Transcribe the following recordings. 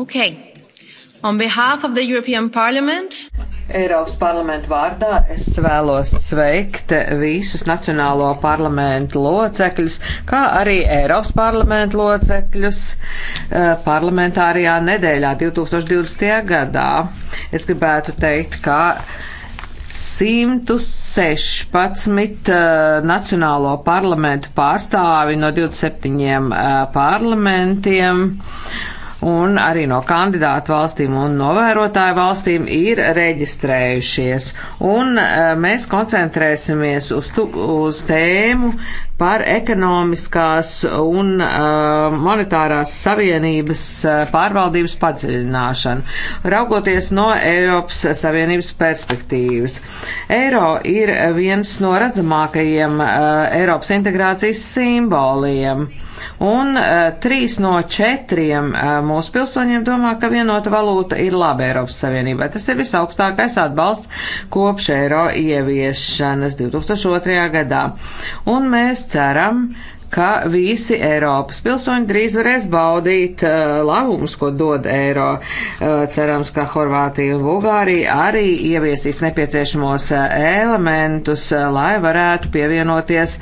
Okay. On behalf of the European Parliament. Eiropas parlamentu vārdā es vēlos sveikt visus Nacionālo parlamentu locekļus, kā arī Eiropas parlamentu locekļus eh, parlamentārijā nedēļā 2020. gadā. Es gribētu teikt, ka 116 uh, eh, nacionālo parlamentu pārstāvi no 27 uh, eh, parlamentiem uh, un arī no kandidātu valstīm un novērotāju valstīm ir reģistrējušies. Un eh, mēs koncentrēsimies uz, tu, uz tēmu, par ekonomiskās un uh, monetārās savienības uh, pārvaldības padziļināšanu, raugoties no Eiropas Savienības perspektīvas. Eiro ir viens no redzamākajiem uh, Eiropas integrācijas simboliem, un uh, trīs no četriem uh, mūsu pilsoņiem domā, ka vienota valūta ir laba Eiropas Savienībai. Tas ir visaugstākais atbalsts kopš eiro ieviešanas 2002. gadā. Un mēs ceram, ka visi Eiropas pilsoņi drīz varēs baudīt uh, labumus, ko dod eiro. Uh, cerams, ka Horvātija un Bulgārija arī ieviesīs nepieciešamos uh, elementus, uh, lai varētu pievienoties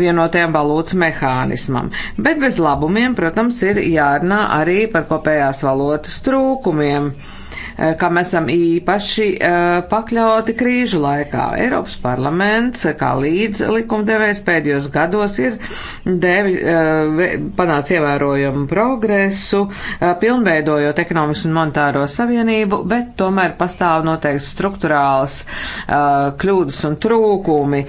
vienotajam valūtas mehānismam. Bet bez labumiem, protams, ir jārunā arī par kopējās valūtas trūkumiem. Uh, Eh, kam esam īpaši eh, pakļauti krīžu laikā. Eiropas parlaments, eh, kā līdz likumdevējs pēdējos gados, ir devi, panāca ievērojumu progresu, pilnveidojot ekonomikas un monetāro savienību, bet tomēr pastāv noteikti struktūrāls kļūdas un trūkumi,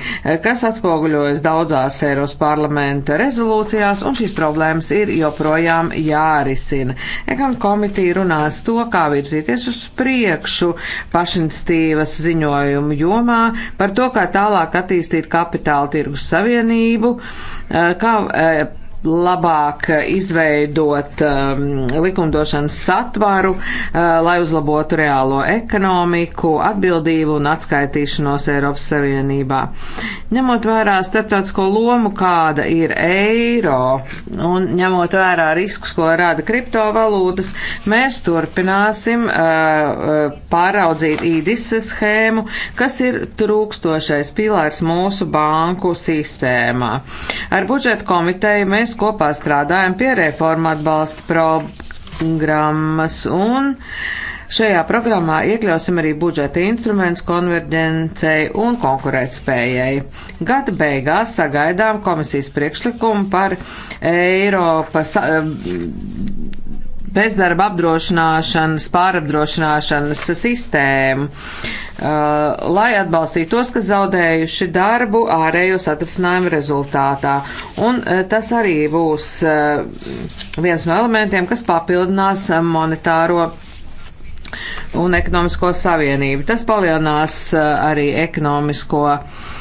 kas atspoguļojas daudzās Eiropas parlamenta rezolūcijās, un šīs problēmas ir joprojām jārisina. Ekan komitī runās to, kā virzīties uz uz priekšu pašinstīvas ziņojumu jomā par to, kā tālāk attīstīt kapitāla tirgus savienību, eh, kā eh, labāk izveidot um, likumdošanas satvaru, uh, lai uzlabotu reālo ekonomiku, atbildību un atskaitīšanos Eiropas Savienībā. Ņemot vērā starptautisko lomu, kāda ir eiro, un ņemot vērā riskus, ko rada kriptovalūtas, mēs turpināsim uh, uh pāraudzīt īdis schēmu, kas ir trūkstošais pilārs mūsu banku sistēmā. Ar budžeta komiteju mēs mēs kopā strādājam pie reforma atbalsta programmas un šajā programmā iekļausim arī budžeta instruments konverģencei un konkurētspējai. Gada beigās sagaidām komisijas priekšlikumu par Eiropas. Uh, bezdarba apdrošināšanas, pārapdrošināšanas sistēmu, uh, lai atbalstītu tos, kas zaudējuši darbu ārējo satrasinājumu rezultātā. Un uh, tas arī būs uh, viens no elementiem, kas papildinās monetāro un ekonomisko savienību. Tas palielinās arī ekonomisko uh,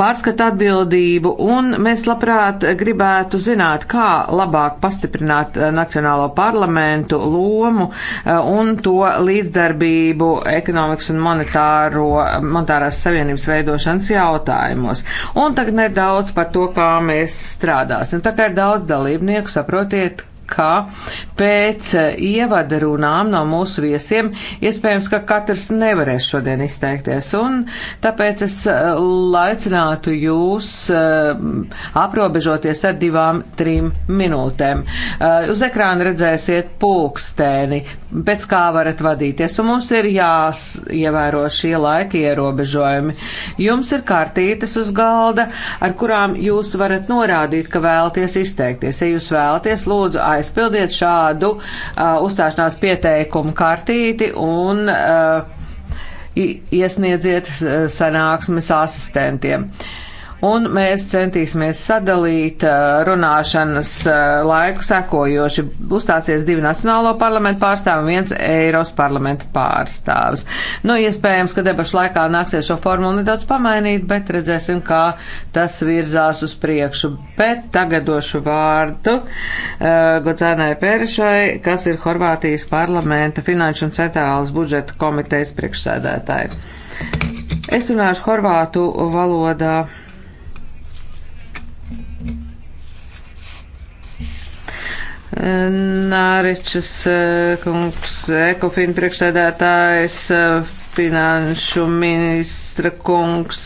pārskata atbildību, un mēs labprāt gribētu zināt, kā labāk pastiprināt eh, Nacionālo parlamentu lomu eh, un to līdzdarbību ekonomikas un monetāro, monetārās savienības veidošanas jautājumos. Un tagad nedaudz par to, kā mēs strādāsim. Tā kā ir daudz dalībnieku, saprotiet, ka pēc eh, ievada runām no mūsu viesiem iespējams, ka katrs nevarēs šodien izteikties. Un tāpēc es eh, laicinātu jūs eh, aprobežoties ar divām, trim minūtēm. Uz ekrāna redzēsiet pulkstēni, pēc kā varat vadīties. Un mums ir jāievēro šie laika ierobežojumi. Jums ir kartītes uz galda, ar kurām jūs varat norādīt, ka vēlaties izteikties. Ja jūs vēlaties, lūdzu, aizpildiet šādu uh, uzstāšanās pieteikumu kartīti un uh, iesniedziet sanāksmes asistentiem. Uh, un mēs centīsimies sadalīt runāšanas laiku sekojoši. Uzstāsies divi Nacionālo parlamentu pārstāvi un viens Eiros parlamenta pārstāvis. Nu, iespējams, ka debašu laikā nāksies šo formulu nedaudz pamainīt, bet redzēsim, kā tas virzās uz priekšu. Bet tagad došu vārdu uh, Godzēnai Pērešai, kas ir Horvātijas parlamenta finanšu un centrālas budžeta komitejas priekšsēdētāji. Es runāšu horvātu valodā. Nāričus eh, kungs, ekofin priekšsēdētājs, eh, finanšu ministra kungs,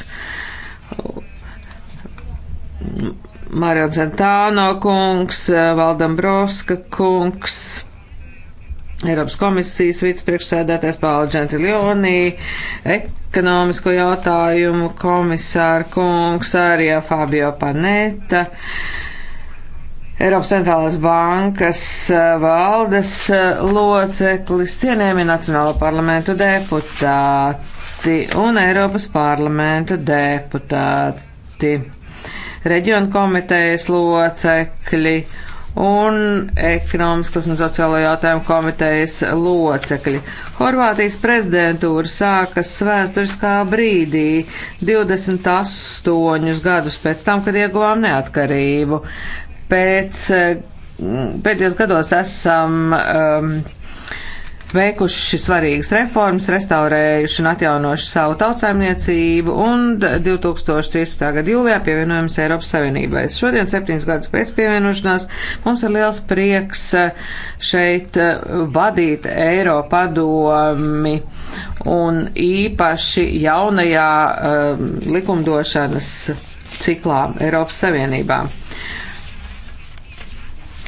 Mario Zentāno kungs, eh, Valdambrovska kungs. Eiropas komisijas vicepriekšsēdētājs Pāla Džentiljonī, ekonomisko jautājumu komisāra kungs, arī Fabio Paneta, Eiropas centrālās bankas eh, valdes eh, loceklis, cienējami Nacionālo parlamentu deputāti un Eiropas parlamenta deputāti, reģionu komitejas locekļi un ekonomiskas un sociālo jautājumu komitejas locekļi. Horvātijas prezidentūra sākas vēsturiskā brīdī 28 gadus pēc tam, kad ieguvām neatkarību. Pēc mm, pēdējos gados esam um, veikuši svarīgas reformas, restaurējuši un atjaunojuši savu tautsājumniecību un 2013. gada jūlijā pievienojums Eiropas Savienībai. Šodien, septiņas gadus pēc pievienošanās, mums ir liels prieks uh, šeit uh, vadīt Eiropadomi un īpaši jaunajā um, likumdošanas ciklā Eiropas Savienībā. Uh,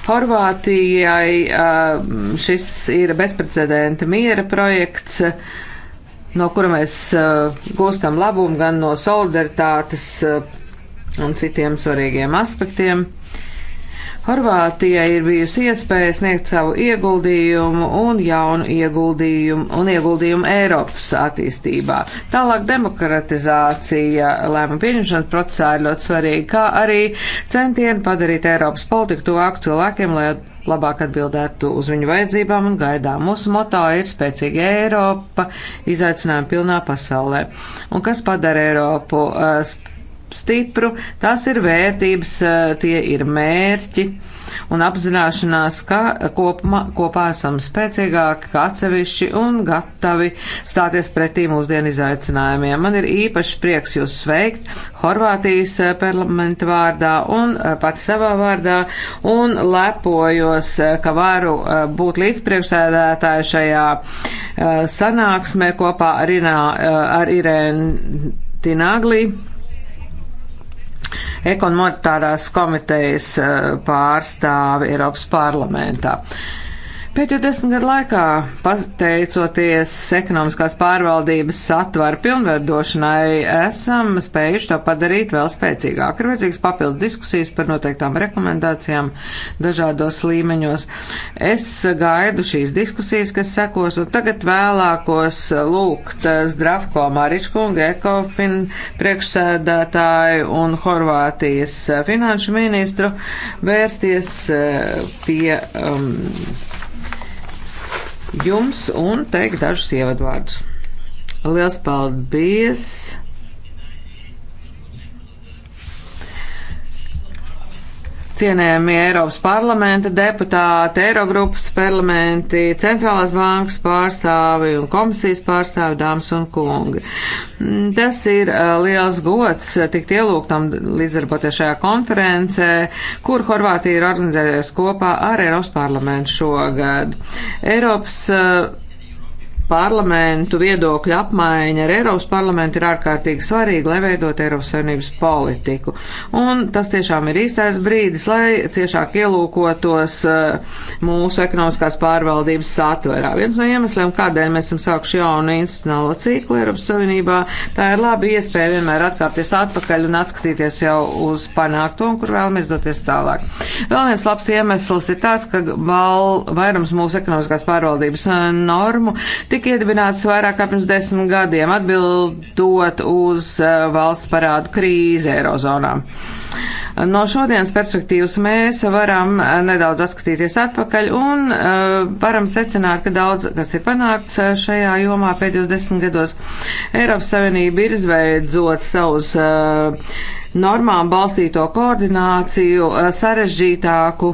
Horvātijai um, šis ir bezprecedenta miera projekts, no kura mēs uh, gūstam labumu gan no solidaritātes uh, un citiem svarīgiem aspektiem. Horvātijai ir bijusi iespēja sniegt savu ieguldījumu un jaunu ieguldījumu un ieguldījumu Eiropas attīstībā. Tālāk demokratizācija lēma pieņemšanas procesā ir ļoti svarīga, kā arī centieni padarīt Eiropas politiku tuvāku cilvēkiem, lai labāk atbildētu uz viņu vajadzībām un gaidām. Mūsu moto ir spēcīga Eiropa, izaicinājuma pilnā pasaulē. Un kas padara Eiropu? Uh, stipru, tās ir vērtības, tie ir mērķi un apzināšanās, ka kopma, kopā esam spēcīgāki, kā atsevišķi un gatavi stāties pretī mūsdienu izaicinājumiem. Man ir īpaši prieks jūs sveikt Horvātijas parlamenta vārdā un pati savā vārdā un lepojos, ka varu būt līdzpriekšsēdētāju šajā sanāksmē kopā ar, Inā, ar Irēnu Tināglī ekonomotārās komitejas eh, pārstāvi Eiropas parlamentā. Pēdējo desmit gadu laikā, pateicoties ekonomiskās pārvaldības satvaru pilnverdošanai, esam spējuši to padarīt vēl spēcīgāk. Ir vajadzīgs papildus diskusijas par noteiktām rekomendācijām dažādos līmeņos. Es gaidu šīs diskusijas, kas sekos, un tagad vēlākos lūgt Zdravko Maričkungu, Ekofin priekšsēdētāju un Horvātijas finanšu ministru vērsties eh, pie. Um, jums un teikt dažus ievadvārdus. Liels paldies! cienējamie Eiropas parlamenta deputāti, Eirogrupas parlamenti, Centrālās bankas pārstāvi un komisijas pārstāvi, dāmas un kungi. Mm, tas ir liels gods tikt ielūgtam līdzdarboties šajā konferencē, kur Horvātija ir organizējusies kopā ar Eiropas parlamentu šogad. Eiropas parlamentu viedokļu apmaiņa ar Eiropas parlamentu ir ārkārtīgi svarīga, lai veidot Eiropas savinības politiku. Un tas tiešām ir īstais brīdis, lai ciešāk ielūkotos eh, mūsu ekonomiskās pārvaldības satverā. Viens no iemesliem, kādēļ mēs esam sākuši jaunu institucionālo ciklu Eiropas Savienībā, tā ir laba iespēja vienmēr atkāpties atpakaļ un atskatīties jau uz panākto un kur vēlamies doties tālāk. Vēl viens labs iemesls ir tāds, ka val, vairums mūsu ekonomiskās pārvaldības eh, normu tik tika iedibināts vairāk kā pirms desmit gadiem, atbildot uz eh, valsts parādu krīzi Eirozonā. No šodienas perspektīvas mēs varam eh, nedaudz atskatīties atpakaļ un eh, varam secināt, ka daudz, kas ir panākts šajā jomā pēdējos desmit gados, Eiropas Savienība ir izveidzot savus uh, normām balstīto koordināciju eh, sarežģītāku,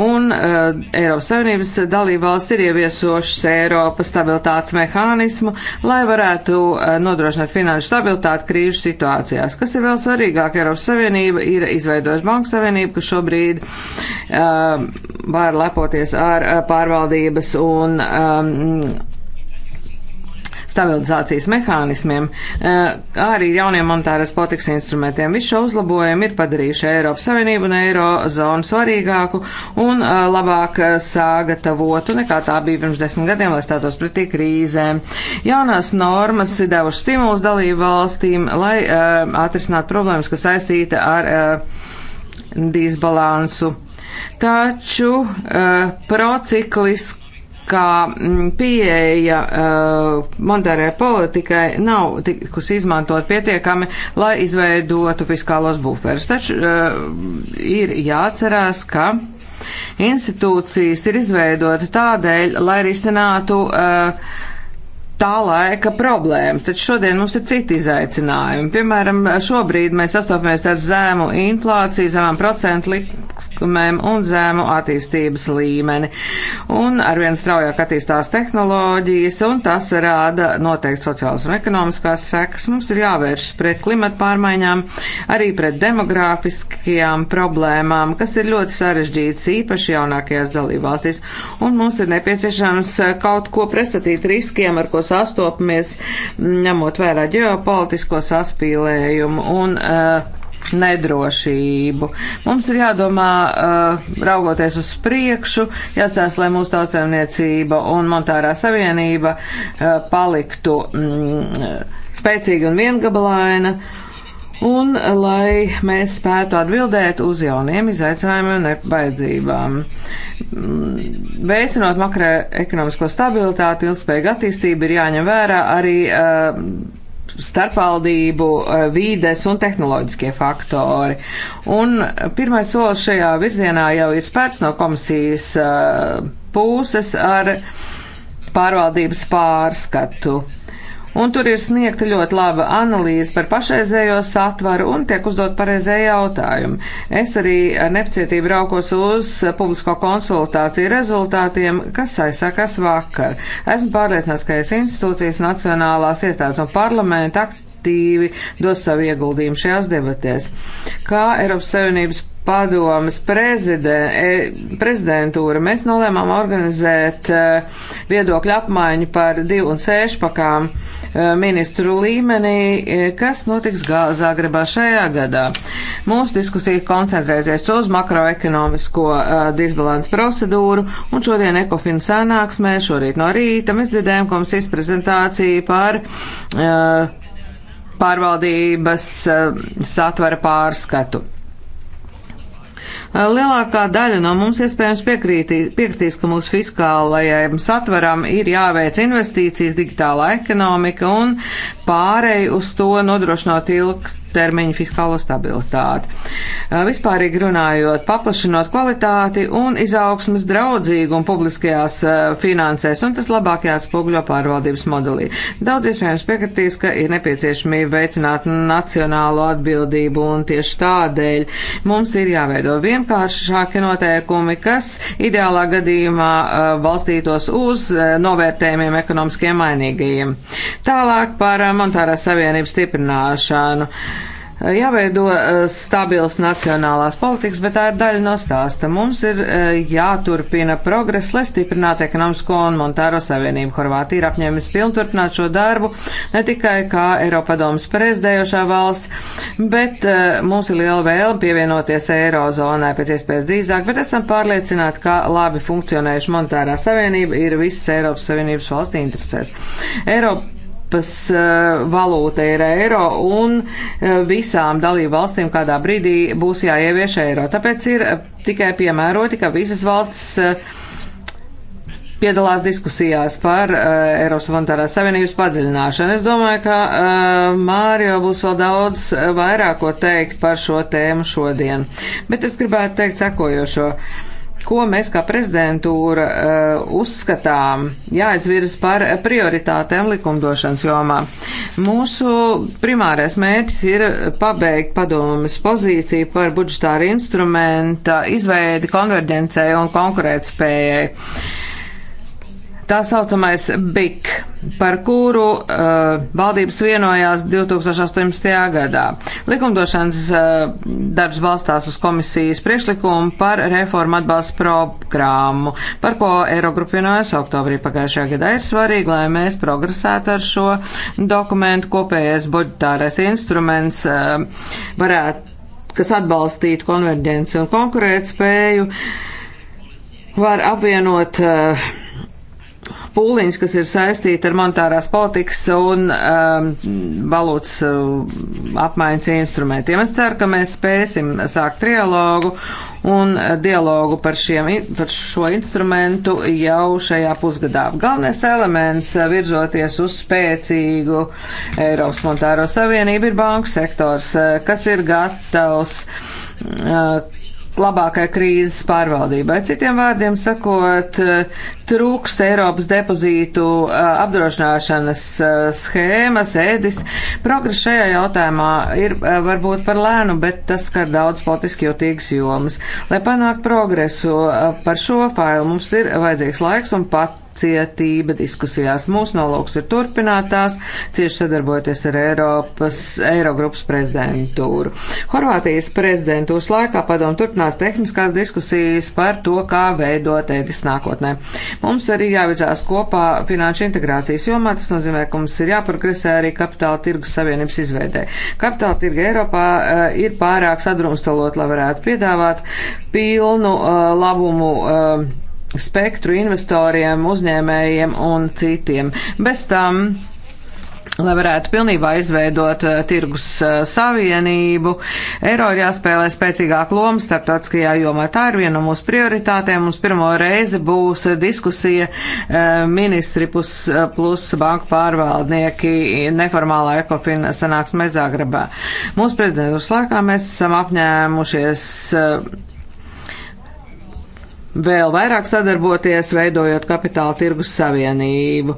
un uh, Eiropas Savienības dalībvalsts ir ieviesošas Eiropas stabilitātes mehānismu, lai varētu uh, nodrošināt finanšu stabilitāti krīžu situācijās. Kas ir vēl svarīgāk, Eiropas Savienība ir izveidojusi Banku Savienību, kas šobrīd uh, var lepoties ar pārvaldības un um, stabilizācijas mehānismiem, kā eh, arī jauniem monetāras politikas instrumentiem. Visu šo uzlabojumu ir padarījuši Eiropas Savienību un Eirozonu svarīgāku un eh, labāk eh, sagatavotu nekā tā bija pirms desmit gadiem, lai stātos pretī krīzēm. Jaunās normas ir devušas stimulus dalību valstīm, lai atrisināt problēmas, kas saistīta ar disbalansu. Taču procikliski ka mm, pieeja uh, monetārajai politikai nav tikus izmantot pietiekami, lai izveidotu fiskālos buferus. Taču uh, ir jāatcerās, ka institūcijas ir izveidota tādēļ, lai risinātu uh, tā laika problēmas, taču šodien mums ir citi izaicinājumi. Piemēram, šobrīd mēs sastopamies ar zēmu inflāciju, zemām procentu likumēm un zēmu attīstības līmeni. Un arvien straujāk attīstās tehnoloģijas, un tas rāda noteikti sociālas un ekonomiskās sekas. Mums ir jāvēršas pret klimatu pārmaiņām, arī pret demografiskajām problēmām, kas ir ļoti sarežģītas īpaši jaunākajās dalībvalstīs. Un mums ir nepieciešams kaut ko pretstatīt riskiem, ar ko sastopamies, ņemot vērā ģeopolitisko saspīlējumu un uh, nedrošību. Mums ir jādomā, uh, raugoties uz priekšu, jāstās, lai mūsu tautsēmniecība un monetārā savienība uh, paliktu mm, spēcīga un viengabalaina un lai mēs spētu atbildēt uz jauniem izaicinājumiem un nebaidzībām. Veicinot makroekonomisko stabilitāti, ilgspējīgu attīstību ir jāņem vērā arī uh, starpvaldību, uh, vīdes un tehnoloģiskie faktori. Un pirmais solis šajā virzienā jau ir spērts no komisijas uh, puses ar pārvaldības pārskatu un tur ir sniegta ļoti laba analīze par pašreizējo satvaru un tiek uzdot pareizie jautājumi. Es arī ar nepacietību raukos uz publisko konsultāciju rezultātiem, kas aizsākās vakar. Esmu pārliecināts, ka es institūcijas, nacionālās iestādes un parlamenta aktīvi aktīvi dos savu ieguldījumu šajās debatēs. Kā Eiropas Savienības padomas prezident, e, prezidentūra mēs nolēmām organizēt e, viedokļu apmaiņu par divu un sēžpakām e, ministru līmenī, kas notiks Zagrebā šajā gadā. Mūsu diskusija koncentrēsies uz makroekonomisko disbalansu procedūru, un šodien Ekofina sanāksmē, šorīt no rīta, mēs dzirdējām komisijas prezentāciju par uh, pārvaldības eh, satvara pārskatu. Eh, lielākā daļa no mums iespējams piekritīs, ka mūsu fiskālajiem satveram ir jāveic investīcijas digitālā ekonomika un pārēj uz to nodrošinot ilgt ilgtermiņa fiskālo stabilitāti. Vispārīgi runājot, paplašinot kvalitāti un izaugsmas draudzīgumu publiskajās finansēs, un tas labāk jāatspūgļo pārvaldības modelī. Daudz iespējams piekritīs, ka ir nepieciešamība veicināt nacionālo atbildību, un tieši tādēļ mums ir jāveido vienkāršāki noteikumi, kas ideālā gadījumā balstītos uz novērtējumiem ekonomiskiem mainīgajiem. Tālāk par monetārās savienības stiprināšanu. Uh, Jāveido eh, stabils nacionālās politikas, bet tā ir daļa no stāsta. Mums ir eh, jāturpina progress, lai stiprinātu ekonomisko un monetāro savienību. Horvātija ir apņēmis pilnturpināt šo darbu ne tikai kā Eiropadomas prezidējošā valsts, bet eh, mums ir liela vēlme pievienoties Eirozonai pēc iespējas drīzāk, bet esam pārliecināti, ka labi funkcionējuša monetārā savienība ir visas Eiropas Savienības valsts interesēs. Eiropa Eiropas eh, valūta ir eiro un eh, visām dalību valstīm kādā brīdī būs jāievieš eiro. Tāpēc ir eh, tikai piemēroti, ka visas valstis piedalās diskusijās par Eiropas monetārās savienības padziļināšanu. Es domāju, ka Mārio būs vēl daudz vairāk ko teikt par šo tēmu šodien. Bet es gribētu teikt sekojošo ko mēs kā prezidentūra eh, uzskatām jāizvirz par prioritātēm likumdošanas jomā. Mūsu primārais mērķis ir pabeigt padomas pozīciju par budžetāru instrumenta izveidi konverģencei un konkurētspējai tā saucamais BIK, par kuru uh, valdības vienojās 2018. gadā. Likumdošanas uh, darbs balstās uz komisijas priekšlikumu par reformu atbalstu programmu, par ko Eirogrupa vienojas oktobrī pagājušajā gadā. Ir svarīgi, lai mēs progresētu ar šo dokumentu. Kopējais budžetārais instruments uh, varētu, kas atbalstītu konverģenci un konkurētspēju, var apvienot uh, pūliņus, kas ir saistīti ar monetārās politikas un um, valūtas um, apmaiņas instrumentiem. Es ceru, ka mēs spēsim sākt trialogu un dialogu par, šiem, par šo instrumentu jau šajā pusgadā. Galvenais elements uh, virzoties uz spēcīgu Eiropas monetāro savienību ir banku sektors, uh, kas ir gatavs uh, labākai krīzes pārvaldībai. Citiem vārdiem sakot, eh, trūkst Eiropas depozītu eh, apdrošināšanas eh, schēmas, ēdis. Progress šajā jautājumā ir varbūt par lēnu, bet tas skar daudz politiski jūtīgas jomas. Lai panāktu progresu par šo failu, mums ir vajadzīgs laiks un pat cietība diskusijās. Mūsu nolūks ir turpināt tās, cieši sadarbojoties ar Eiropas, Eirogrupas prezidentūru. Horvātijas prezidentūras laikā padomu turpinās tehniskās diskusijas par to, kā veidot ēdis nākotnē. Mums arī jāvirzās kopā finanšu integrācijas jomā, tas nozīmē, ka mums ir jāprogresē arī kapitāla tirgus savienības izveidē. Kapitāla tirga Eiropā uh, ir pārāk sadrumstalot, lai varētu piedāvāt pilnu uh, labumu. Uh, spektru investoriem, uzņēmējiem un citiem. Bez tam, lai varētu pilnībā izveidot uh, tirgus uh, savienību, eiro ir jāspēlē spēcīgāk loma starptautiskajā jomā. Tā ir viena no mūsu prioritātēm. Mums pirmo reizi būs diskusija uh, ministri plus, plus banku pārvaldnieki neformālā ekofina sanāksmē Zagrebā. Mūsu prezidentūras laikā mēs esam apņēmušies vēl vairāk sadarboties, veidojot kapitāla tirgus savienību,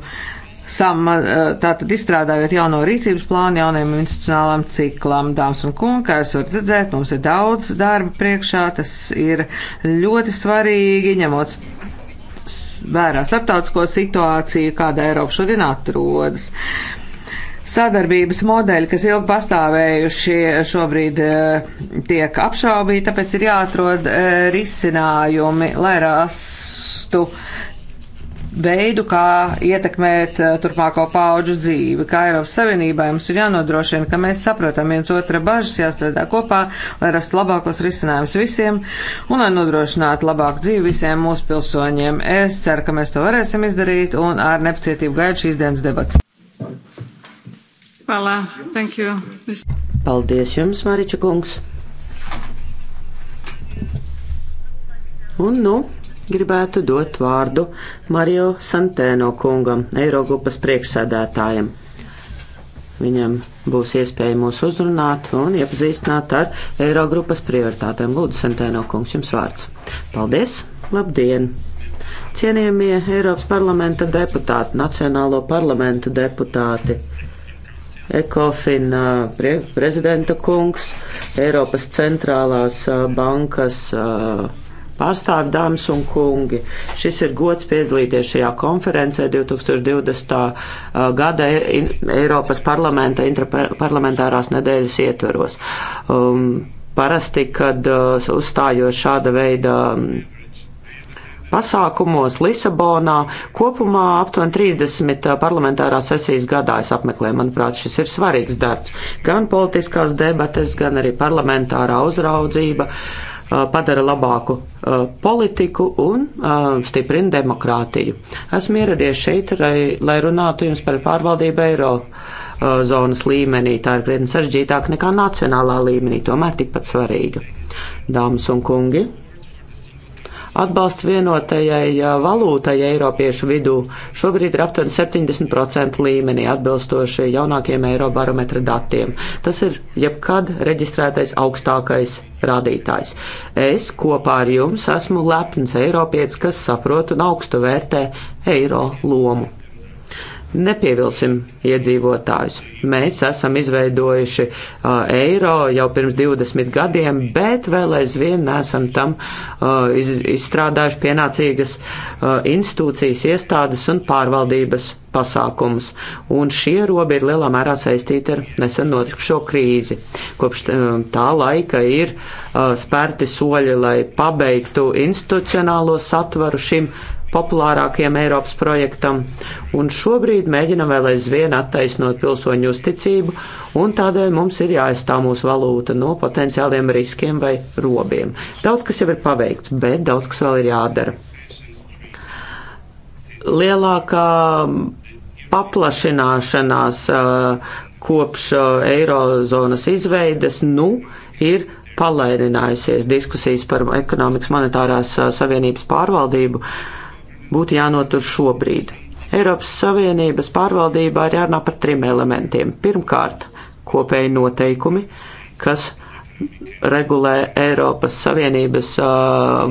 sama, eh, tātad izstrādājot jauno rīcības plānu jauniem institucionālam ciklam. Dāmas un kungi, kā jūs varat redzēt, mums ir daudz darba priekšā, tas ir ļoti svarīgi, ņemot vērā starptautisko situāciju, kāda Eiropa šodien atrodas. Uh, sadarbības modeļi, kas ilgi pastāvējuši, šobrīd eh, tiek apšaubīti, tāpēc ir jāatrod eh, risinājumi, lai rastu veidu, kā ietekmēt eh, turpmāko pauģu dzīvi. Kā Eiropas Savienībai mums ir jānodrošina, ka mēs saprotam viens otra bažas, jāstrādā kopā, lai rastu labākos risinājumus visiem un lai nodrošinātu labāku dzīvi visiem mūsu pilsoņiem. Es ceru, ka mēs to varēsim izdarīt un ar nepacietību gaidu šīs dienas debats. Hvala. Thank you. Paldies jums, Mariča kungs. Un, nu, gribētu dot vārdu Mario Santēno kungam, Eirogrupas priekšsēdētājam. Viņam būs iespēja mūs uzrunāt un iepazīstināt ar Eirogrupas prioritātēm. Lūdzu, Santēno kungs, jums vārds. Paldies! Labdien! Cienījamie Eiropas parlamenta deputāti, Nacionālo parlamentu deputāti! ECOFIN prezidenta kungs, Eiropas centrālās bankas pārstāvi dāmas un kungi. Šis ir gods piedalīties šajā konferencē 2020. gada Eiropas parlamenta intraparlamentārās nedēļas ietveros. Um, parasti, kad uh, uzstājot šāda veida um, pasākumos Lisabonā. Kopumā aptuveni 30 parlamentārās sesijas gadā es apmeklēju. Manuprāt, šis ir svarīgs darbs. Gan politiskās debates, gan arī parlamentārā uzraudzība padara labāku uh, politiku un uh, stiprina demokrātiju. Esmu ieradies šeit, lai, lai runātu jums par pārvaldību Eirozonas uh, līmenī. Tā ir krietni sarežģītāk nekā nacionālā līmenī, tomēr tikpat svarīga. Dāmas un kungi, Atbalsts vienotajai valūtai Eiropiešu vidū šobrīd ir aptuveni 70% līmenī atbilstoši jaunākiem Eirobarometra datiem. Tas ir jebkad reģistrētais augstākais rādītājs. Es kopā ar jums esmu lepns Eiropietis, kas saprot un augstu vērtē eiro lomu nepievilsim iedzīvotājus. Mēs esam izveidojuši uh, eiro jau pirms 20 gadiem, bet vēl aizvien nesam tam uh, iz, izstrādājuši pienācīgas uh, institūcijas, iestādes un pārvaldības pasākumus. Un šie robi ir lielā mērā saistīti ar nesen notikušo krīzi. Kopš uh, tā laika ir uh, spērti soļi, lai pabeigtu institucionālo satvaru šim populārākiem Eiropas projektam, un šobrīd mēģinam vēl aizvien attaisnot pilsoņu uzticību, un tādēļ mums ir jāaizstāv mūsu valūta no potenciāliem riskiem vai robiem. Daudz kas jau ir paveikts, bet daudz kas vēl ir jādara. Lielākā paplašināšanās kopš eirozonas izveides, nu, ir palaidinājusies diskusijas par ekonomikas monetārās savienības pārvaldību. Uh, būtu jānotur šobrīd. Eiropas Savienības pārvaldībā ir jārunā par trim elementiem. Pirmkārt, kopēji noteikumi, kas regulē Eiropas Savienības uh,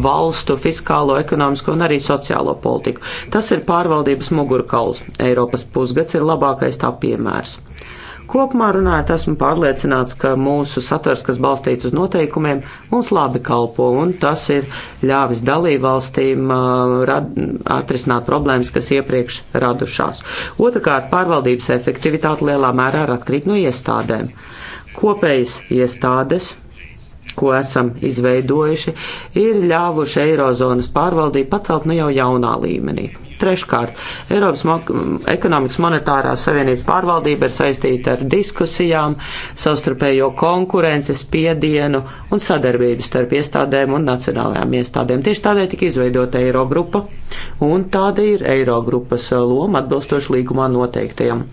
valstu fiskālo, ekonomisko un arī sociālo politiku. Tas ir pārvaldības mugurkauls. Eiropas pusgads ir labākais tā piemērs. Uh, Kopumā runājot, esmu pārliecināts, ka mūsu saturs, kas balstīts uz noteikumiem, mums labi kalpo, un tas ir ļāvis dalībvalstīm uh, rad, atrisināt problēmas, kas iepriekš radušās. Otrakārt, pārvaldības efektivitāte lielā mērā atkrīt no iestādēm. Kopējas iestādes ko esam izveidojuši, ir ļāvuši Eirozonas pārvaldību pacelt nu jau jaunā līmenī. Treškārt, Eiropas mo ekonomikas monetārā savienības pārvaldība ir saistīta ar diskusijām, savstarpējo konkurences piedienu un sadarbību starp iestādēm un nacionālajām iestādēm. Tieši tādēļ tika izveidota Eirogrupa, un tāda ir Eirogrupas loma atbilstoši līgumā noteiktajam.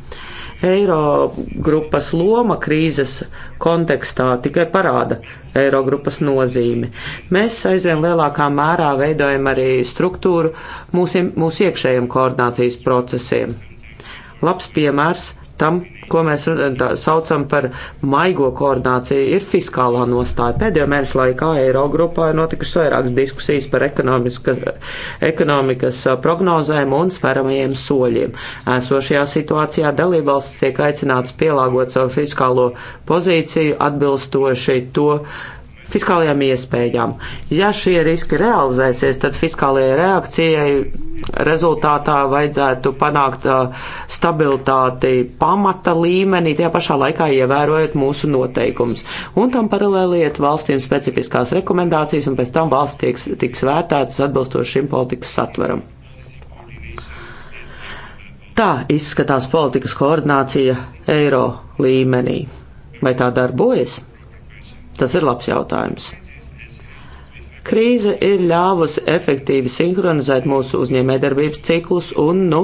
Eirogrupas loma krīzes kontekstā tikai parāda Eirogrupas nozīmi. Mēs aizvien lielākā mērā veidojam arī struktūru mūsu, mūsu iekšējiem koordinācijas procesiem. Labs piemērs tam, ko mēs tā, saucam par maigo koordināciju, ir fiskālā nostāja. Pēdējo mēnešu laikā Eirogrupā ir notikušas vairākas diskusijas par ekonomikas prognozēm un sveramajiem soļiem. Esošajā situācijā dalībvalstis tiek aicināts pielāgot savu fiskālo pozīciju atbilstoši to, uh, fiskālajām iespējām. Ja šie riski realizēsies, tad fiskālajai reakcijai rezultātā vajadzētu panākt uh, stabilitāti pamata līmenī, tajā pašā laikā ievērojot mūsu noteikumus. Un tam paralēli iet valstīm specifiskās rekomendācijas, un pēc tam valsts tiks, tiks vērtētas atbilstoši šim politikas satveram. Tā izskatās politikas koordinācija eiro līmenī. Vai tā darbojas? Tas ir labs jautājums. Krīze ir ļāvusi efektīvi sinhronizēt mūsu uzņēmējdarbības ciklus, un nu,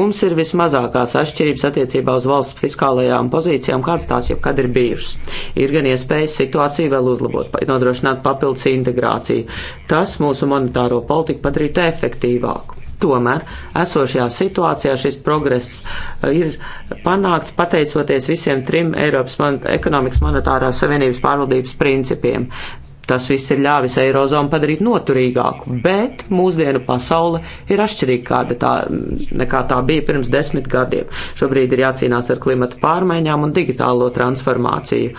mums ir vismazākās atšķirības attiecībā uz valsts fiskālajām pozīcijām, kādas tās jebkad ir bijušas. Ir gan iespējas situāciju vēl uzlabot, nodrošināt papildus integrāciju. Tas mūsu monetāro politiku padarītu efektīvāku. Tomēr esošajā situācijā šis progress uh, ir panākts pateicoties visiem trim Eiropas man ekonomikas monetārās savienības pārvaldības principiem. Tas viss ir ļāvis Eirozonu padarīt noturīgāku, bet mūsdienu pasaule ir atšķirīga kāda tā, nekā tā bija pirms desmit gadiem. Šobrīd ir jācīnās ar klimata pārmaiņām un digitālo transformāciju.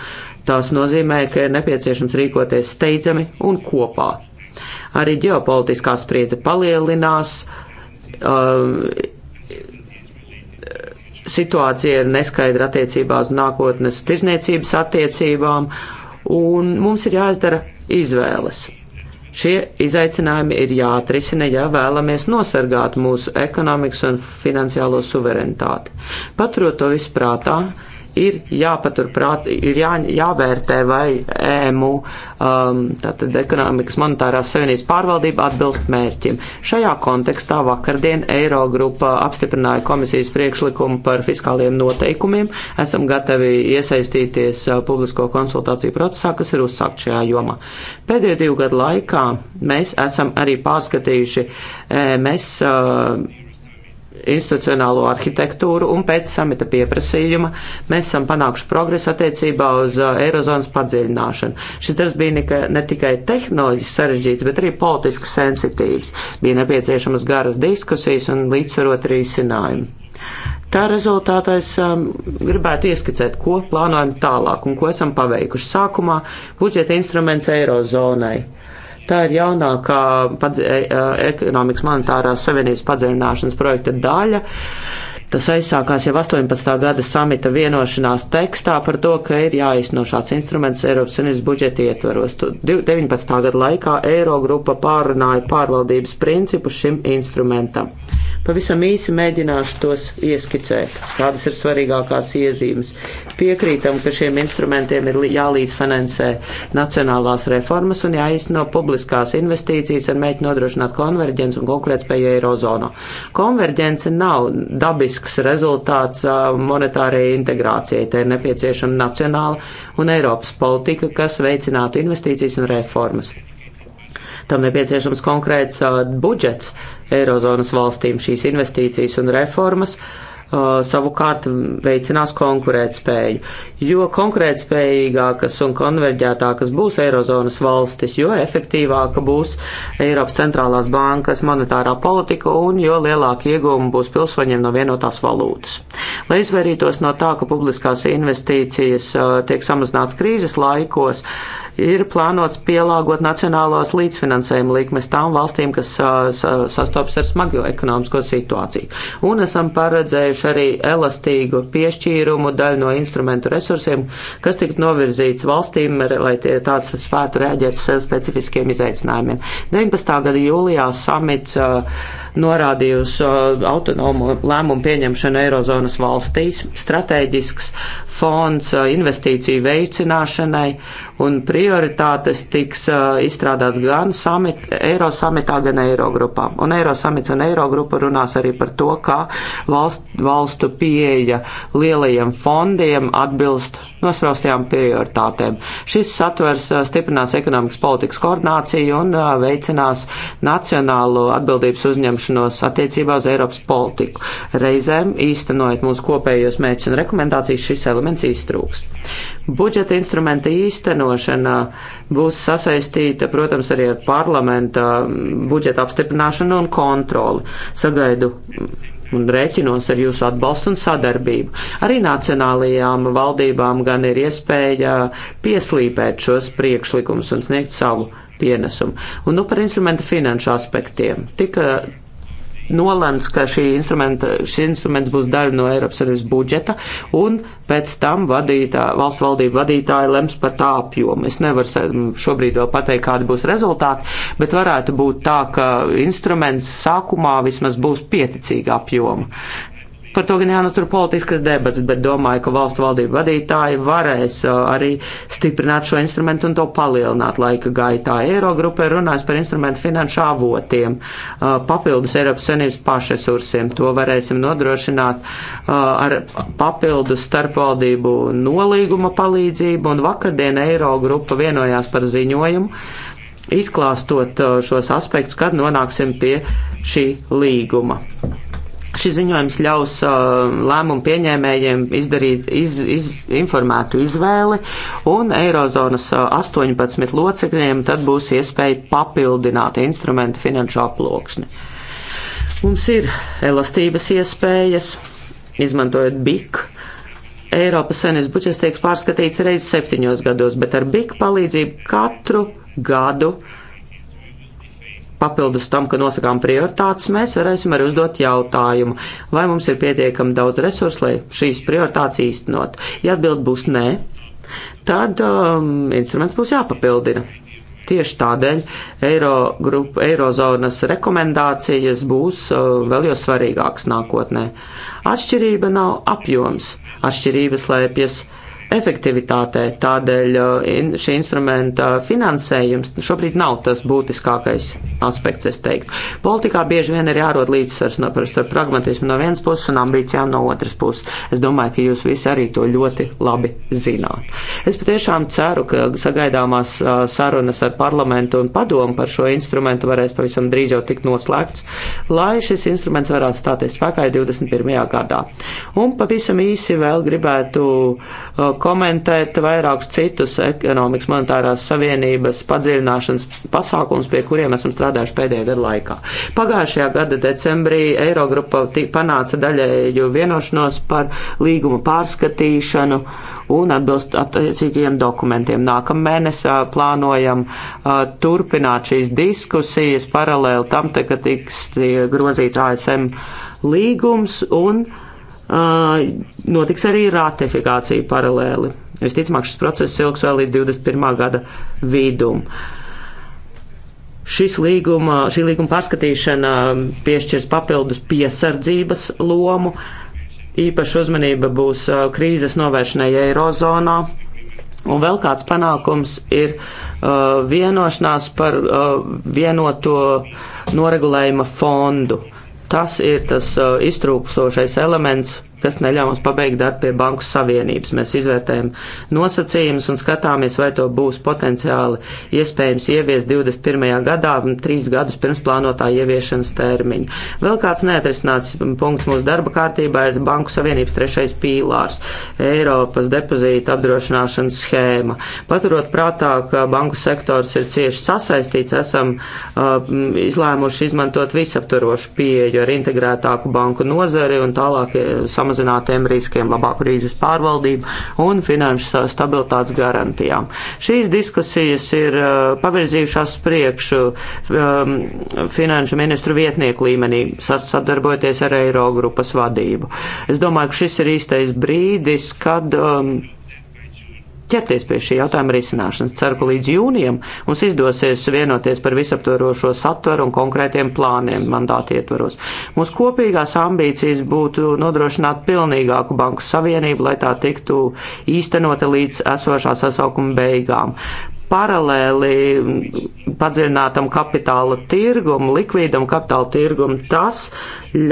Tas nozīmē, ka ir nepieciešams rīkoties steidzami un kopā. Arī ģeopolitiskā spriedze palielinās, uh, Uh, situācija ir neskaidra attiecībā uz nākotnes tirzniecības attiecībām, un mums ir jāizdara izvēles. Šie izaicinājumi ir jāatrisina, ja vēlamies nosargāt mūsu ekonomikas un finansiālo suverenitāti. Paturot to visu prātā, ir jāpaturprāt, ir jā, jāvērtē, vai EMU, um, tātad ekonomikas monetārās savienības pārvaldība atbilst mērķim. Šajā kontekstā vakardien Eirogrupa apstiprināja komisijas priekšlikumu par fiskāliem noteikumiem. Esam gatavi iesaistīties uh, publisko konsultāciju procesā, kas ir uzsākt šajā jomā. Pēdējo divu gadu laikā mēs esam arī pārskatījuši, eh, mēs. Uh, institucionālo arhitektūru un pēc samita pieprasījuma mēs esam panākuši progresu attiecībā uz uh, Eirozonas padziļināšanu. Šis darbs bija ne, ne tikai tehnoloģiski sarežģīts, bet arī politiski sensitīvs. Bija nepieciešamas garas diskusijas un līdzsvarot risinājumi. Tā rezultātā es um, gribētu ieskicēt, ko plānojam tālāk un ko esam paveikuši. Sākumā budžeta instruments Eirozonai. Uh, Tā ir jaunākā padze, e- ekonomikas monetārās savienības padziļināšanas projekta daļa. Uh, Tas aizsākās jau 18. gada samita vienošanās tekstā par to, ka ir jāizno šāds instruments Eiropas Savienības budžeta ietvaros. 19. gada laikā Eirogrupa pārunāja pārvaldības principus šim instrumentam. Pavisam īsi mēģināšu tos ieskicēt, kādas ir svarīgākās iezīmes. Piekrītam, ka šiem instrumentiem ir jālīdzfinansē nacionālās reformas un jāizno publiskās investīcijas ar mēģi nodrošināt konverģenci un konkurētspēju Eirozonā. Konverģence nav dabis būtisks rezultāts monetārajai integrācijai. Te ir nepieciešama nacionāla un Eiropas politika, kas veicinātu investīcijas un reformas. Tam nepieciešams konkrēts budžets Eirozonas valstīm šīs investīcijas un reformas. Uh, Uh, savukārt veicinās konkurētspēju. Jo konkurētspējīgākas un konverģētākas būs Eirozonas valstis, jo efektīvāka būs Eiropas centrālās bankas monetārā politika un jo lielāka iegūma būs pilsoņiem no vienotās valūtas. Lai izvairītos no tā, ka publiskās investīcijas uh, tiek samazināts krīzes laikos, uh, ir plānots pielāgot nacionālos līdzfinansējuma likmes tām valstīm, kas uh, sastopas ar smago ekonomisko situāciju. Un esam paredzējuši arī elastīgu piešķīrumu daļu no instrumentu resursiem, kas tiktu novirzīts valstīm, lai tie tās spētu rēģēt uz sev specifiskiem izaicinājumiem. 19. gada jūlijā samits uh, norādīja uz uh, autonomu lēmumu pieņemšanu Eirozonas valstīs, strateģisks fonds uh, investīciju veicināšanai un prioritātes tiks uh, izstrādāts gan summit, Eiro samitā, gan Eirogrupā. Un Eiro samits un Eirogrupa runās arī par to, kā valst, valstu pieeja lielajiem fondiem atbilst nospraustajām prioritātēm. Šis satvers uh, stiprinās ekonomikas politikas koordināciju un uh, veicinās nacionālu atbildības uzņemšanos attiecībā uz Eiropas politiku. Reizēm īstenojot mūsu kopējos mērķus un rekomendācijas, šis elements iztrūks. Budžeta instrumenta īstenošana būs sasaistīta, protams, arī ar parlamenta budžeta apstiprināšanu un kontroli. Sagaidu un rēķinos ar jūsu atbalstu un sadarbību. Arī nacionālajām valdībām gan ir iespēja pieslīpēt šos priekšlikumus un sniegt savu pienesumu. Un nu par instrumenta finanšu aspektiem. Tika nolemts, ka šī šis instruments būs daļa no Eiropas Savienības budžeta, un pēc tam vadītā, valstu valdību vadītāji lems par tā apjomu. Es nevaru šobrīd vēl pateikt, kādi būs rezultāti, bet varētu būt tā, ka instruments sākumā vismaz būs pieticīga apjoma. Par to gan jānotur nu, politiskas debats, bet domāju, ka valstu valdību vadītāji varēs uh, arī stiprināt šo instrumentu un to palielināt laika gaitā. Eirogrupa ir runājis par instrumentu finanšu avotiem, uh, papildus Eiropas Savienības pašresursiem. To varēsim nodrošināt uh, ar papildus starpvaldību nolīguma palīdzību, un vakardien Eirogrupa vienojās par ziņojumu izklāstot šos aspektus, kad nonāksim pie šī līguma. Šis ziņojums ļaus uh, lēmumu pieņēmējiem izdarīt iz, iz, informētu izvēli, un Eirozonas uh, 18 locekļiem tad būs iespēja papildināt instrumentu finanšu aploksni. Mums ir elastības iespējas, izmantojot BIK. Eiropas senības budžets tiek pārskatīts reizes septiņos gados, bet ar BIK palīdzību katru gadu uh, papildus tam, ka nosakām prioritātes, mēs varēsim arī uzdot jautājumu, vai mums ir pietiekami daudz resursu, lai šīs prioritātes īstenot. Ja atbild būs nē, tad um, instruments būs jāpapildina. Tieši tādēļ eiro grupu, eirozonas rekomendācijas būs uh, vēl jau svarīgākas nākotnē. Atšķirība nav apjoms, atšķirība slēpjas uh, efektivitātei. Tādēļ eh, šī instrumenta finansējums šobrīd nav tas būtiskākais aspekts, es teiktu. Politikā bieži vien ir jārod līdzsvars no starp pragmatismu no vienas puses un ambīcijām no otras puses. Es domāju, ka jūs visi arī to ļoti labi zināt. Es patiešām ceru, ka sagaidāmās sarunas ar parlamentu un padomu par šo instrumentu varēs pavisam drīz jau tikt noslēgts, lai šis instruments varētu stāties spēkā 21. gadā. Un pavisam īsi vēl gribētu komentēt vairākus citus ekonomikas monetārās savienības padziļināšanas pasākums, pie kuriem esam strādājuši pēdējā gada laikā. Pagājušajā gada decembrī Eirogrupa panāca daļēju vienošanos par līguma pārskatīšanu un atbilst attiecīgiem dokumentiem. Nākamēnes plānojam turpināt šīs diskusijas paralēli tam, te, ka tiks grozīts ASM līgums un uh, notiks arī ratifikācija paralēli. Visticamāk, šis process ilgs vēl līdz 21. gada vidum. Šis līguma, šī līguma pārskatīšana piešķirs papildus piesardzības lomu. Īpaša uzmanība būs krīzes novēršanai Eirozonā. Un vēl kāds panākums ir uh, vienošanās par uh, vienoto noregulējuma fondu. Tas ir tas uh, iztrūkstošais elements kas neļāva mums pabeigt darbu pie Banku Savienības. Mēs izvērtējam nosacījumus un skatāmies, vai to būs potenciāli iespējams ieviest 21. gadā, trīs gadus pirms plānotā ieviešanas termiņa. Vēl kāds neatrisināts punkts mūsu darba kārtībā ir Banku Savienības trešais pīlārs - Eiropas depozīta apdrošināšanas schēma. Paturot prātā, ka banku sektors ir cieši sasaistīts, esam uh, izlēmuši izmantot visaptvarošu pieeju ar integrētāku banku nozari un tālāk samazināt samazinātiem riskiem, labāku krīzes pārvaldību un finanšu stabilitātes garantijām. Šīs diskusijas ir uh, pavirzījušās priekšu um, finanšu ministru vietnieku līmenī, sadarbojoties ar Eirogrupas vadību. Es domāju, ka šis ir īstais brīdis, kad um, ķerties pie šī jautājuma risināšanas. Ceru, ka līdz jūnijam mums izdosies vienoties par visaptverošo satveru un konkrētiem plāniem mandāti ietvaros. Mūsu kopīgās ambīcijas būtu nodrošināt pilnīgāku banku savienību, lai tā tiktu īstenota līdz esošā sasaukuma beigām paralēli padziļinātam kapitāla tirgum, likvīdam kapitāla tirgum, tas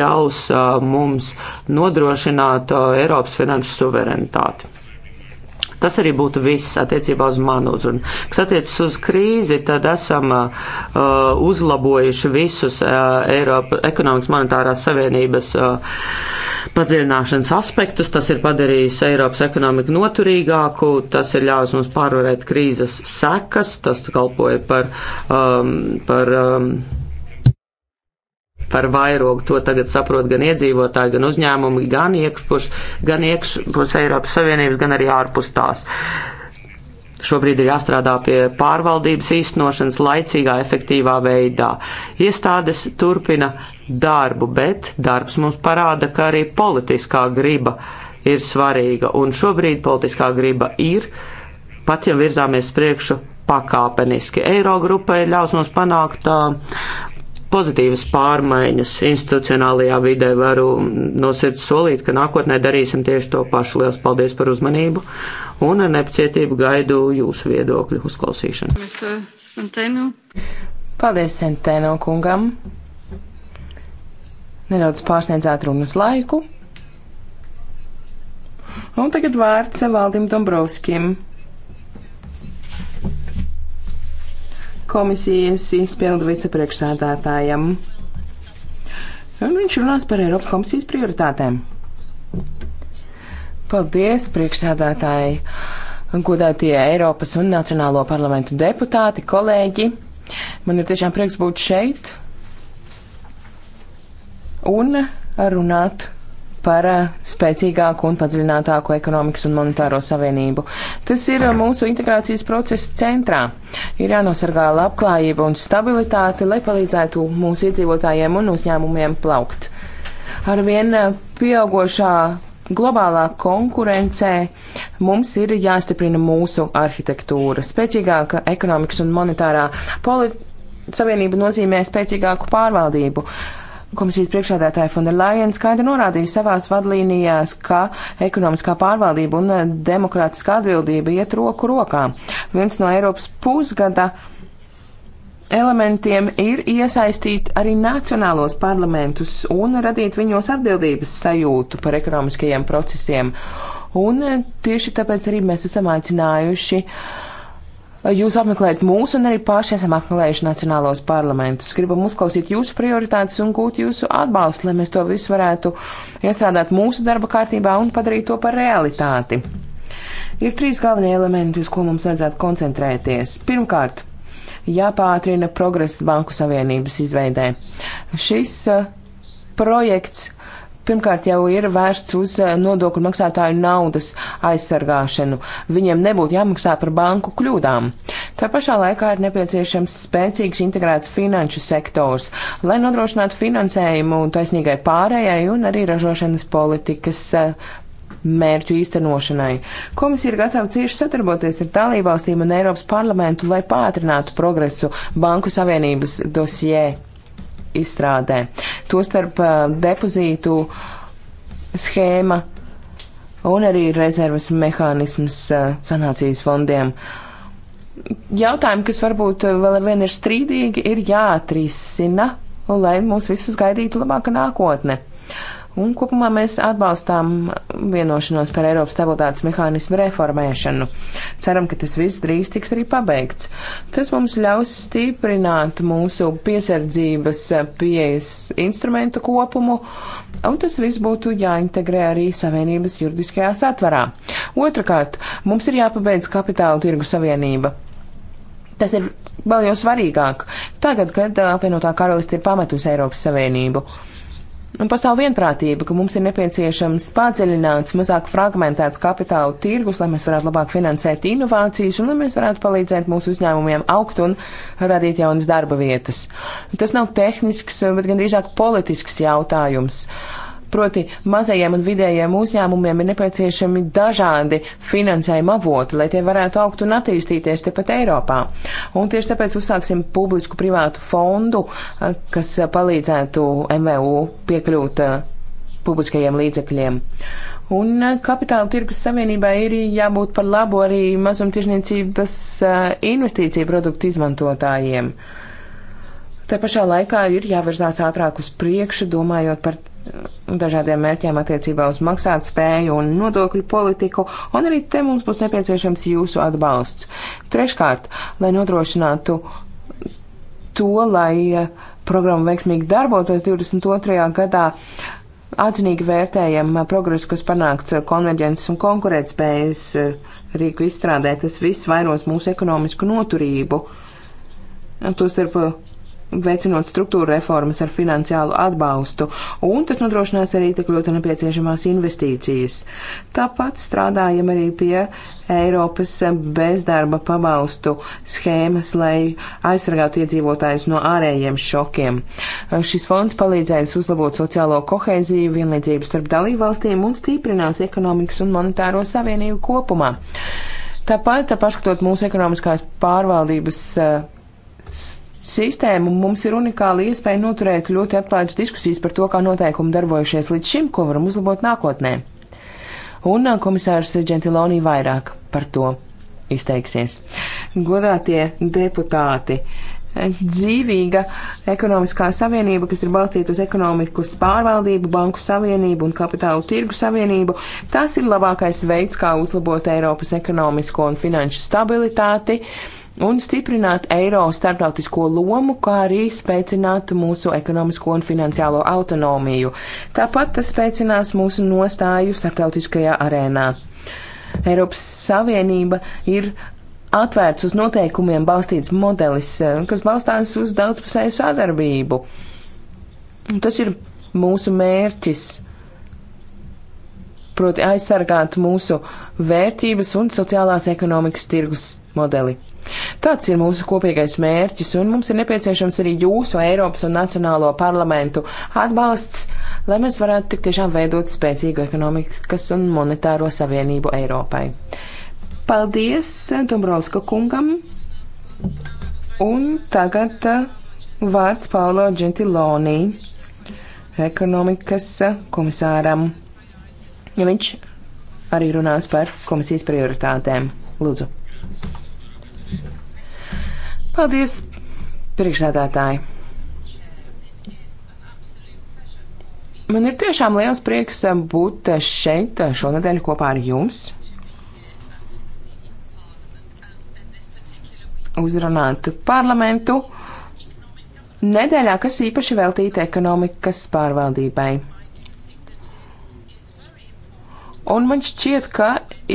ļaus uh, mums nodrošināt uh, Eiropas finanšu suverenitāti. Tas arī būtu viss attiecībā uz manu uzrunu. Kas attiecas uz krīzi, tad esam uh, uh uzlabojuši visus uh, Eiropas ekonomikas monetārās savienības uh, padziļināšanas aspektus. Tas ir padarījis Eiropas ekonomiku noturīgāku, tas ir ļāvis mums pārvarēt krīzes sekas, tas kalpoja par, um, par um, par vairogu. To tagad saprot gan iedzīvotāji, gan uzņēmumi, gan iekšpus, gan iekšpus Eiropas Savienības, gan arī ārpus tās. Šobrīd ir jāstrādā pie pārvaldības īstenošanas laicīgā, efektīvā veidā. Iestādes turpina darbu, bet darbs mums parāda, ka arī politiskā griba ir svarīga, un šobrīd politiskā griba ir, pat ja virzāmies priekšu pakāpeniski. Eirogrupai ļaus mums panākt uh, pozitīvas pārmaiņas institucionālajā vidē. Varu no sirds solīt, ka nākotnē darīsim tieši to pašu. Lielas paldies par uzmanību un ar nepacietību gaidu jūsu viedokļu uzklausīšanu. Paldies, Sentēno kungam. Nedaudz pārsniedzāt runas laiku. Un tagad vārds Valdim Dombrovskim. komisijas izpildu vicepriekšsēdētājam. Un viņš runās par Eiropas komisijas prioritātēm. Paldies, priekšsēdētāji, godātie Eiropas un Nacionālo parlamentu deputāti, kolēģi. Man ir tiešām prieks būt šeit un runāt par eh, spēcīgāku un padziļinātāku ekonomikas un monetāro savienību. Tas ir eh, mūsu integrācijas procesa centrā. Ir jānosargā labklājība un stabilitāte, lai palīdzētu mūsu iedzīvotājiem un uzņēmumiem plaukt. Arvien eh, pieaugošā globālā konkurencē mums ir jāstiprina mūsu arhitektūra, spēcīgāka ekonomikas un monetārā politika. Savienība nozīmē spēcīgāku pārvaldību, uh, Komisijas priekšādātāja Fonda Lajena skaidri norādīja savās vadlīnijās, ka ekonomiskā pārvaldība un eh, demokrātiskā atbildība iet roku rokā. Viens no Eiropas pusgada elementiem ir iesaistīt arī nacionālos parlamentus un radīt viņos atbildības sajūtu par ekonomiskajiem procesiem. Un eh, tieši tāpēc arī mēs esam aicinājuši uh, Jūs apmeklējat mūsu un arī paši esam apmeklējuši nacionālos parlamentus. Gribam uzklausīt jūsu prioritātes un gūt jūsu atbalstu, lai mēs to visu varētu iestrādāt mūsu darba kārtībā un padarīt to par realitāti. Ir trīs galvenie elementi, uz ko mums vajadzētu koncentrēties. Pirmkārt, jāpātrina progress Banku Savienības izveidē. Šis uh, projekts pirmkārt jau ir vērsts uz eh, nodokļu maksātāju naudas aizsargāšanu. Viņiem nebūtu jāmaksā par banku kļūdām. Tā pašā laikā ir nepieciešams spēcīgs integrēts finanšu sektors, lai nodrošinātu finansējumu taisnīgai pārējai un arī ražošanas politikas eh, mērķu īstenošanai. Komisija ir gatava cieši sadarboties ar dalībvalstīm un Eiropas parlamentu, lai pātrinātu progresu Banku Savienības dosijai izstrādē. Tostarp eh, depozītu schēma un arī rezervas mehānisms eh, sanācijas fondiem. Jautājumi, kas varbūt eh, vēl ar vienu ir strīdīgi, ir jāatrisina, lai mūs visus gaidītu labāka nākotne. Un kopumā mēs atbalstām vienošanos par Eiropas stabilitātes mehānismu reformēšanu. Ceram, ka tas viss drīz tiks arī pabeigts. Tas mums ļaus stiprināt mūsu piesardzības pieejas instrumentu kopumu, un tas viss būtu jāintegrē arī Savienības juridiskajā satvarā. Otrakārt, mums ir jāpabeidz kapitāla tirgu savienība. Tas ir vēl jau svarīgāk tagad, kad apvienotā karaliste ir pametusi Eiropas Savienību. Uh, Un nu, pastāv vienprātība, ka mums ir nepieciešams padziļināts, mazāk fragmentēts kapitāla tirgus, lai mēs varētu labāk finansēt inovācijas un lai mēs varētu palīdzēt mūsu uzņēmumiem augt un radīt jaunas darba vietas. Tas nav tehnisks, bet gan drīzāk politisks jautājums. Uh, Proti mazajiem un vidējiem uzņēmumiem ir nepieciešami dažādi finansējuma avoti, lai tie varētu augt un attīstīties tepat Eiropā. Un tieši tāpēc uzsāksim publisku privātu fondu, kas palīdzētu MVU piekļūt publiskajiem līdzekļiem. Un kapitāla tirgus savienībai ir jābūt par labu arī mazumtirdzniecības investīciju produktu izmantotājiem. Te pašā laikā ir jāvirzās ātrāk uz priekšu, domājot par dažādiem mērķiem attiecībā uz maksāt spēju un nodokļu politiku, un arī te mums būs nepieciešams jūsu atbalsts. Treškārt, lai nodrošinātu to, lai eh, programma veiksmīgi darbotos 22. gadā, atzinīgi vērtējam eh, progresu, kas panākts eh, konverģences un konkurētspējas rīku izstrādē. Tas viss vairos mūsu ekonomisku noturību. Tostarp veicinot struktūra reformas ar finansiālu atbalstu, un tas nodrošinās arī tik ļoti nepieciešamās investīcijas. Tāpat strādājam arī pie Eiropas bezdarba pabalstu schēmas, lai aizsargātu iedzīvotājus no ārējiem šokiem. Šis fonds palīdzēs uzlabot sociālo kohēziju, vienlīdzību starp dalībvalstīm un stiprinās ekonomikas un monetāro savienību kopumā. Tāpat, tā paškatot mūsu ekonomiskās pārvaldības uh, sistēmu mums ir unikāla iespēja noturēt ļoti atklātas diskusijas par to, kā noteikumi darbojušies līdz šim, ko varam uzlabot nākotnē. Un uh, komisārs Gentiloni vairāk par to izteiksies. Godātie deputāti! dzīvīga ekonomiskā savienība, kas ir balstīta uz ekonomikas pārvaldību, banku savienību un kapitālu tirgu savienību. Tas ir labākais veids, kā uzlabot Eiropas ekonomisko un finanšu stabilitāti. Uh, un stiprināt eiro starptautisko lomu, kā arī spēcināt mūsu ekonomisko un finansiālo autonomiju. Tāpat tas spēcinās mūsu nostāju starptautiskajā arēnā. Eiropas Savienība ir atvērts uz noteikumiem balstīts modelis, kas balstās uz daudzpusēju sadarbību. Tas ir mūsu mērķis proti aizsargāt mūsu vērtības un sociālās ekonomikas tirgus modeli. Tāds ir mūsu kopīgais mērķis, un mums ir nepieciešams arī jūsu Eiropas un Nacionālo parlamentu atbalsts, lai mēs varētu tik tiešām veidot spēcīgu ekonomikas un monetāro savienību Eiropai. Paldies Dombrovska kungam! Un tagad uh, vārds Paulo Gentiloni, ekonomikas komisāram ja viņš arī runās par komisijas prioritātēm. Lūdzu. Paldies, priekšsēdētāji. Man ir tiešām liels prieks būt šeit šonadēļ kopā ar jums. Uzrunāt parlamentu nedēļā, kas īpaši veltīta ekonomikas pārvaldībai. Un man šķiet, ka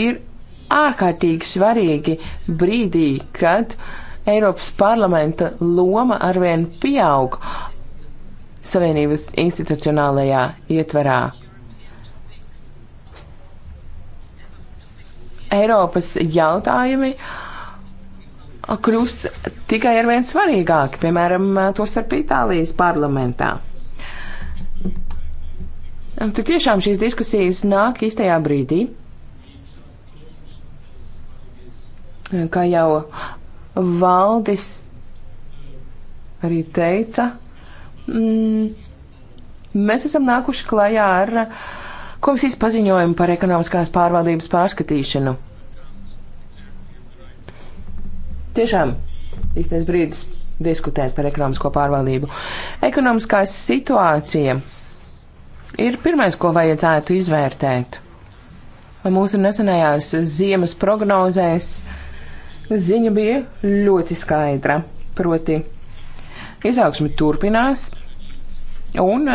ir ārkārtīgi svarīgi brīdī, kad Eiropas parlamenta loma arvien pieaug Savienības institucionālajā ietvarā. Eiropas jautājumi kļūst tikai ar vien svarīgāki, piemēram, to starp Itālijas parlamentā. Tik tiešām šīs diskusijas nāk īstajā brīdī. Kā jau valdis arī teica, mm, mēs esam nākuši klajā ar komisijas paziņojumu par ekonomiskās pārvaldības pārskatīšanu. Tiešām īstais brīdis diskutēt par ekonomisko pārvaldību. Ekonomiskā situācija ir pirmais, ko vajadzētu izvērtēt. Mūsu nesenajās ziemas prognozēs ziņa bija ļoti skaidra. Proti, izaugsme turpinās, un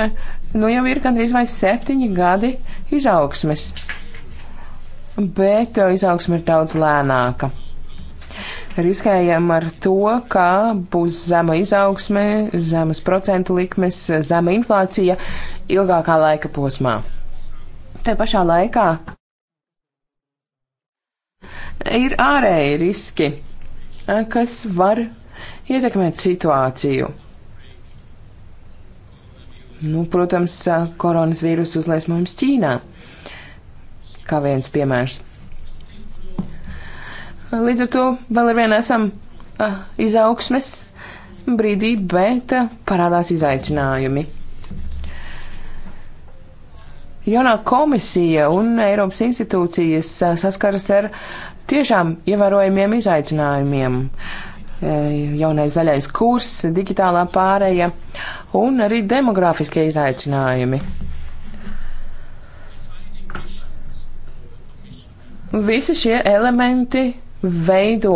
nu jau ir gandrīz vai septiņi gadi izaugsmes, bet izaugsme ir daudz lēnāka riskējam ar to, ka būs zema izaugsme, zemas procentu likmes, zema inflācija ilgākā laika posmā. Te pašā laikā ir ārēji riski, kas var ietekmēt situāciju. Nu, protams, koronavīruss uzlies mums Ķīnā, kā viens piemērs. Līdz ar to vēl ar vienu esam uh, izaugsmes brīdī, bet uh, parādās izaicinājumi. Jaunā komisija un Eiropas institūcijas saskaras ar tiešām ievērojumiem izaicinājumiem. Jaunais zaļais kurs, digitālā pāreja un arī demografiskie izaicinājumi. Visi šie elementi veido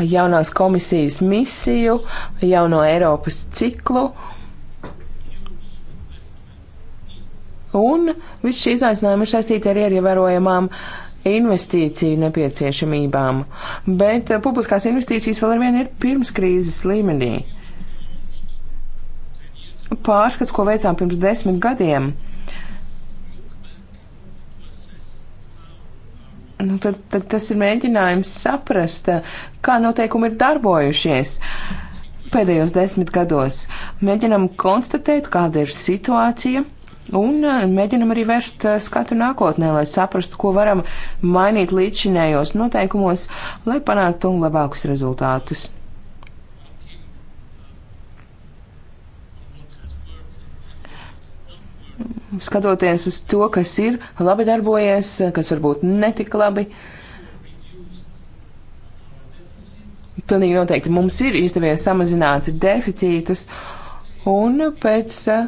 jaunās komisijas misiju, jauno Eiropas ciklu. Un viss šī izaicinājuma ir saistīta arī ar ievērojamām investīciju nepieciešamībām, bet eh, publiskās investīcijas vēl ar vienu ir pirms krīzes līmenī. Pārskats, ko veicām pirms desmit gadiem, Nu, tad, tad tas ir mēģinājums saprast, kā noteikumi ir darbojušies pēdējos desmit gados. Mēģinam konstatēt, kāda ir situācija. Un eh, mēģinam arī vērst eh, skatu nākotnē, lai saprastu, ko varam mainīt līdzinējos noteikumos, lai panāktu labākus rezultātus. skatoties uz to, kas ir labi darbojies, kas varbūt netik labi. Pilnīgi noteikti mums ir izdevies samazināt deficītus, un pēc uh,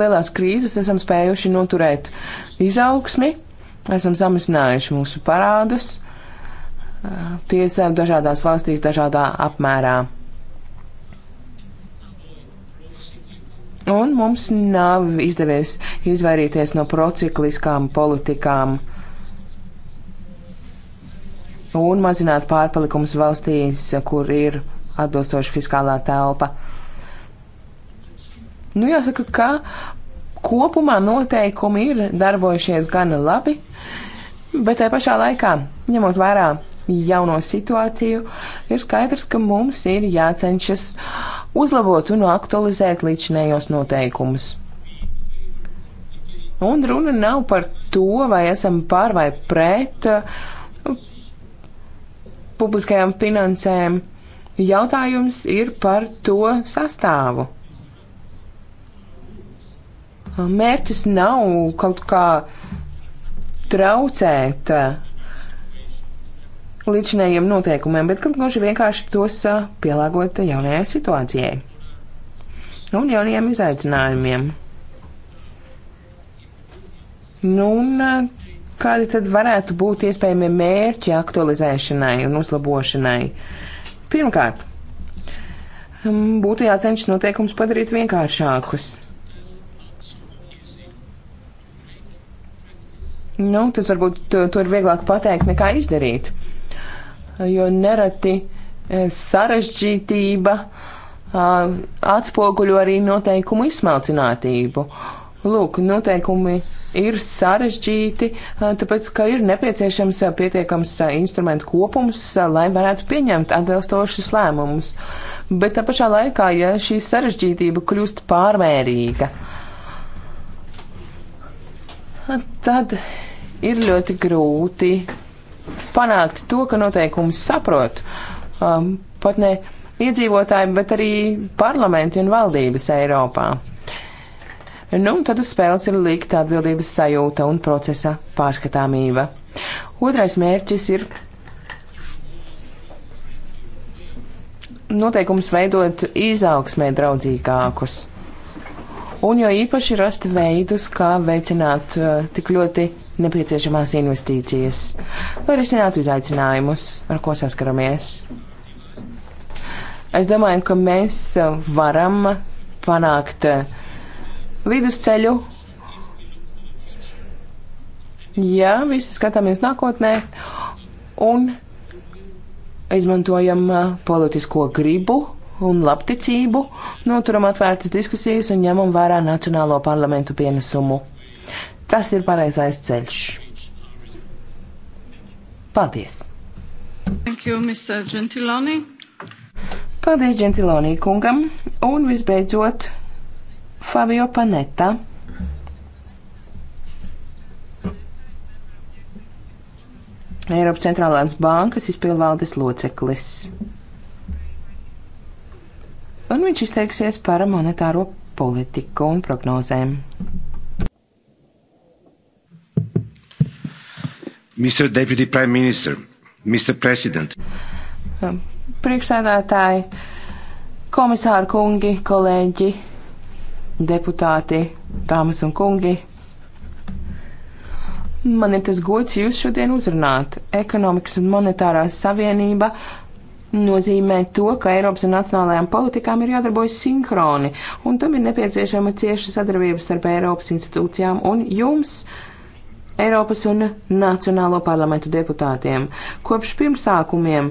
lielās krīzes esam spējuši noturēt izaugsmi, esam samazinājuši mūsu parādus, uh, tiesa dažādās valstīs dažādā apmērā. un mums nav izdevies izvairīties no procikliskām politikām un mazināt pārpalikums valstīs, kur ir atbilstoša fiskālā telpa. Nu, jāsaka, ka kopumā noteikumi ir darbojušies gana labi, bet tajā pašā laikā, ņemot vērā jauno situāciju, ir skaidrs, ka mums ir jācenšas uh, uzlabot un aktualizēt līdzinējos noteikumus. Un runa nav par to, vai esam par vai pret uh, publiskajām finansēm. Jautājums ir par to sastāvu. Mērķis nav kaut kā traucēt uh, līdzinējiem noteikumiem, bet gan gluži vienkārši tos pielāgot jaunajai situācijai un jaunajiem izaicinājumiem. Nu, un kādi tad varētu būt iespējami mērķi aktualizēšanai un uzlabošanai? Pirmkārt, būtu jācenšas noteikums padarīt vienkāršākus. Nu, tas varbūt to, to ir vieglāk pateikt nekā izdarīt jo nereti eh, sarežģītība eh, atspoguļo arī noteikumu izsmalcinātību. Lūk, noteikumi ir sarežģīti, eh, tāpēc, ka ir nepieciešams pietiekams instrumentu kopums, lai varētu pieņemt atbilstošus lēmumus. Bet tā pašā laikā, ja šī sarežģītība kļūst pārmērīga, tad ir ļoti grūti panākt to, ka noteikumi saprot um, pat ne iedzīvotāji, bet arī parlamenti un valdības Eiropā. Nu, tad uz spēles ir likta atbildības sajūta un procesa pārskatāmība. Otrais mērķis ir noteikums veidot izaugsmē draudzīgākus. Un jo īpaši rast veidus, kā veicināt uh, tik ļoti nepieciešamās investīcijas, lai risinātu izaicinājumus, ar ko saskaramies. Es domāju, ka mēs varam panākt vidusceļu, ja visi skatāmies nākotnē un izmantojam politisko gribu un labticību, noturam atvērtas diskusijas un ņemam vērā Nacionālo parlamentu pienesumu. Tas ir pareizais ceļš. Paldies! Thank you, Mr. Gentiloni. Paldies Gentilonī kungam un visbeidzot Fabio Panetta. Eiropas centrālās bankas izpildvaldes loceklis. Un viņš izteiksies par monetāro politiku un prognozēm. Mr. Deputy Prime Minister, Mr. President. Priekšsēdētāji, komisāri kungi, kolēģi, deputāti, dāmas un kungi. Man ir tas gods jūs šodien uzrunāt. Ekonomikas un monetārā savienība nozīmē to, ka Eiropas un nacionālajām politikām ir jādarbojas sinhroni, un tam ir nepieciešama cieša sadarbība starp Eiropas institūcijām un jums. Uh, Eiropas un Nacionālo parlamentu deputātiem. Kopš pirmsākumiem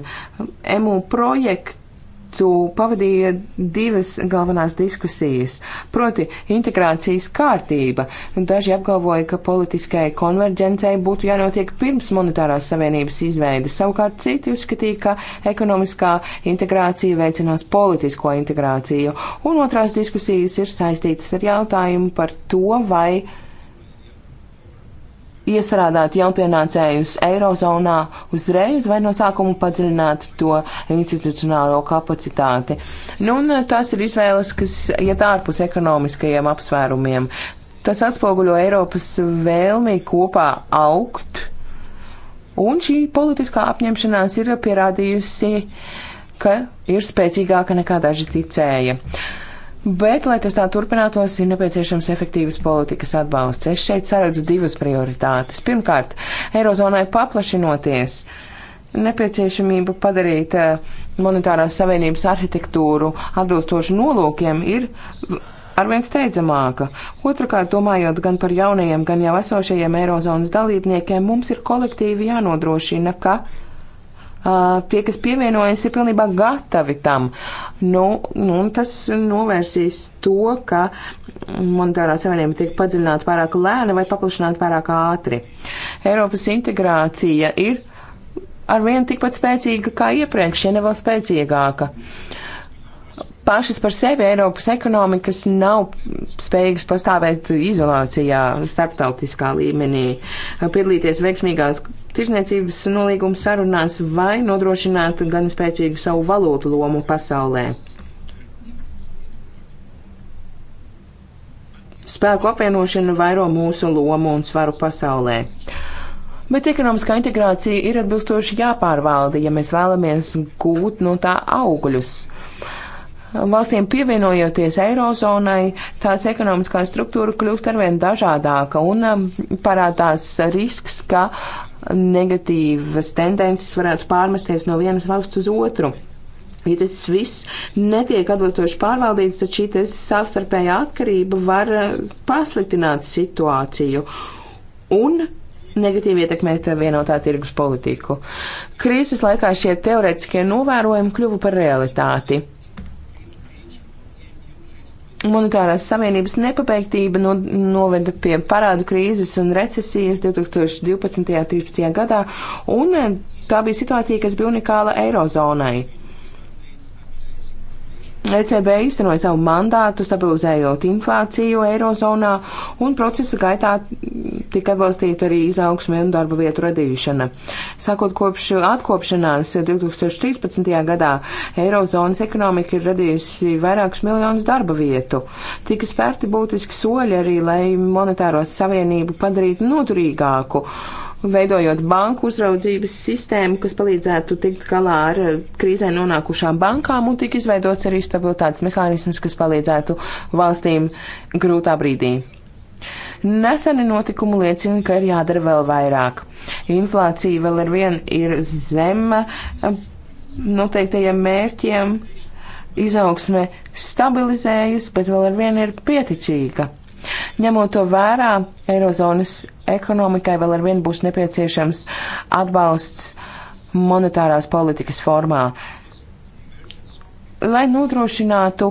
EMU projektu pavadīja divas galvenās diskusijas, proti integrācijas kārtība. Daži apgalvoja, ka politiskai konverģencei būtu jānotiek pirms monetārās savienības izveida, savukārt citi uzskatīja, ka ekonomiskā integrācija veicinās politisko integrāciju, un otrās diskusijas ir saistītas ar jautājumu par to, vai iestrādāt jaunpienācējus Eirozonā uzreiz vai no sākuma padziļināt to institucionālo kapacitāti. Nu, un eh, tās ir izvēles, kas iet ārpus ekonomiskajiem apsvērumiem. Tas atspoguļo Eiropas vēlmi kopā augt, un šī politiskā apņemšanās ir pierādījusi, ka ir spēcīgāka nekā daži ticēja. Uh, Bet, lai tas tā turpinātos, ir nepieciešams efektīvas politikas atbalsts. Es šeit saredzu divas prioritātes. Pirmkārt, Eirozonai paplašinoties, nepieciešamība padarīt eh, monetārās savienības arhitektūru atbilstošu nolūkiem ir arvien steidzamāka. Otrakārt, domājot gan par jaunajiem, gan jau esošajiem Eirozonas dalībniekiem, mums ir kolektīvi jānodrošina, ka Uh, tie, kas pievienojas, ir pilnībā gatavi tam. Nu, nu, tas novērsīs to, ka monetārā savienība tiek padziļināta pārāk lēni vai paplašināta pārāk ātri. Eiropas integrācija ir arvien tikpat spēcīga kā iepriekš, ja ne vēl spēcīgāka. Pašas par sevi Eiropas ekonomikas nav spējīgas pastāvēt izolācijā, starptautiskā līmenī, piedalīties veiksmīgās tirzniecības nolīguma sarunās vai nodrošināt gan spēcīgu savu valūtu lomu pasaulē. Spēku apvienošana vairo mūsu lomu un svaru pasaulē. Bet ekonomiskā integrācija ir atbilstoši jāpārvalda, ja mēs vēlamies gūt no tā augļus. Valstīm pievienojoties Eirozonai, tās ekonomiskā struktūra kļūst arvien dažādāka un um, parādās risks, ka negatīvas tendences varētu pārmesties no vienas valsts uz otru. Ja tas viss netiek atbilstoši pārvaldīts, tad šī savstarpējā atkarība var eh, pasliktināt situāciju un negatīvi ietekmēt vienotā tirgus politiku. Krīzes laikā šie teoretiskie novērojumi kļuvu par realitāti monetārās savienības nepabeigtība no, noveda pie parādu krīzes un recesijas 2012. un 2013. gadā, un eh, tā bija situācija, kas bija unikāla Eirozonai. ECB īstenoja savu mandātu, stabilizējot inflāciju Eirozonā, un procesa gaitā tika atbalstīta arī izaugsme un darba vietu radīšana. Sākot kopš atkopšanās 2013. gadā, Eirozonas ekonomika ir radījusi vairākus miljonus darba vietu. Tika spērti būtiski soļi arī, lai monetāros savienību padarītu noturīgāku veidojot banku uzraudzības sistēmu, kas palīdzētu tikt galā ar eh, krīzē nonākušām bankām, un tika izveidots arī stabilitātes mehānisms, kas palīdzētu valstīm grūtā brīdī. Neseni notikumi liecina, ka ir jādara vēl vairāk. Inflācija vēl ar vienu ir zema eh, noteiktajiem mērķiem, izaugsme stabilizējas, bet vēl ar vienu ir pieticīga. Ņemot to vērā, Eirozonas ekonomikai vēl arvien būs nepieciešams atbalsts monetārās politikas formā, lai nodrošinātu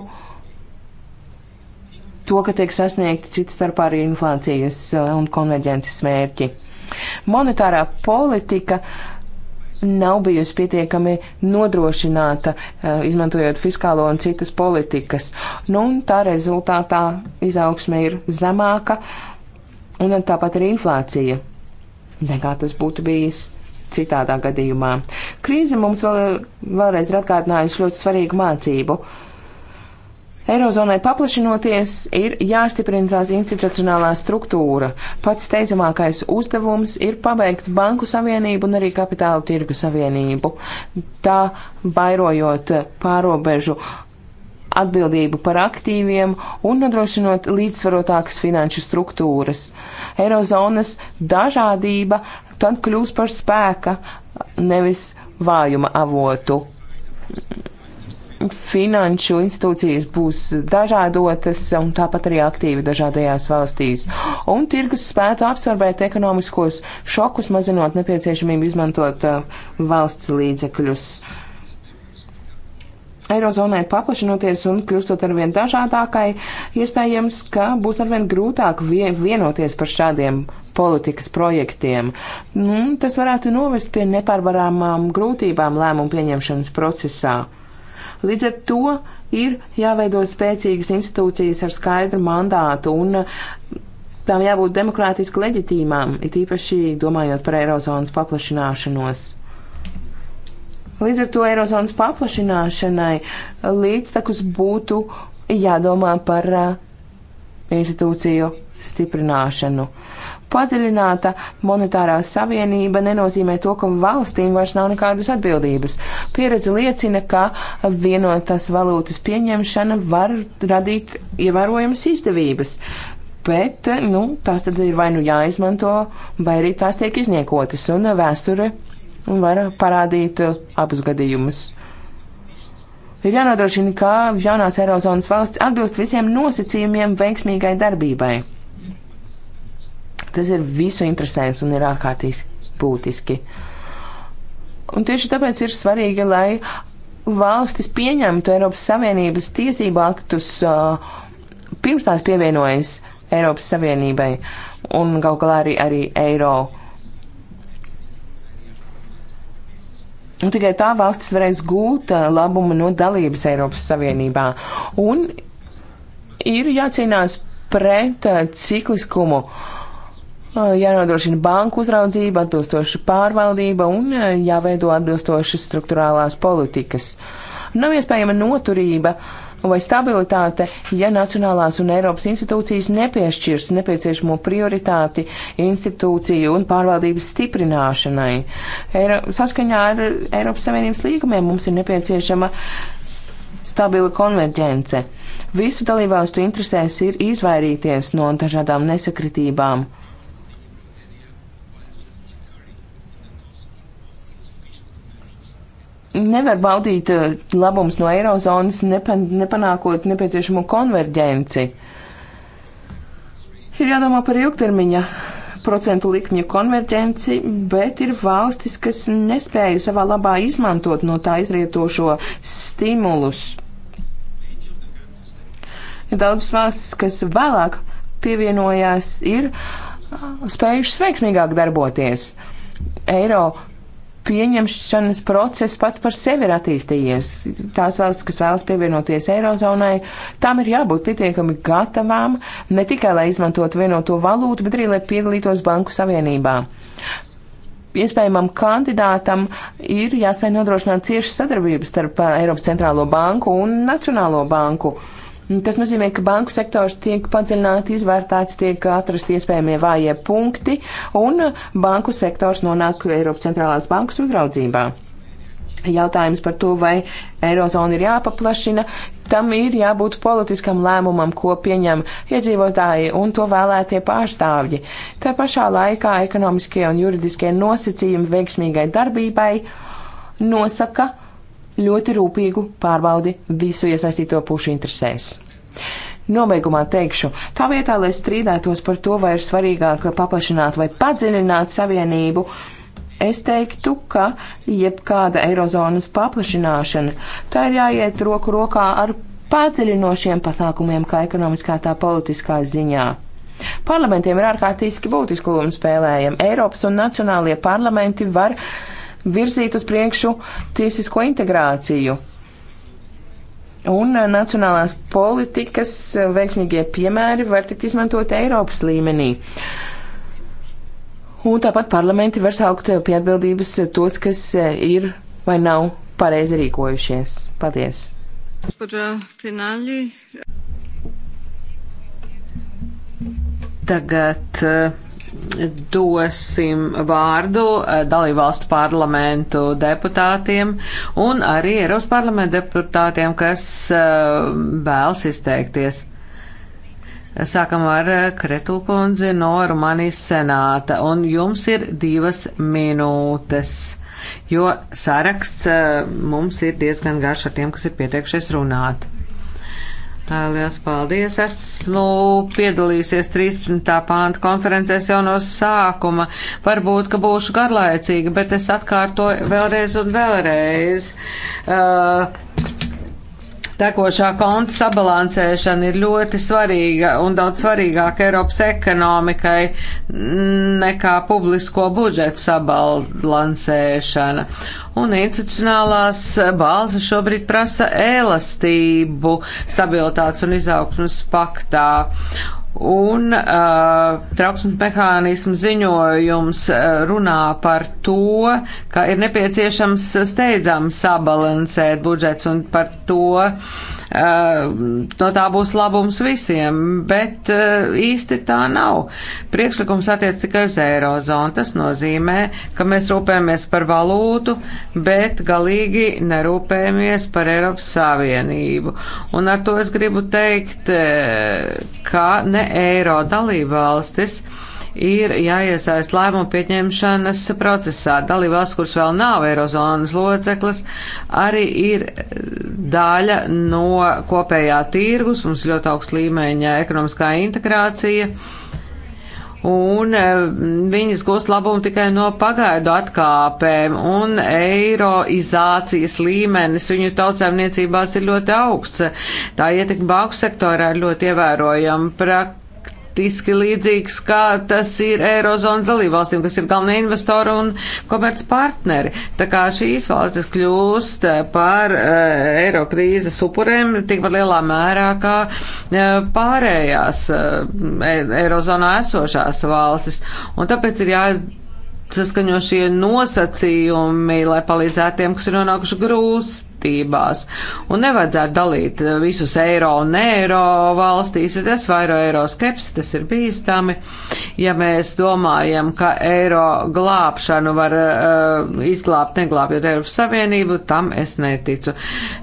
to, ka tiek sasniegti cits starpā arī inflācijas uh, un konverģences mērķi. Monetārā politika uh, nav bijusi pietiekami nodrošināta, eh, izmantojot fiskālo un citas politikas. Nu, tā rezultātā izaugsme ir zemāka, un tāpat arī inflācija, nekā tas būtu bijis citādā gadījumā. Krīze mums vēl, vēlreiz ir atgādinājusi ļoti svarīgu mācību. Uh, Eirozonai paplašinoties, ir jāstiprina tās institucionālā struktūra. Pats steidzamākais uzdevums ir pabeigt banku savienību un arī kapitālu tirgu savienību, tā vairojot pārobežu atbildību par aktīviem un nodrošinot līdzsvarotākas finanšu struktūras. Eirozonas dažādība tad kļūs par spēka, nevis vājuma avotu finanšu institūcijas būs dažādotas un tāpat arī aktīvi dažādajās valstīs. Un tirgus spētu absorbēt ekonomiskos šokus, mazinot nepieciešamību izmantot uh, valsts līdzekļus. Eirozonai paplašinoties un kļūstot arvien dažādākai, iespējams, ka būs arvien grūtāk vienoties par šādiem politikas projektiem. Nu, tas varētu novest pie nepārvarāmām grūtībām lēmumu pieņemšanas procesā. Līdz ar to ir jāveido spēcīgas institūcijas ar skaidru mandātu un uh, tām jābūt demokrātiski leģitīmām, it īpaši domājot par Eirozonas paplašināšanos. Līdz ar to Eirozonas paplašināšanai uh, līdztekus būtu jādomā par uh, institūciju stiprināšanu. Padziļināta monetārā savienība nenozīmē to, ka valstīm vairs nav nekādas atbildības. Pieredze liecina, ka vienotās valūtas pieņemšana var radīt ievērojamas izdevības. Bet, nu, tās tad ir vai nu jāizmanto, vai arī tās tiek izniekotas, un vēsture var parādīt abus gadījumus. Ir jānodrošina, ka jaunās Eirozonas valsts atbilst visiem nosacījumiem veiksmīgai darbībai. Tas ir visu interesēs un ir ārkārtīgi būtiski. Un tieši tāpēc ir svarīgi, lai valstis pieņemtu Eiropas Savienības tiesību aktus uh, pirms tās pievienojas Eiropas Savienībai un galu galā arī, arī eiro. Un tikai tā valstis varēs gūt uh, labumu no dalības Eiropas Savienībā. Un ir jācīnās pret uh, cikliskumu. Uh, jānodrošina banku uzraudzība, atbilstoša pārvaldība un jāveido atbilstošas struktūrālās politikas. Nav iespējama noturība vai stabilitāte, ja nacionālās un Eiropas institūcijas nepiešķirs nepieciešamo prioritāti institūciju un pārvaldības stiprināšanai. Eiro, saskaņā ar Eiropas Savienības līgumiem mums ir nepieciešama stabila konverģence. Visu dalībvalstu interesēs ir izvairīties no dažādām nesakritībām. nevar baudīt eh, labums no eirozonas, nepan, nepanākot nepieciešamo konverģenci. Ir jādomā par ilgtermiņa procentu likmju konverģenci, bet ir valstis, kas nespēja savā labā izmantot no tā izrietošo stimulus. Ir daudzas valstis, kas vēlāk pievienojās, ir eh, spējušas veiksmīgāk darboties. Eiro pieņemšanas process pats par sevi ir attīstījies. Tās valsts, kas vēlas pievienoties Eirozonai, tām ir jābūt pietiekami gatavām ne tikai, lai izmantotu vienoto valūtu, bet arī, lai piedalītos Banku Savienībā. Iespējamam kandidātam ir jāspēj nodrošināt ciešu sadarbību starp uh, Eiropas centrālo banku un Nacionālo banku. Uh, Tas nozīmē, ka banku sektors tiek padziļināti izvērtāts, tiek atrast iespējamie vājie punkti, un banku sektors nonāk Eiropas centrālās bankas uzraudzībā. Jautājums par to, vai Eirozona ir jāpaplašina, tam ir jābūt politiskam lēmumam, ko pieņem iedzīvotāji un to vēlētie pārstāvji. Tā pašā laikā ekonomiskie un juridiskie nosacījumi veiksmīgai darbībai nosaka, ļoti rūpīgu pārbaudi visu iesaistīto pušu interesēs. Nobeigumā teikšu, tā vietā, lai strīdētos par to, vai ir svarīgāk paplašināt vai padziļināt savienību, es teiktu, ka jebkāda eirozonas paplašināšana, tā ir jāiet roku rokā ar padziļinošiem pasākumiem, kā ekonomiskā tā politiskā ziņā. Parlamentiem ir ārkārtīgi būtiska loma spēlējama. Eiropas un nacionālie parlamenti var uh, virzīt uz priekšu tiesisko integrāciju. Un eh, nacionālās politikas eh, veiksmīgie piemēri var tikt izmantot Eiropas līmenī. Un tāpat parlamenti var saukt pie atbildības tos, kas eh, ir vai nav pareizi rīkojušies. Paldies! Tagad uh, dosim vārdu eh, dalībvalstu parlamentu deputātiem un arī Eiropas parlamentu deputātiem, kas eh, vēlas izteikties. Sākam ar eh, Kretu kundzi no Rumānijas senāta, un jums ir divas minūtes, jo saraksts mums ir diezgan garš ar tiem, kas ir pieteikušies runāt. Lielas paldies! Esmu piedalījusies 13. pānta konferencēs jau no sākuma. Varbūt, ka būšu garlaicīga, bet es atkārtoju vēlreiz un vēlreiz. Uh, Tekošā konta sabalansēšana ir ļoti svarīga un daudz svarīgāka Eiropas ekonomikai nekā publisko budžetu sabalansēšana. Un institucionālās balsas šobrīd prasa elastību stabilitātes un izaugsmas paktā. Un uh, trauksmes mehānismu ziņojums uh, runā par to, ka ir nepieciešams steidzami sabalansēt budžets un par to uh, no tā būs labums visiem, bet uh, īsti tā nav. Priekšlikums attiec tikai uz eirozonu. Tas nozīmē, ka mēs rūpējamies par valūtu, bet galīgi nerūpējamies par Eiropas Savienību. Un ar to es gribu teikt, uh, ka ne eiro dalībvalstis ir jāiesaist lēmumu pieņemšanas procesā. Dalībvalsts, kuras vēl nav eirozonas loceklis, arī ir daļa no kopējā tirgus, mums ļoti augsts līmeņa ekonomiskā integrācija. Un e, viņas gūst labumu tikai no pagaidu atkāpēm, un eiroizācijas līmenis viņu tautsēmniecībās ir ļoti augsts. Tā ietekme banku sektorā ir ļoti ievērojama. Prak praktiski līdzīgs, kā tas ir Eirozonas dalībvalstīm, kas ir galvenie investori un komerc partneri. Tā kā šīs valstis kļūst par uh, eiro krīzes upuriem tikpat lielā mērā kā uh, pārējās uh, Eirozonā esošās valstis. Un tāpēc ir jāiz saskaņošie nosacījumi, lai palīdzētu tiem, kas ir nonākuši grūst vērtībās. Un nevajadzētu dalīt eh, visus eiro un eiro valstīs, tas vairo eiro skepsi, tas ir bīstami. Ja mēs domājam, ka eiro glābšanu var uh, izglābt, neglābjot Eiropas Savienību, tam es neticu.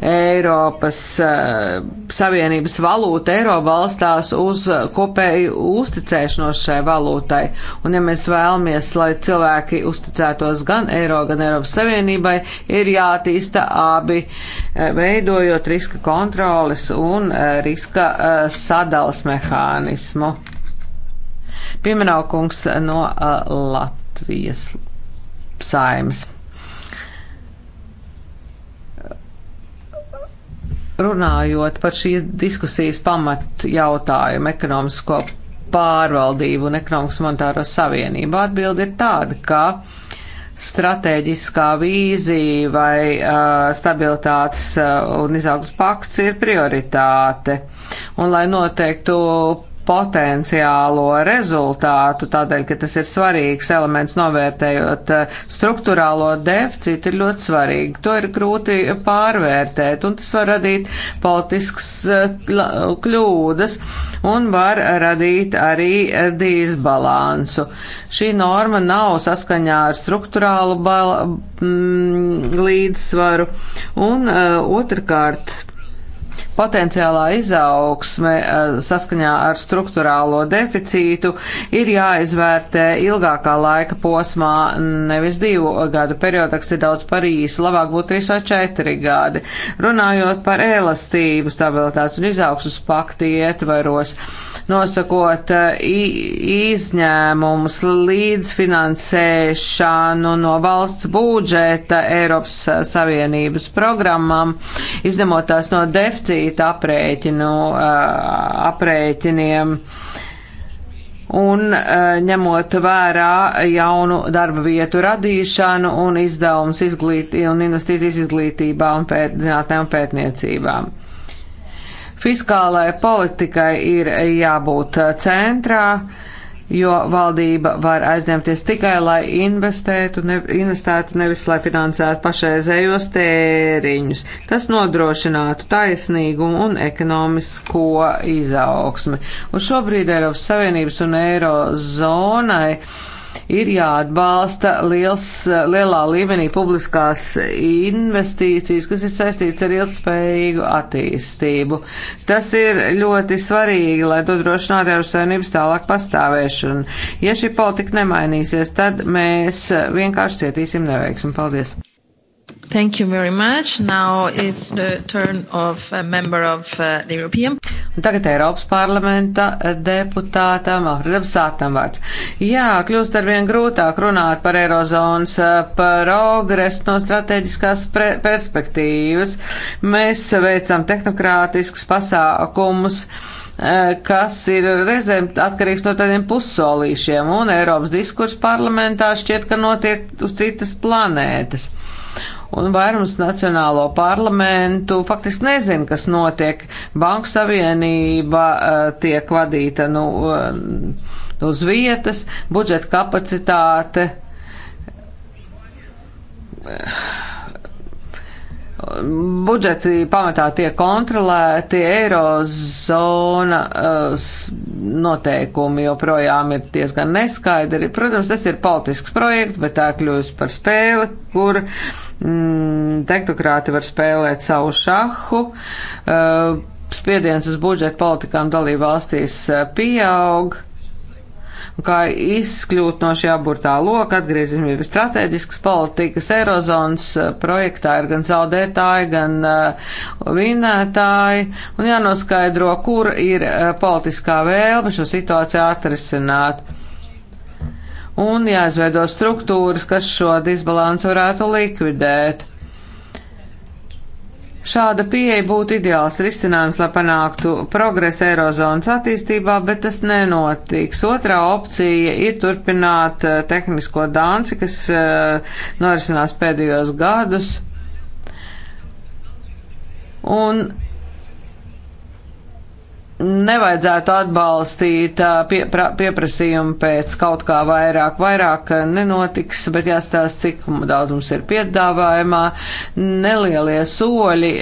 Eiropas uh, Savienības valūta eiro balstās uz kopēju uzticēšanos šai valūtai. Un ja mēs vēlamies, lai cilvēki uzticētos gan eiro, gan Eiropas Savienībai, ir jātīsta abi Eh, veidojot riska kontroles un eh, riska eh, sadals mehānismu. Pieminaukungs no Latvijas saimas. Runājot par šīs diskusijas pamatu jautājumu ekonomisko pārvaldību un ekonomikas monetāro savienību, atbildi ir tāda, ka stratēģiskā vīzija vai uh, stabilitātes uh, un izaugsmes pakts ir prioritāte. Un lai noteiktu potenciālo rezultātu, tādēļ, ka tas ir svarīgs elements novērtējot eh, struktūrālo deficītu, ir ļoti svarīgi. To ir grūti pārvērtēt, un tas var radīt politiskas eh, kļūdas un var radīt arī disbalansu. Šī norma nav saskaņā ar struktūrālu mm, līdzsvaru, un uh, otrkārt potenciālā izaugsme eh, saskaņā ar struktūrālo deficītu ir jāizvērtē ilgākā laika posmā, nevis divu gadu periodā, kas ir daudz par īsu, labāk būtu trīs vai četri gadi. Runājot par elastību, stabilitātes un izaugsmas pakti ietvaros, nosakot eh, izņēmumus līdz finansēšanu no valsts budžeta Eiropas Savienības programmām, izņemot tās no deficīta darīt aprēķinu, aprēķiniem un ņemot vērā jaunu darba vietu radīšanu un izdevums izglītī un investīcijas izglītībā un pēt, zinātnē un pētniecībā. Fiskālai politikai ir jābūt centrā jo valdība var aizņemties tikai, lai investētu, ne, investētu nevis, lai finansētu pašreizējos tēriņus. Tas nodrošinātu taisnīgumu un ekonomisko izaugsmi. Un šobrīd Eiropas Savienības un Eirozonai ir jāatbalsta liels, lielā līmenī publiskās investīcijas, kas ir saistīts ar ilgspējīgu attīstību. Tas ir ļoti svarīgi, lai nodrošinātu Eiropas Savienības tālāk pastāvēšanu. Ja šī politika nemainīsies, tad mēs vienkārši cietīsim neveiksmi. Paldies! Thank you very much. Now it's the turn of a member of uh, the European. Un tagad Eiropas parlamenta uh, deputātam Ahradam Sātamvārds. Jā, kļūst ar vien grūtāk runāt par Eirozonas uh, progresu no strateģiskās perspektīvas. Mēs veicam tehnokrātiskus pasākumus uh, kas ir reizēm atkarīgs no tādiem pussolīšiem, un Eiropas diskurs parlamentā šķiet, ka notiek uz citas planētas. Uh, un vairums nacionālo parlamentu faktiski nezin, kas notiek. Banku savienība eh, tiek vadīta nu, eh, uz vietas, budžeta kapacitāte. Eh, budžeti pamatā tiek kontrolēti, eirozona noteikumi joprojām ir diezgan neskaidri. Protams, tas ir politisks projekts, bet tā kļūst par spēli, kur uh, mm, tehnokrāti var spēlēt savu šahu. Uh, spiediens uz budžetu politikām dalību valstīs uh, pieaug. Kā izkļūt no šī aburtā loka, atgriezīsimies strateģiskas politikas eirozonas uh, projektā ir gan zaudētāji, gan uh, vinētāji, un jānoskaidro, kur ir uh, politiskā vēlme šo situāciju atrisināt. Uh, un jāizveido struktūras, kas šo disbalansu varētu likvidēt. Šāda pieeja būtu ideāls risinājums, lai panāktu progresu Eirozonas attīstībā, bet tas nenotiks. Otrā opcija ir turpināt eh, tehnisko danci, kas eh, norisinās pēdējos gadus. Un nevajadzētu atbalstīt pie, pra, pieprasījumu pēc kaut kā vairāk. Vairāk nenotiks, bet jāstāsta, cik daudz mums ir piedāvājumā. Nelielie soļi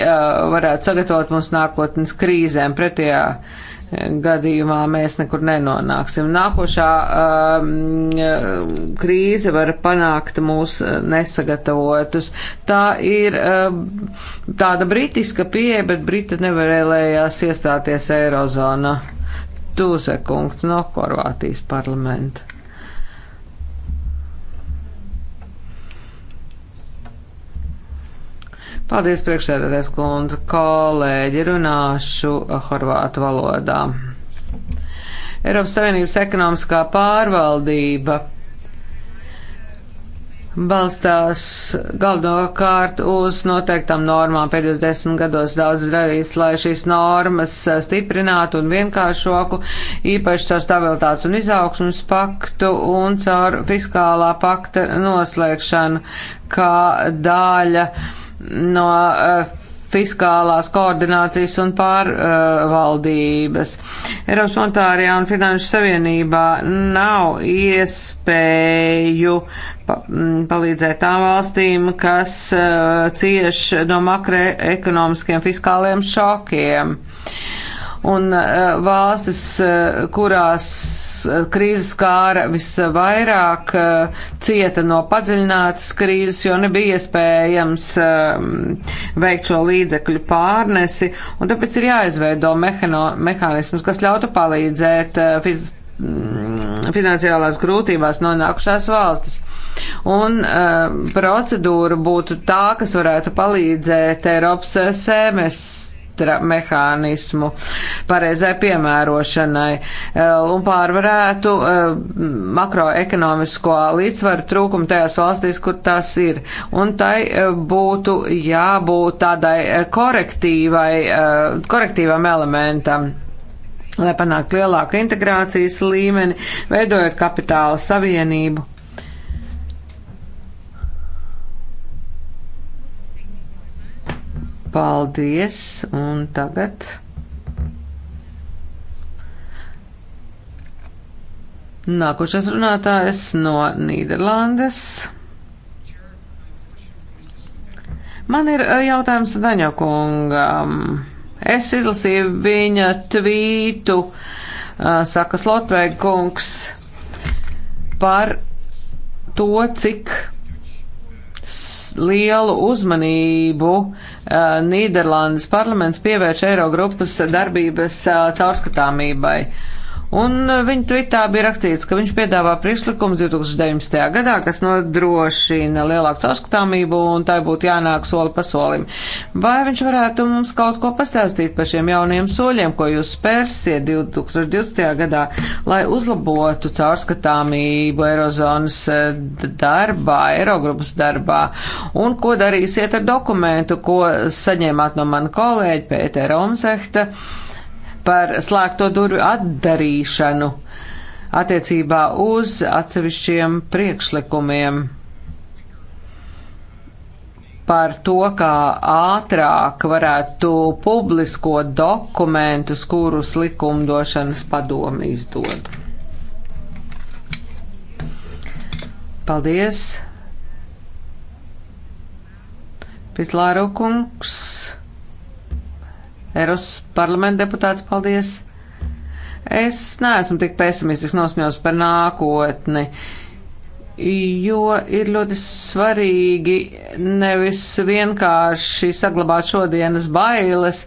varētu sagatavot mums nākotnes krīzēm pretējā. Ja gadījumā mēs nekur nenonāksim. Nākošā um, krīze var panākt mūs nesagatavotus. Tā ir um, tāda britiska pieeja, bet Brita nevarēlējās iestāties Eirozonā. Tūzekungs no Horvātijas parlamenta. Paldies, priekšsēdētājs kundze. Kolēģi, runāšu horvātu valodā. Eiropas Savienības ekonomiskā pārvaldība balstās galvenokārt uz noteiktām normām. Pēdējos desmit gados daudz darījis, lai šīs normas stiprinātu un vienkāršoku, īpaši caur stabilitātes un izaugsmas paktu un caur fiskālā pakta noslēgšanu kā daļa no eh, fiskālās koordinācijas un pārvaldības. Eiropas monetārajā un finanšu savienībā nav iespēju pa mm, palīdzēt tām valstīm, kas uh, cieš no makroekonomiskiem fiskāliem šokiem. Uh, un eh, valstis, eh, kurās eh, krīzes kāra visvairāk cieta no padziļinātas krīzes, jo nebija iespējams veikt šo līdzekļu pārnesi, un tāpēc ir jāizveido mehānismus, kas ļautu palīdzēt mm, finansiālās grūtībās nonākušās valstis. Un uh, procedūra būtu tā, kas varētu palīdzēt Eiropas semestri spektra mehānismu pareizai piemērošanai eh, un pārvarētu eh, makroekonomisko līdzsvaru trūkumu tajās valstīs, kur tas ir. Un tai eh, būtu jābūt tādai korektīvai, korektīvam elementam lai panāktu lielāku integrācijas līmeni, veidojot kapitāla savienību Paldies, un tagad. Nākošais runātājs no Nīderlandes. Man ir eh, jautājums Daņokungam. Es izlasīju viņa tvītu, eh, saka Slotveigkungs, par to, cik lielu uzmanību uh, Uh, Nīderlandes parlaments pievērš Eirogrupas darbības uh, caurskatāmībai. Uh, Un uh, viņa tvitā bija rakstīts, ka viņš piedāvā priekšlikumu 2019. gadā, kas nodrošina lielāku caurskatāmību un tai būtu jānāk soli pa solim. Vai viņš varētu mums kaut ko pastāstīt par šiem jaunajiem soļiem, ko jūs spērsiet 2020. gadā, lai uzlabotu caurskatāmību Eirozonas uh, darbā, Eirogrupas darbā, un ko darīsiet ar dokumentu, ko saņēmāt no mana kolēģa Pētera Omsehta? par slēgto durvju atdarīšanu attiecībā uz atsevišķiem priekšlikumiem par to, kā ātrāk varētu publiskot dokumentus, kurus likumdošanas padomi izdod. Paldies! Pislāru kungs! Eiros parlamenta deputāts, paldies! Es neesmu tik pesimistisks nosņos par nākotni jo ir ļoti svarīgi nevis vienkārši saglabāt šodienas bailes,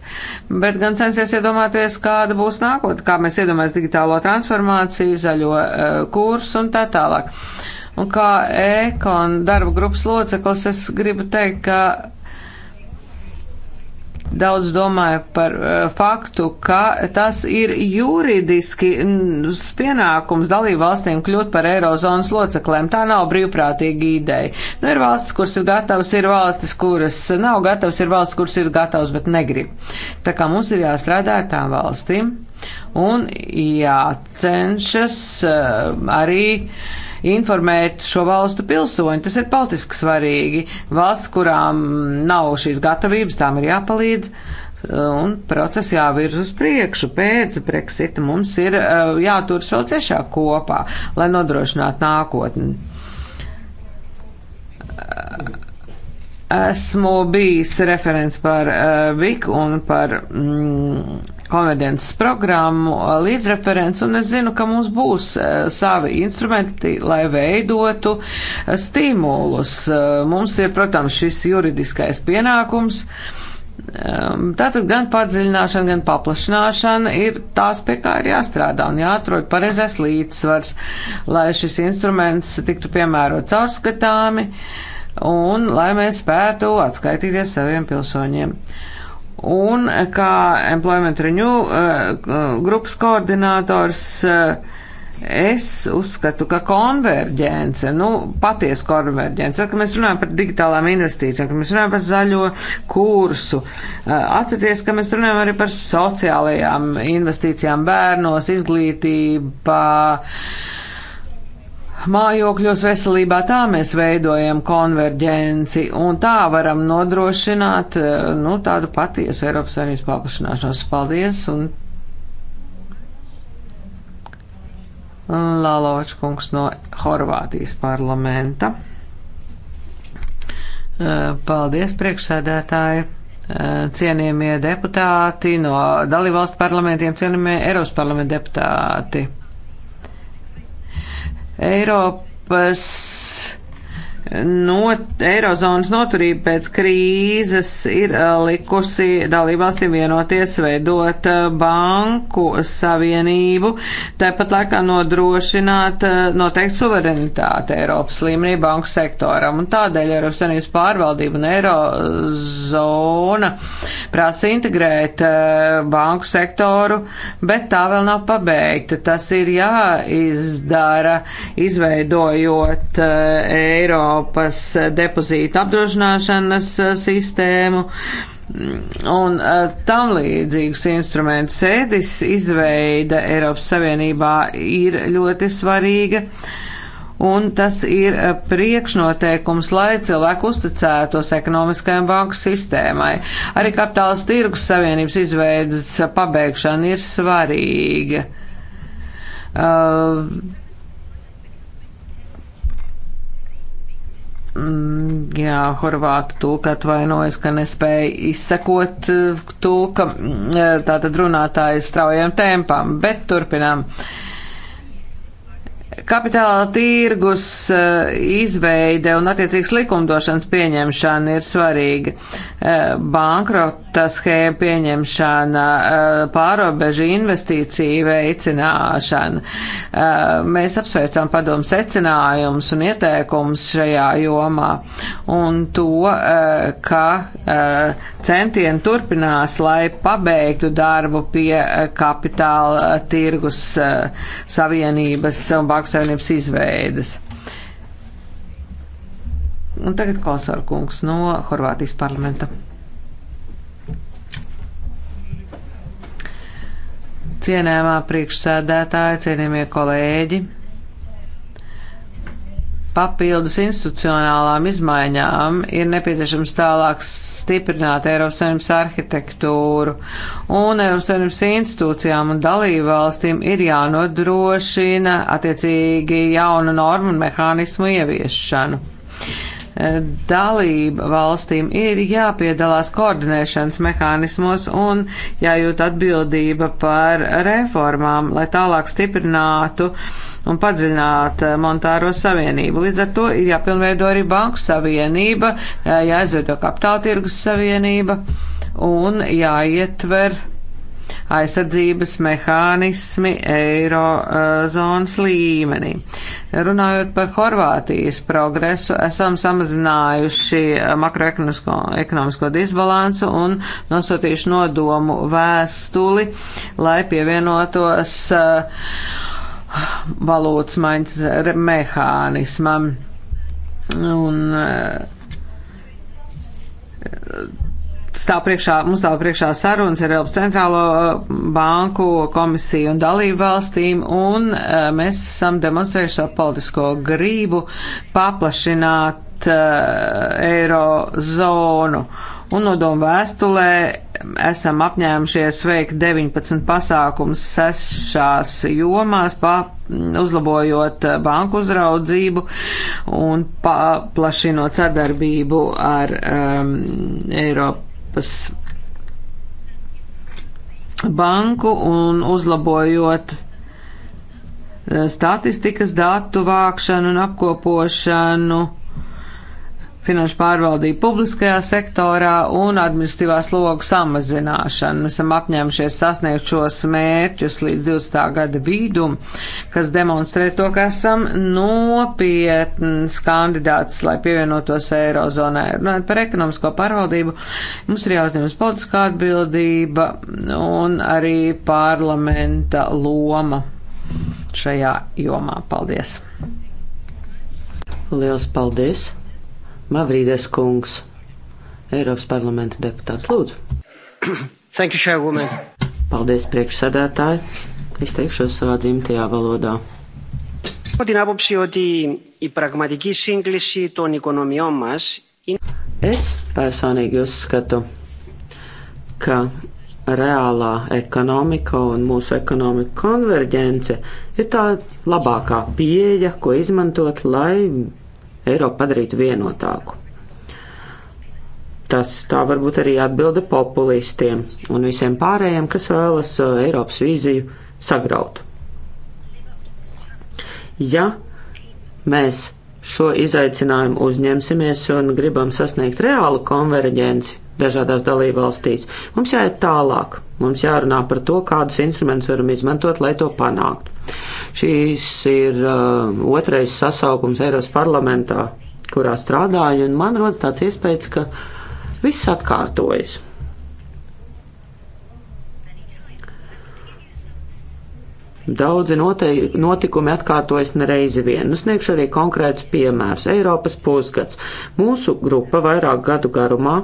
bet gan censties iedomāties, kāda būs nākotne, kā mēs iedomājamies digitālo transformāciju, zaļo eh, kursu un tā tālāk. Un kā ekon darba grupas loceklis es gribu teikt, ka daudz domāja par eh, faktu, ka tas ir juridiski pienākums dalību valstīm kļūt par eirozonas locekļiem. Tā nav brīvprātīga ideja. Nu, ir valstis, kuras ir gatavas, ir valstis, kuras nav gatavas, ir valstis, kuras ir gatavas, bet negrib. Tā kā mums ir jāstrādā ar tām valstīm un jācenšas eh, arī informēt šo valstu pilsoņu. Tas ir politiski svarīgi. Valsts, kurām nav šīs gatavības, tām ir jāpalīdz. Uh, un process jāvirz uz priekšu. Pēc Brexita mums ir uh, jāturas vēl ciešāk kopā, lai nodrošinātu nākotni. Esmu bijis referents par uh, eh, VIK un par mm, konverģences programmu uh, līdzreferents, un es zinu, ka mums būs uh, savi instrumenti, lai veidotu uh, stimulus. Uh, mums ir, protams, šis juridiskais pienākums. Um, tātad gan padziļināšana, gan paplašināšana ir tās, pie kā ir jāstrādā un jāatrod pareizais līdzsvars, lai šis instruments tiktu piemērots caurskatāmi. Uh, un lai mēs spētu atskaitīties saviem pilsoņiem. Un kā Employment Renew eh, eh, grupas koordinators eh, Es uzskatu, ka konverģence, nu, patiesa konverģence, kad mēs runājam par digitālām investīcijām, kad mēs runājam par zaļo kursu, atcerieties, ka mēs runājam arī par sociālajām investīcijām, bērnos, izglītībā Mājokļos veselībā tā mēs veidojam konverģenci un tā varam nodrošināt eh, nu, tādu patiesu Eiropas Savienības paplašināšanos. Paldies! Un Laločkungs no Horvātijas parlamenta. Eh, paldies, priekšsēdētāji! Eh, cienījamie deputāti no dalībvalstu parlamentiem, cienījamie Eiropas parlamenta deputāti! Eiropas not, Eirozonas noturība pēc krīzes ir uh, likusi dalībvalstīm vienoties veidot uh, banku savienību, tāpat laikā nodrošināt uh, noteikti suverenitāti Eiropas līmenī banku sektoram. Un tādēļ Eiropas Savienības pārvaldība un Eirozona prasa integrēt banku sektoru, bet tā vēl nav pabeigta. Tas ir jāizdara, izveidojot Eiro Eiropas depozīta apdrošināšanas eh, sistēmu un eh, tam līdzīgus instrumentus. Sēdis izveida Eiropas Savienībā ir ļoti svarīga. Un tas ir eh, priekšnoteikums, lai cilvēku uzticētos ekonomiskajai banku sistēmai. Arī kapitālas tirgus savienības izveidas pabeigšana ir svarīga. Uh, Mm, jā, horvātu tulka atvainojas, ka nespēja izsekot eh, tulka, mm, eh, tātad runātājas straujiem tempām, bet turpinām. Uh, Kapitāla tirgus eh, izveide un attiecīgas likumdošanas pieņemšana ir svarīga. Eh, bankrota schēma pieņemšana, eh, pārobežu investīciju veicināšana. Mēs apsveicam padomu secinājumus un ieteikumus šajā jomā un to, ka centieni turpinās, lai pabeigtu darbu pie kapitāla tirgus savienības un bankas savienības izveidas. Un tagad Kosar kungs no Horvātijas parlamenta. Cienējamā priekšsēdētāja, cienījamie kolēģi! Papildus institucionālām izmaiņām ir nepieciešams tālāk stiprināt Eiropas Savienības arhitektūru, un Eiropas Savienības institūcijām un dalību valstīm ir jānodrošina attiecīgi jaunu normu un mehānismu ieviešanu dalība valstīm ir jāpiedalās koordinēšanas mehānismos un jājūt atbildība par reformām, lai tālāk stiprinātu uh, un padziļināt eh, monetāro savienību. Līdz ar to ir jāpilnveido arī banku savienība, eh, jāizveido kapitāla tirgus savienība un jāietver aizsardzības mehānismi eirozonas līmenī. Runājot par Horvātijas progresu, esam samazinājuši makroekonomisko disbalansu un nosūtījuši nodomu vēstuli, lai pievienotos uh, valūtas maiņas mehānismam. Un, eh, Stāv priekšā, mums stāv priekšā sarunas ar Eiropas centrālo eh, banku, komisiju un dalību valstīm, un eh, mēs esam demonstrējuši savu politisko grību paplašināt eiro zonu. Un nodomu vēstulē esam apņēmušies veikt 19 pasākums sešās jomās, pa, uzlabojot eh, banku uzraudzību un paplašinot sadarbību ar um, Eiropas banku un uzlabojot eh, statistikas datu vākšanu un apkopošanu finanšu pārvaldību publiskajā sektorā un administratīvās logu samazināšanu. Mēs esam apņēmušies sasniegt šos mērķus līdz 20. gada vidum, kas demonstrē to, ka esam nopietns kandidāts, lai pievienotos Eirozonai. Runājot par ekonomisko pārvaldību, mums ir jāuzņemas politiskā atbildība un arī parlamenta loma šajā jomā. Paldies! Lielas paldies! Mavrīdes kungs, Eiropas parlamenta deputāts, lūdzu. Thank you, Chairwoman. Paldies, priekšsēdētāji. Es teikšos savā dzimtajā valodā. Έχω την άποψη ότι η πραγματική σύγκληση των οικονομιών μας είναι... Es personīgi uzskatu, ka reālā ekonomika un mūsu ekonomika konverģence ir tā labākā pieeja, ko izmantot, lai Eiropu padarītu vienotāku. Tas tā varbūt arī atbilda populistiem un visiem pārējiem, kas vēlas uh, Eiropas vīziju sagraut. Ja mēs šo izaicinājumu uzņemsimies un gribam sasniegt reālu konverģenci dažādās dalībvalstīs, mums jāiet tālāk. Mums jārunā par to, kādus instrumentus varam izmantot, lai to panāktu. Šīs ir uh, otrais sasaukums Eiropas parlamentā, kurā strādāju, un man rodas tāds iespējas, ka viss atkārtojas. Daudzi notikumi atkārtojas nereizi vien. Nu, sniegšu arī konkrētus piemērus. Eiropas pusgads. Mūsu grupa vairāk gadu garumā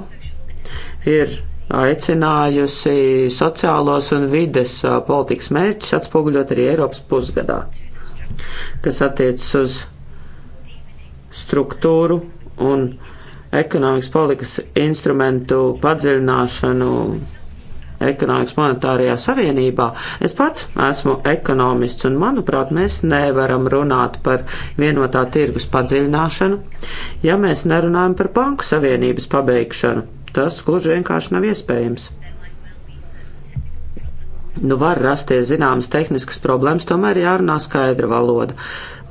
ir aicinājusi sociālos un vides politikas mērķus atspoguļot arī Eiropas pusgadā, kas attiecas uz struktūru un ekonomikas politikas instrumentu padziļināšanu ekonomikas monetārajā savienībā. Es pats esmu ekonomists un, manuprāt, mēs nevaram runāt par vienotā tirgus padziļināšanu, ja mēs nerunājam par banku savienības pabeigšanu. Tas gluži vienkārši nav iespējams. Nu, var rasties zināmas tehniskas problēmas, tomēr jārunā skaidra valoda.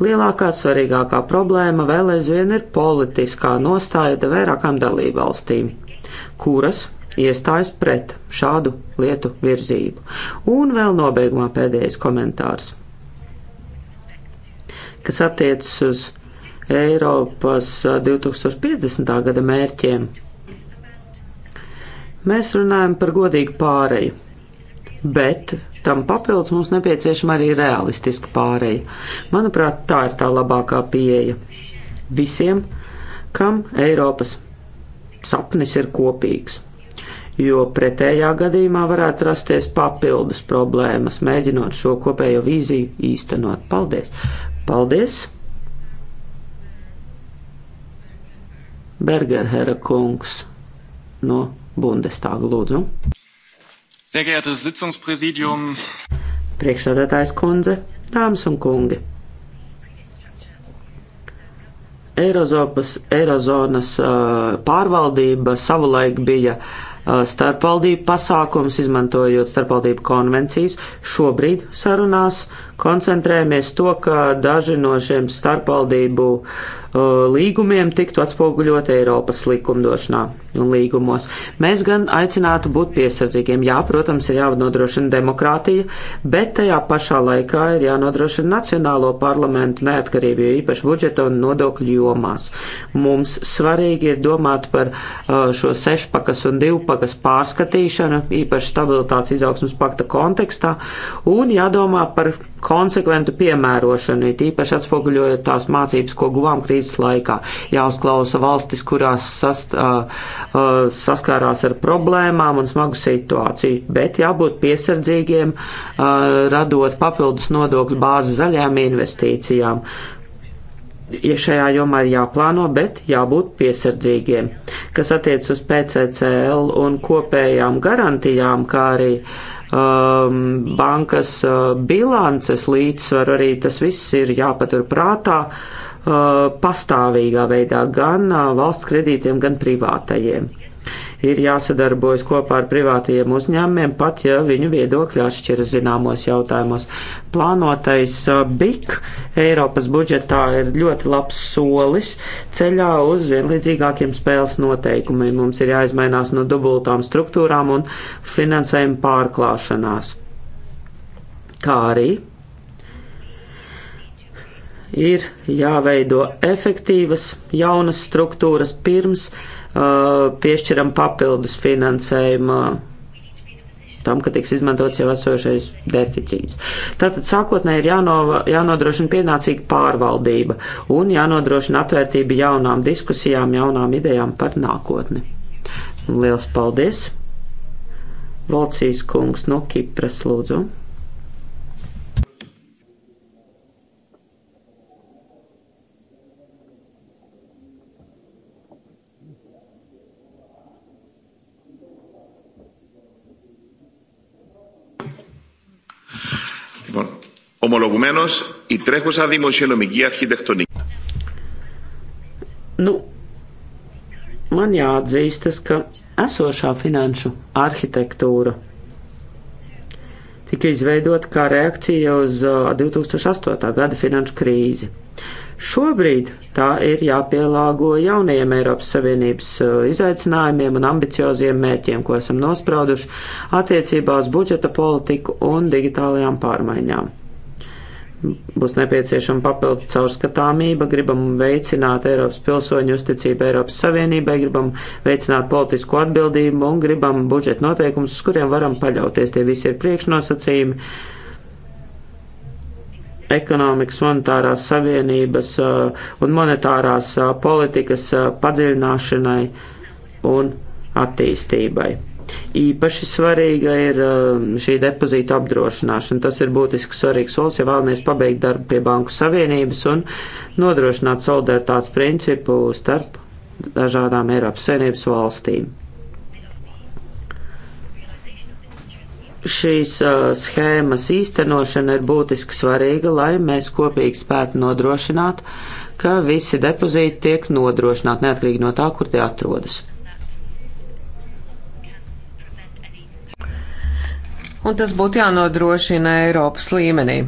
Lielākā svarīgākā problēma vēl aizvien ir politiskā nostāja vairākām dalībvalstīm, kuras iestājas pret šādu lietu virzību. Un vēl nobeigumā pēdējais komentārs, kas attiecas uz Eiropas 2050. gada mērķiem. Mēs runājam par godīgu pāreju, bet tam papildus mums nepieciešama arī realistiska pāreja. Manuprāt, tā ir tā labākā pieeja visiem, kam Eiropas sapnis ir kopīgs jo pretējā gadījumā varētu rasties papildus problēmas, mēģinot šo kopējo vīziju īstenot. Paldies! Paldies! Bergerhera kungs no Bundestāga lūdzu. Sehr geehrtes Sitzungspräsidium. Priekšsādātājs kundze, dāmas un kungi. Eirozopas, Eirozonas uh, pārvaldība savulaik bija uh, Uh, starpvaldību pasākums, izmantojot starpvaldību konvencijas. Šobrīd sarunās koncentrējamies to, ka daži no šiem starpvaldību uh, līgumiem tiktu atspoguļot Eiropas likumdošanā līgumos. Mēs gan aicinātu būt piesardzīgiem. Jā, protams, ir jānodrošina demokrātija, bet tajā pašā laikā ir jānodrošina nacionālo parlamentu neatkarību, jo īpaši budžeta un nodokļu jomās. Mums svarīgi ir domāt par uh, šo sešpakas un divpakas pārskatīšanu, īpaši stabilitātes izaugsmas pakta kontekstā, un jādomā par konsekventu piemērošanu, it īpaši atspoguļojot tās mācības, ko guvām krīzes laikā. Jāuzklausa valstis, kurās sast, uh, Uh, saskārās ar problēmām un smagu situāciju, bet jābūt piesardzīgiem, uh, radot papildus nodokļu bāzi zaļām investīcijām. Ja šajā jomā ir jāplāno, bet jābūt piesardzīgiem. Kas attiec uz PCCL un kopējām garantijām, kā arī um, bankas uh, bilances līdzsvaru, arī tas viss ir jāpatur prātā. Uh, Uh, pastāvīgā veidā gan uh, valsts kredītiem, gan privātajiem. Ir jāsadarbojas kopā ar privātajiem uzņēmumiem, pat ja viņu viedokļi atšķiras zināmos jautājumos. Plānotais uh, BIK Eiropas budžetā ir ļoti labs solis ceļā uz vienlīdzīgākiem spēles noteikumiem. Mums ir jāizmainās no dubultām struktūrām un finansējuma pārklāšanās. Kā arī ir jāveido efektīvas jaunas struktūras pirms uh, piešķiram papildus finansējumu tam, ka tiks izmantots jau esošais deficīts. Tātad sākotnēji ir jāno, jānodrošina pienācīga pārvaldība un jānodrošina atvērtība jaunām diskusijām, jaunām idejām par nākotni. Liels paldies! Volcijas kungs no Kipras lūdzu. Ομολογουμένως, η τρέχουσα δημοσιονομική αρχιτεκτονική... Nu, man jāatzīstas, ka esošā finanšu arhitektūra tika izveidota kā reakcija uz 2008. gada finanšu krīzi. Šobrīd tā ir jāpielāgo jaunajiem Eiropas Savienības izaicinājumiem un ambicioziem mērķiem, ko esam nosprauduši attiecībā uz budžeta politiku un digitālajām pārmaiņām būs nepieciešama papildu caurskatāmība, gribam veicināt Eiropas pilsoņu uzticību Eiropas Savienībai, gribam veicināt politisko atbildību un gribam budžeta noteikumus, uz kuriem varam paļauties. Tie visi ir priekšnosacījumi ekonomikas, monetārās savienības uh, un monetārās uh, politikas uh, padziļināšanai un attīstībai. Īpaši svarīga ir um, šī depozīta apdrošināšana. Tas ir būtiski svarīgs solis, ja vēlamies pabeigt darbu pie Banku Savienības un nodrošināt solidaritātes principu starp dažādām Eiropas Savienības valstīm. Šīs uh, schēmas īstenošana ir būtiski svarīga, lai mēs kopīgi spētu nodrošināt, ka visi depozīti tiek nodrošināti neatkarīgi no tā, kur tie atrodas. un tas būtu jānodrošina Eiropas līmenī.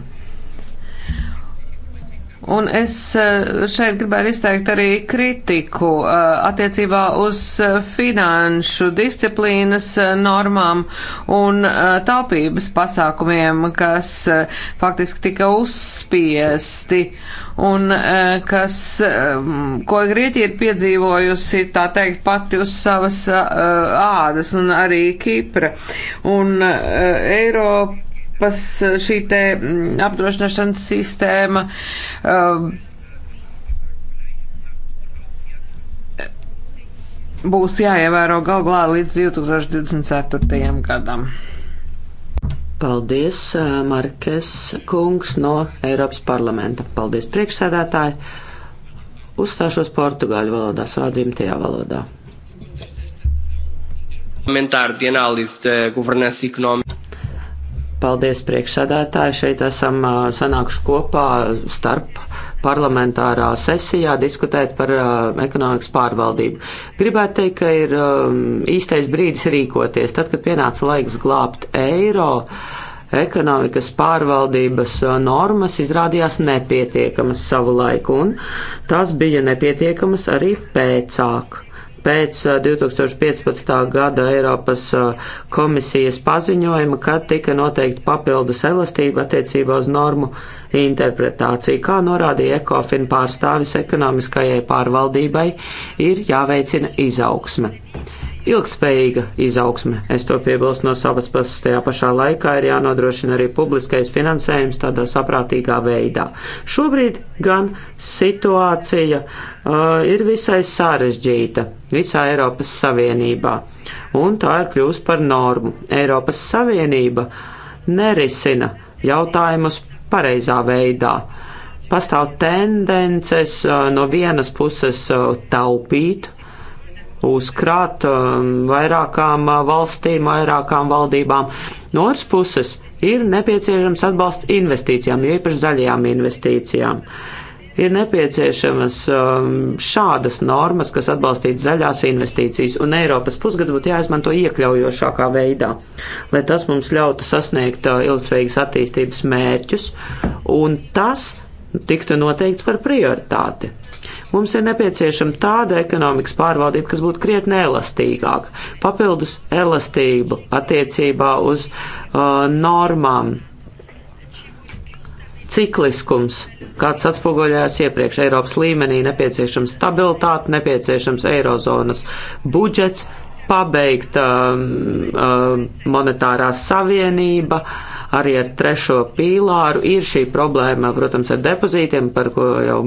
Un es eh, šeit gribētu izteikt arī kritiku eh, attiecībā uz eh, finanšu disciplīnas normām un taupības pasākumiem, kas faktiski tika uzspiesti un kas, ko Grieķija ir piedzīvojusi, tā teikt, pati uz savas ādas un arī Kipra. Un Eiropa Eiropas eh, šī te mm, apdrošināšanas sistēma. Uh, būs jāievēro galvā līdz 2024. gadam. Paldies, eh, Markes kungs no Eiropas parlamenta. Paldies, priekšsēdētāji. Uzstāšos portugāļu valodā, savā dzimtajā valodā. Parlamentāri de análise de governança económica. Paldies priekšsēdētāji. Šeit esam sanākuši kopā starp parlamentārā sesijā diskutēt par uh, ekonomikas pārvaldību. Gribētu teikt, ka ir um, īstais brīdis rīkoties. Tad, kad pienāca laiks glābt eiro, ekonomikas pārvaldības normas izrādījās nepietiekamas savu laiku, un tās bija nepietiekamas arī pēcāk pēc 2015. gada Eiropas komisijas paziņojuma, kad tika noteikti papildus elastība attiecībā uz normu interpretāciju. Kā norādīja Ekofin pārstāvis ekonomiskajai pārvaldībai, ir jāveicina izaugsme ilgspējīga izaugsme. Es to piebilstu no savas puses. Tajā pašā laikā ir jānodrošina arī publiskais finansējums tādā saprātīgā veidā. Šobrīd gan situācija uh, ir visai sarežģīta visā Eiropas Savienībā, un tā ir kļūst par normu. Eiropas Savienība nerisina jautājumus pareizā veidā. Pastāv tendences uh, no vienas puses uh, taupīt uzkrāt um, vairākām uh, valstīm, vairākām valdībām. No otras puses, ir nepieciešams atbalsts investīcijām, jo īpaši zaļajām investīcijām. Ir nepieciešamas um, šādas normas, kas atbalstītu zaļās investīcijas, un Eiropas pusgads būtu jāizmanto iekļaujošākā veidā, lai tas mums ļautu sasniegt uh, ilgspējīgas attīstības mērķus, un tas tiktu noteikts par prioritāti. Mums ir nepieciešama tāda ekonomikas pārvaldība, kas būtu krietni elastīgāka, papildus elastību attiecībā uz uh, normām. Cikliskums, kāds atspoguļojās iepriekš Eiropas līmenī, nepieciešama stabilitāte, nepieciešams eirozonas budžets, pabeigta um, um, monetārā savienība, arī ar trešo pīlāru. Ir šī problēma, protams, ar depozītiem, par ko jau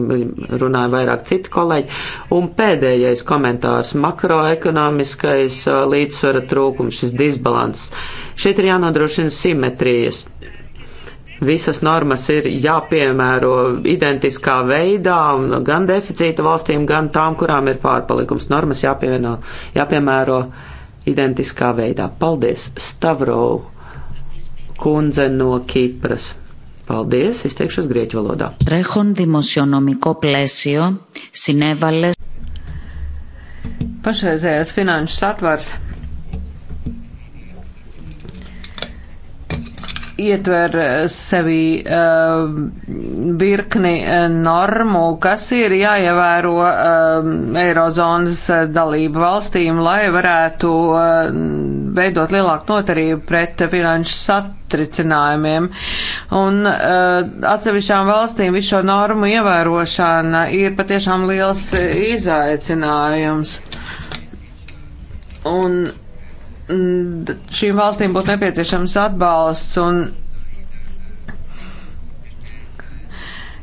runāja vairāk citi kolēģi. Un pēdējais komentārs - makroekonomiskais uh, līdzsvara trūkums, šis disbalanss. Šeit ir jānodrošina simetrijas visas normas ir jāpiemēro identiskā veidā gan deficīta valstīm, gan tām, kurām ir pārpalikums. Normas jāpievieno, jāpiemēro identiskā veidā. Paldies, Stavro kundze no Kipras. Paldies, izteikšos grieķu valodā. Trehon dimosionomiko plēsio, sinevales. Pašreizējais finanšu satvars ietver eh, sevi uh, eh, virkni eh, normu, kas ir jāievēro uh, Eirozonas dalību valstīm, lai varētu uh, veidot lielāku notarību pret finanšu satricinājumiem. Un atsevišķām valstīm visu šo normu ievērošana ir patiešām liels izaicinājums. Un šīm valstīm būtu nepieciešams atbalsts un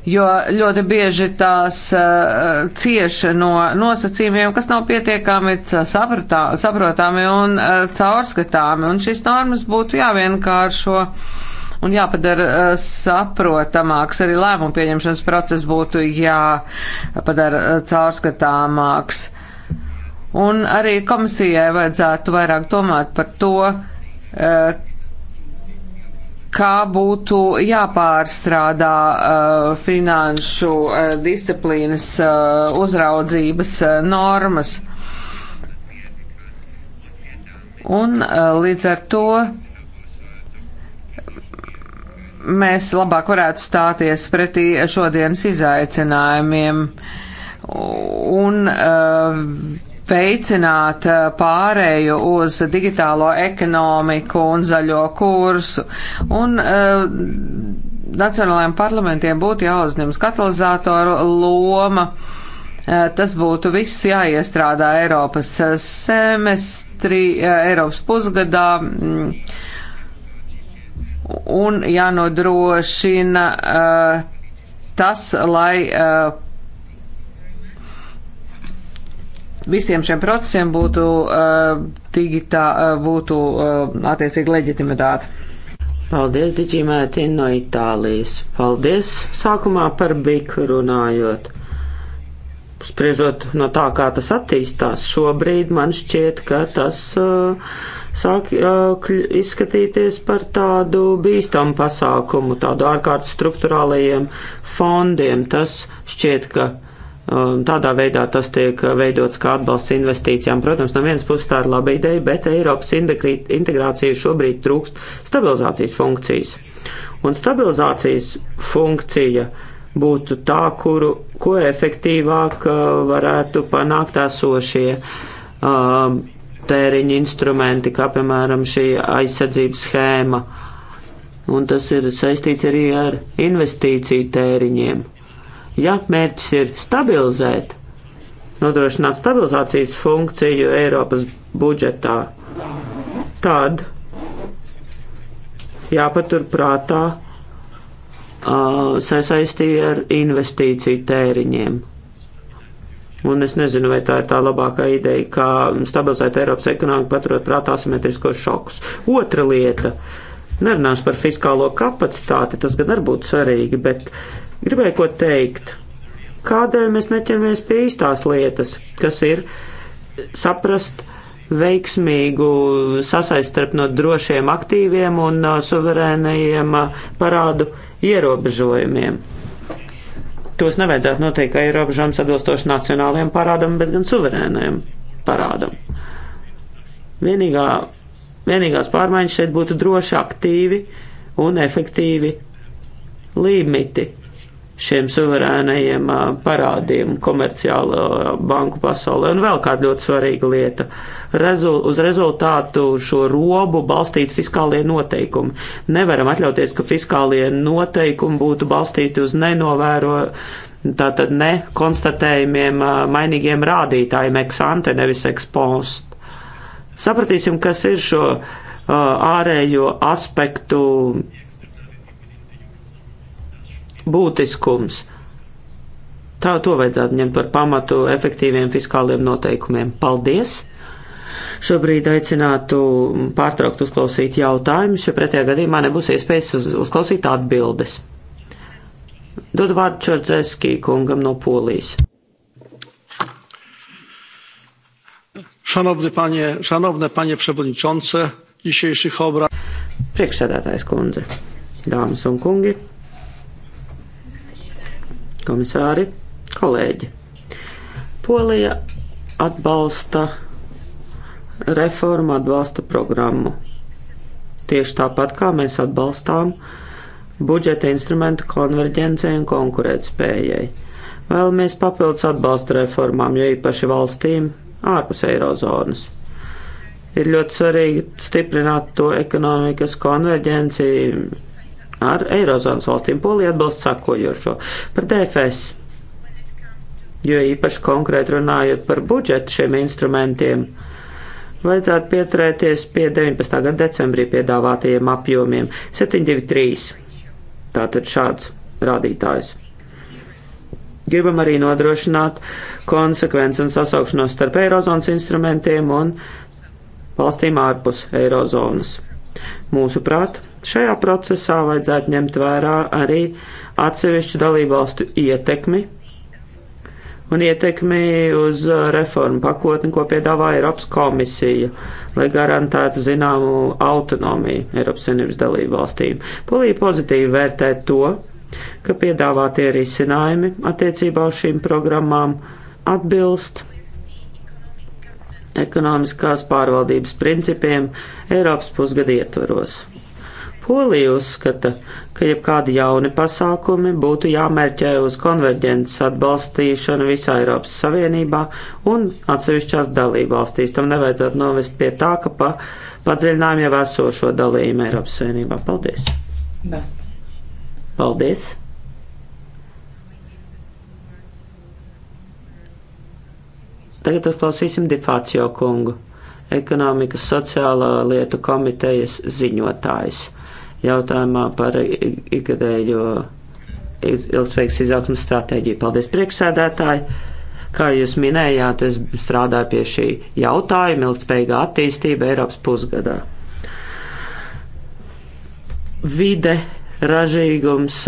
jo ļoti bieži tās uh, cieši no nosacījumiem, kas nav pietiekami sapratā, saprotami un uh, caurskatāmi, un šīs normas būtu jāvienkāršo un jāpadara uh, saprotamāks. Arī lēmumu pieņemšanas process būtu jāpadara uh, caurskatāmāks. Uh, Un arī komisijai vajadzētu vairāk domāt par to, eh, kā būtu jāpārstrādā eh, finanšu eh, disciplīnas uzraudzības normas. Un līdz ar to mēs labāk varētu stāties pretī šodienas izaicinājumiem. Un uh, veicināt eh, pārēju uz digitālo ekonomiku un zaļo kursu. Un, uh, Nacionālajiem parlamentiem būtu jāuzņems katalizātoru loma. Uh, tas būtu viss jāiestrādā Eiropas semestrī, uh, Eiropas pusgadā. Mm, un jānodrošina uh, tas, lai uh, visiem šiem procesiem būtu, uh, eh, digitā, uh, eh, būtu uh, attiecīgi leģitimitāte. Paldies, Digimētina no Itālijas. Paldies, sākumā par biku runājot. Spriežot no tā, kā tas attīstās, šobrīd man šķiet, ka tas uh, sāk uh, izskatīties par tādu bīstamu pasākumu, tādu ārkārtas struktūrālajiem fondiem. Tas šķiet, ka Tādā veidā tas tiek veidots kā atbalsts investīcijām. Protams, no vienas puses tā ir laba ideja, bet Eiropas integrācija šobrīd trūkst stabilizācijas funkcijas. Un stabilizācijas funkcija būtu tā, kuru, ko efektīvāk uh, varētu panākt esošie um, tēriņa instrumenti, kā piemēram šī aizsardzības schēma. Un tas ir saistīts arī ar investīciju tēriņiem Ja mērķis ir stabilizēt, nodrošināt stabilizācijas funkciju Eiropas budžetā, tad jāpaturprātā uh, sasaistīja ar investīciju tēriņiem. Un es nezinu, vai tā ir tā labākā ideja, kā stabilizēt Eiropas ekonomiku, paturot prātā asimetriskos šokus. Otra lieta. Nerunāšu par fiskālo kapacitāti, tas gan arī būtu svarīgi, bet uh, Gribēju ko teikt. Kādēļ mēs neķeramies pie īstās lietas, kas ir saprast veiksmīgu sasaist starp no drošiem aktīviem un uh, suverēnajiem uh, parādu ierobežojumiem? Tos nevajadzētu noteikt, ka ierobežojums atbilstoši nacionālajiem parādam, bet gan suverēnajiem parādam. Vienīgā, vienīgās pārmaiņas šeit būtu droši aktīvi un efektīvi limiti šiem suverēnajiem parādiem komerciālo banku pasaulē. Un vēl kāda ļoti svarīga lieta Rezul, - uz rezultātu šo robu balstīt fiskālie noteikumi. Nevaram atļauties, ka fiskālie noteikumi būtu balstīti uz nenovēro. Tātad ne konstatējumiem mainīgiem rādītājiem eksante, nevis ekspost. Sapratīsim, kas ir šo uh, ārējo aspektu būtiskums. Tā to vajadzētu ņemt par pamatu efektīviem fiskāliem noteikumiem. Paldies! Šobrīd aicinātu pārtraukt uzklausīt jautājumus, jo pretējā gadījumā nebūs iespējas uz, uzklausīt atbildes. Dod vārdu Čordzēskī kungam no Polijas. Szanowny panie, szanowne panie przewodniczące dzisiejszych obrad. Priekšsēdētājs kundze, dāmas un kungi komisāri, kolēģi. Polija atbalsta reformu atbalsta programmu. Tieši tāpat kā mēs atbalstām budžeta instrumentu konverģencei un konkurētspējai. Vēlamies papildus atbalstu reformām, jo īpaši valstīm ārpus eirozonas. Ir ļoti svarīgi stiprināt to ekonomikas konverģenciju, ar Eirozonas valstīm. Polija atbalsta sakojošo par DFS, jo īpaši konkrēti runājot par budžetu šiem instrumentiem vajadzētu pieturēties pie 19. gada decembrī piedāvātajiem apjomiem 723. Tātad šāds rādītājs. Gribam arī nodrošināt konsekvenci un sasaukšanos starp Eirozonas instrumentiem un valstīm ārpus Eirozonas. Mūsuprāt, Šajā procesā vajadzētu ņemt vērā arī atsevišķu dalībvalstu ietekmi un ietekmi uz uh, reformu pakotni, ko piedāvā Eiropas komisija, lai garantētu zināmu autonomiju Eiropas Savienības dalību valstīm. Polija pozitīvi vērtē to, ka piedāvātie risinājumi attiecībā uz šīm programmām atbilst ekonomiskās pārvaldības principiem Eiropas pusgada ietvaros. Polija uzskata, ka jebkādi jauni pasākumi būtu jāmērķē uz konverģences atbalstīšanu visā Eiropas Savienībā un atsevišķās dalībvalstīs. Tam nevajadzētu novest pie tā, ka pa, padziļinājumi jau esošo dalījumu Eiropas Savienībā. Paldies! Best. Paldies! Tagad uzklausīsim Difācijo kungu, ekonomikas sociālā lietu komitejas ziņotājs jautājumā par ikgadējo ilgspējīgas izaugsmas stratēģiju. Paldies, priekšsēdētāji! Kā jūs minējāt, es strādāju pie šī jautājuma - ilgspējīga attīstība Eiropas pusgadā. Vide, ražīgums,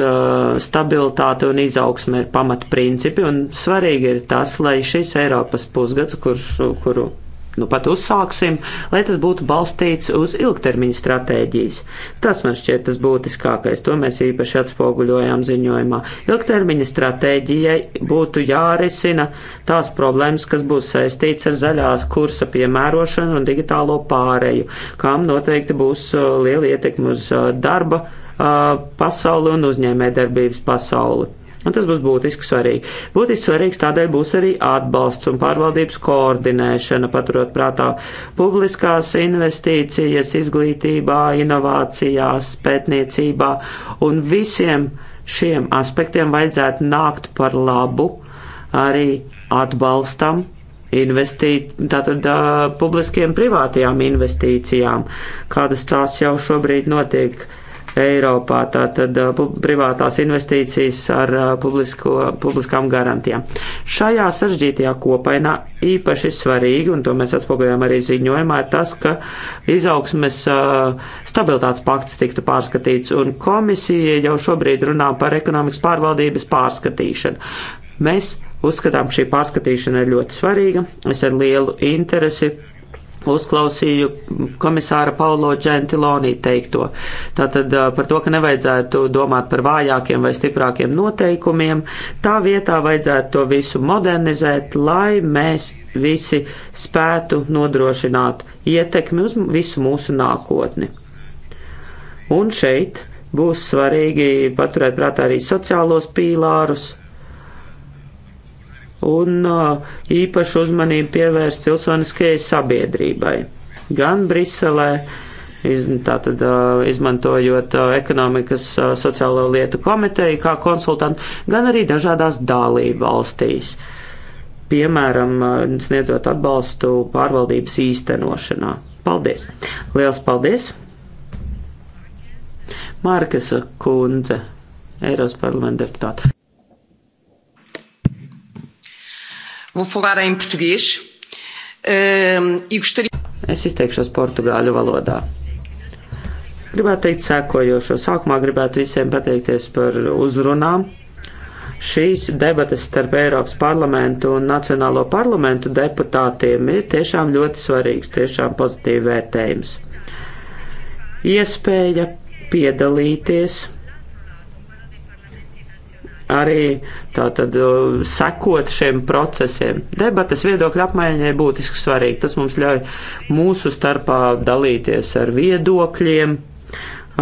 stabilitāte un izaugsme ir pamatprincipi, un svarīgi ir tas, lai šis Eiropas pusgads, kurš, kuru nu pat uzsāksim, lai tas būtu balstīts uz ilgtermiņa stratēģijas. Tas man šķiet tas būtiskākais, to mēs īpaši atspoguļojām ziņojumā. Ilgtermiņa stratēģijai būtu jārisina tās problēmas, kas būs saistīts ar zaļās kursa piemērošanu un digitālo pāreju, kam noteikti būs uh, liela ietekme uz uh, darba uh, pasauli un uzņēmē darbības pasauli. Un tas būs būtiski svarīgi. Būtiski svarīgs tādēļ būs arī atbalsts un pārvaldības koordinēšana, paturot prātā publiskās investīcijas izglītībā, inovācijās, pētniecībā un visiem šiem aspektiem vajadzētu nākt par labu arī atbalstam investīt, tātad uh, publiskiem privātajām investīcijām, kādas tās jau šobrīd notiek Eiropā, tātad privātās investīcijas ar publisko, publiskām garantijām. Šajā sarežģītajā kopainā īpaši svarīgi, un to mēs atspoguļojam arī ziņojumā, ir tas, ka izaugsmes stabilitātes pakts tiktu pārskatīts, un komisija jau šobrīd runā par ekonomikas pārvaldības pārskatīšanu. Mēs uzskatām, ka šī pārskatīšana ir ļoti svarīga. Es ar lielu interesi uzklausīju komisāra Paulo Gentiloni teikto. Tātad par to, ka nevajadzētu domāt par vājākiem vai stiprākiem noteikumiem, tā vietā vajadzētu to visu modernizēt, lai mēs visi spētu nodrošināt ietekmi uz visu mūsu nākotni. Un šeit būs svarīgi paturēt prātā arī sociālos pīlārus, un uh, īpašu uzmanību pievērst pilsoniskajai sabiedrībai. Gan Briselē, iz, tātad uh, izmantojot uh, ekonomikas sociālo lietu komiteju kā konsultantu, gan arī dažādās dalību valstīs. Piemēram, sniedzot atbalstu pārvaldības īstenošanā. Paldies! Liels paldies! Mārkesa kundze, Eiropas parlamenta deputāte. Vou falar em português. Uh, e gostaria... Es izteikšos portugāļu valodā. Gribētu teikt sēkojošo. Sākumā gribētu visiem pateikties par uzrunām. Šīs debates starp Eiropas parlamentu un Nacionālo parlamentu deputātiem ir tiešām ļoti svarīgs, tiešām pozitīvi vērtējums. Iespēja piedalīties arī tātad sekot šiem procesiem. Debates viedokļa apmaiņai būtiski svarīgi. Tas mums ļauj mūsu starpā dalīties ar viedokļiem,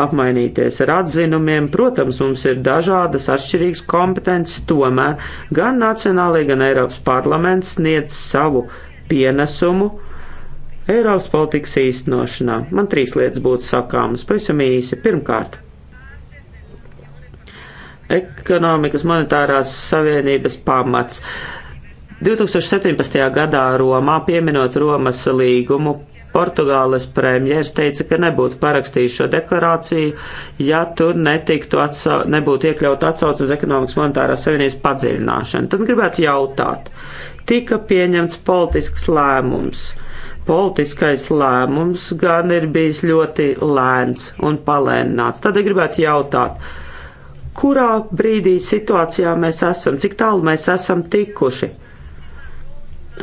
apmainīties ar atzinumiem. Protams, mums ir dažādas atšķirīgas kompetences, tomēr gan Nacionālajā, gan Eiropas parlaments sniedz savu pienesumu Eiropas politikas īstenošanā. Man trīs lietas būtu sakāmas, pavisam īsi. Pirmkārt, ekonomikas monetārās savienības pamats. 2017. gadā Romā, pieminot Romas līgumu, Portugāles premjers teica, ka nebūtu parakstījis šo deklarāciju, ja tur netiktu atsau, nebūtu iekļaut atsauc uz ekonomikas monetārās savienības padziļināšanu. Tad gribētu jautāt, tika pieņemts politisks lēmums. Politiskais lēmums gan ir bijis ļoti lēns un palēnināts. Tad gribētu jautāt, kurā brīdī situācijā mēs esam, cik tālu mēs esam tikuši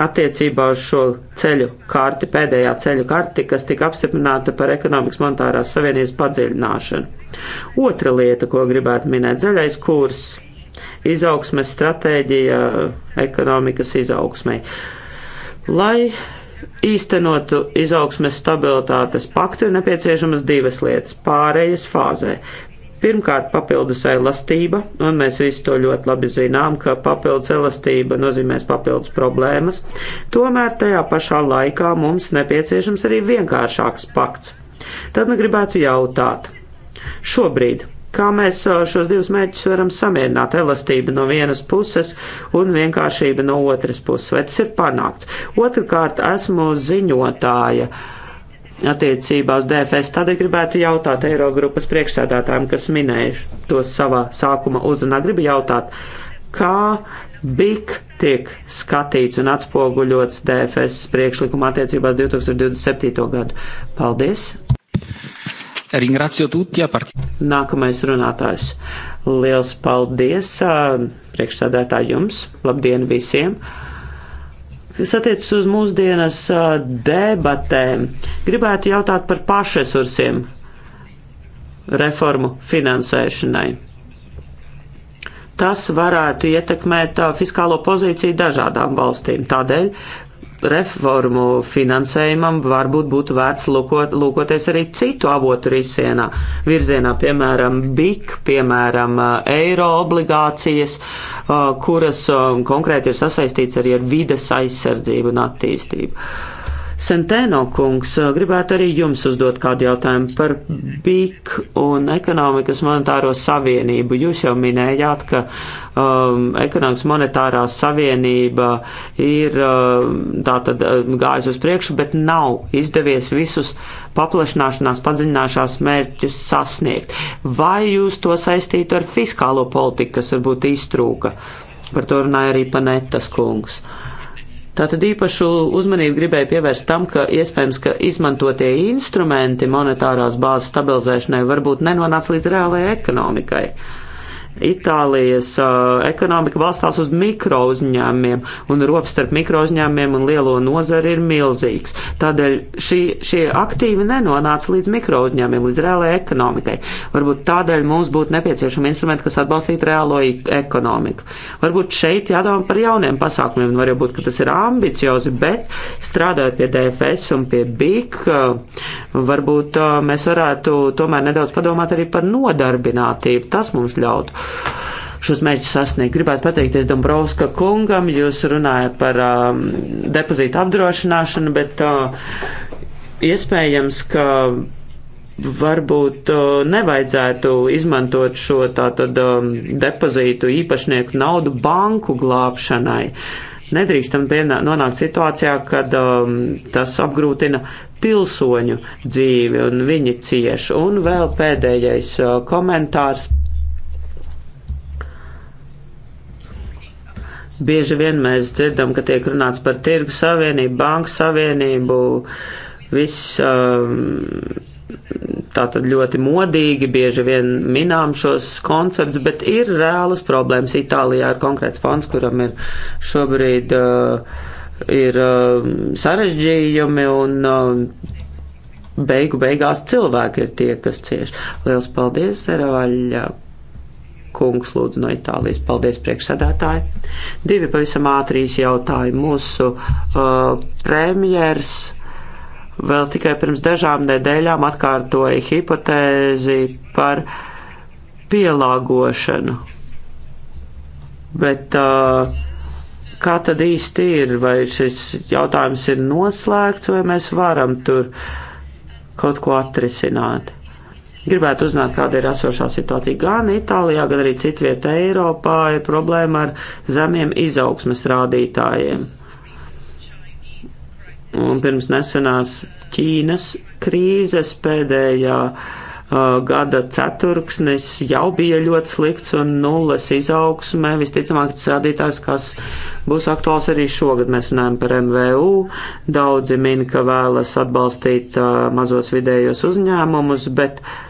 attiecībā uz šo ceļu karti, pēdējā ceļu karti, kas tika apstiprināta par ekonomikas monetārās savienības padziļināšanu. Otra lieta, ko gribētu minēt, zaļais kurs, izaugsmes stratēģija ekonomikas izaugsmai. Lai īstenotu izaugsmes stabilitātes paktu ir nepieciešamas divas lietas - pārējas fāzē. Pirmkārt, papildus elastība, un mēs visi to ļoti labi zinām, ka papildus elastība nozīmēs papildus problēmas. Tomēr tajā pašā laikā mums nepieciešams arī vienkāršāks pakts. Tad nu gribētu jautāt, šobrīd, kā mēs uh, šos divus mērķus varam samierināt - elastība no vienas puses un vienkāršība no otras puses, vai tas ir panākts? Otrkārt, esmu ziņotāja. Uh, attiecībās DFS. Tādēļ gribētu jautāt Eirogrupas priekšsēdētājiem, kas minēja tos savā sākuma uzrunā, gribu jautāt, kā BIK tiek skatīts un atspoguļots DFS priekšlikuma attiecībās 2027. gadu. Paldies! Ringrazio tutti a partire. Nākamais runātājs. Liels paldies priekšsēdētāj jums. Labdien visiem! Kas attiecas uz mūsdienas debatēm, gribētu jautāt par pašresursiem reformu finansēšanai. Tas varētu ietekmēt fiskālo pozīciju dažādām valstīm. Tādēļ reformu finansējumam varbūt būtu vērts lūkot, lūkoties arī citu avotu risienā, virzienā, piemēram, BIK, piemēram, eiro obligācijas, kuras konkrēti ir sasaistīts arī ar vides aizsardzību un attīstību. Sentēno kungs, gribētu arī jums uzdot kādu jautājumu par BIK un ekonomikas monetāro savienību. Jūs jau minējāt, ka um, ekonomikas monetārā savienība ir um, tātad gājusi uz priekšu, bet nav izdevies visus paplašināšanās, padziļināšanās mērķus sasniegt. Vai jūs to saistītu ar fiskālo politiku, kas varbūt iztrūka? Par to runāja arī Panetas kungs. Uh, Tātad īpašu uzmanību gribēju pievērst tam, ka iespējams, ka izmantotie instrumenti monetārās bāzes stabilizēšanai varbūt nenonāca līdz reālajai ekonomikai. Uh, Itālijas uh, ekonomika balstās uz mikro uzņēmumiem, un rops starp mikro uzņēmumiem un lielo nozari ir milzīgs. Tādēļ šī, šie aktīvi nenonāca līdz mikro uzņēmumiem, līdz reālajai ekonomikai. Varbūt tādēļ mums būtu nepieciešami instrumenti, kas atbalstītu reālo ekonomiku. Varbūt šeit jādomā par jauniem pasākumiem, var jau būt, ka tas ir ambiciozi, bet strādājot pie DFS un pie BIK, uh, varbūt uh, mēs varētu tomēr nedaudz padomāt arī par nodarbinātību. Tas mums ļautu šos mērķus sasniegt. Gribētu pateikties Dombrovska kungam, jūs runājat par um, depozītu apdrošināšanu, bet uh, iespējams, ka varbūt uh, nevajadzētu izmantot šo tātad um, depozītu īpašnieku naudu banku glābšanai. Nedrīkstam pienā, nonākt situācijā, kad um, tas apgrūtina pilsoņu dzīvi un viņi cieš. Un vēl pēdējais uh, komentārs Bieži vien mēs dzirdam, ka tiek runāts par tirgu savienību, banku savienību, viss um, tātad ļoti modīgi, bieži vien minām šos koncepts, bet ir reālas problēmas. Itālijā ir konkrēts fonds, kuram ir šobrīd uh, ir uh, sarežģījumi un uh, beigu beigās cilvēki ir tie, kas cieš. Liels paldies, Zeravaļa kungs lūdzu no Itālijas. Paldies, priekšsēdētāji. Divi pavisam ātrīs jautājumi. Mūsu uh, premjers vēl tikai pirms dažām nedēļām atkārtoja hipotēzi par pielāgošanu. Bet uh, kā tad īsti ir? Vai šis jautājums ir noslēgts, vai mēs varam tur kaut ko atrisināt? Gribētu uzzināt, kāda ir esošā situācija gan Itālijā, gan arī citvietā Eiropā ir problēma ar zemiem izaugsmes rādītājiem. Un pirms nesenās Ķīnas krīzes pēdējā uh, gada ceturksnis jau bija ļoti slikts un nulles izaugsme. Visticamāk, tas rādītājs, kas būs aktuāls arī šogad. Mēs runājam par MVU. Daudzi min, ka vēlas atbalstīt uh, mazos vidējos uzņēmumus, bet uh,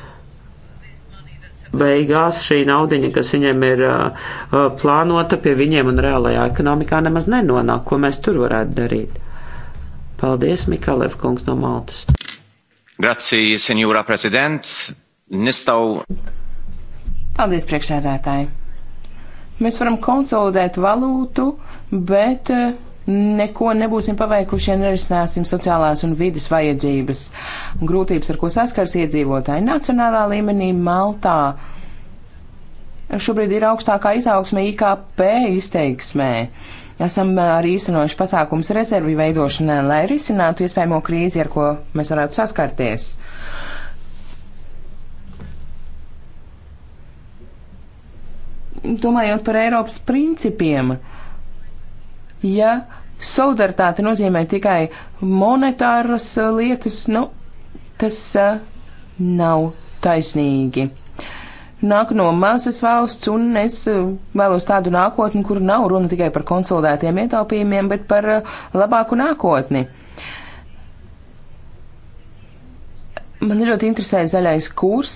beigās šī naudiņa, kas viņiem ir uh, uh, plānota pie viņiem un reālajā ekonomikā nemaz nenonāk, ko mēs tur varētu darīt. Paldies, Mikalev kungs no Maltas. Grazie, senjūra prezidents. Nestau. Paldies, priekšsēdētāji. Mēs varam konsolidēt valūtu, bet uh, neko nebūsim paveikuši, ja nerisināsim sociālās un vidas vajadzības un grūtības, ar ko saskars iedzīvotāji. Nacionālā līmenī Maltā šobrīd ir augstākā izaugsme IKP izteiksmē. Esam arī īstenojuši pasākums rezervi veidošanai, lai risinātu iespējamo krīzi, ar ko mēs varētu saskarties. Domājot par Eiropas principiem, uh, Ja solidaritāte nozīmē tikai monetāras lietas, nu, tas nav taisnīgi. Nāk no mazas valsts, un es vēlos tādu nākotni, kur nav runa tikai par konsolidētiem ietaupījumiem, bet par labāku nākotni. Man ļoti interesē zaļais kurs,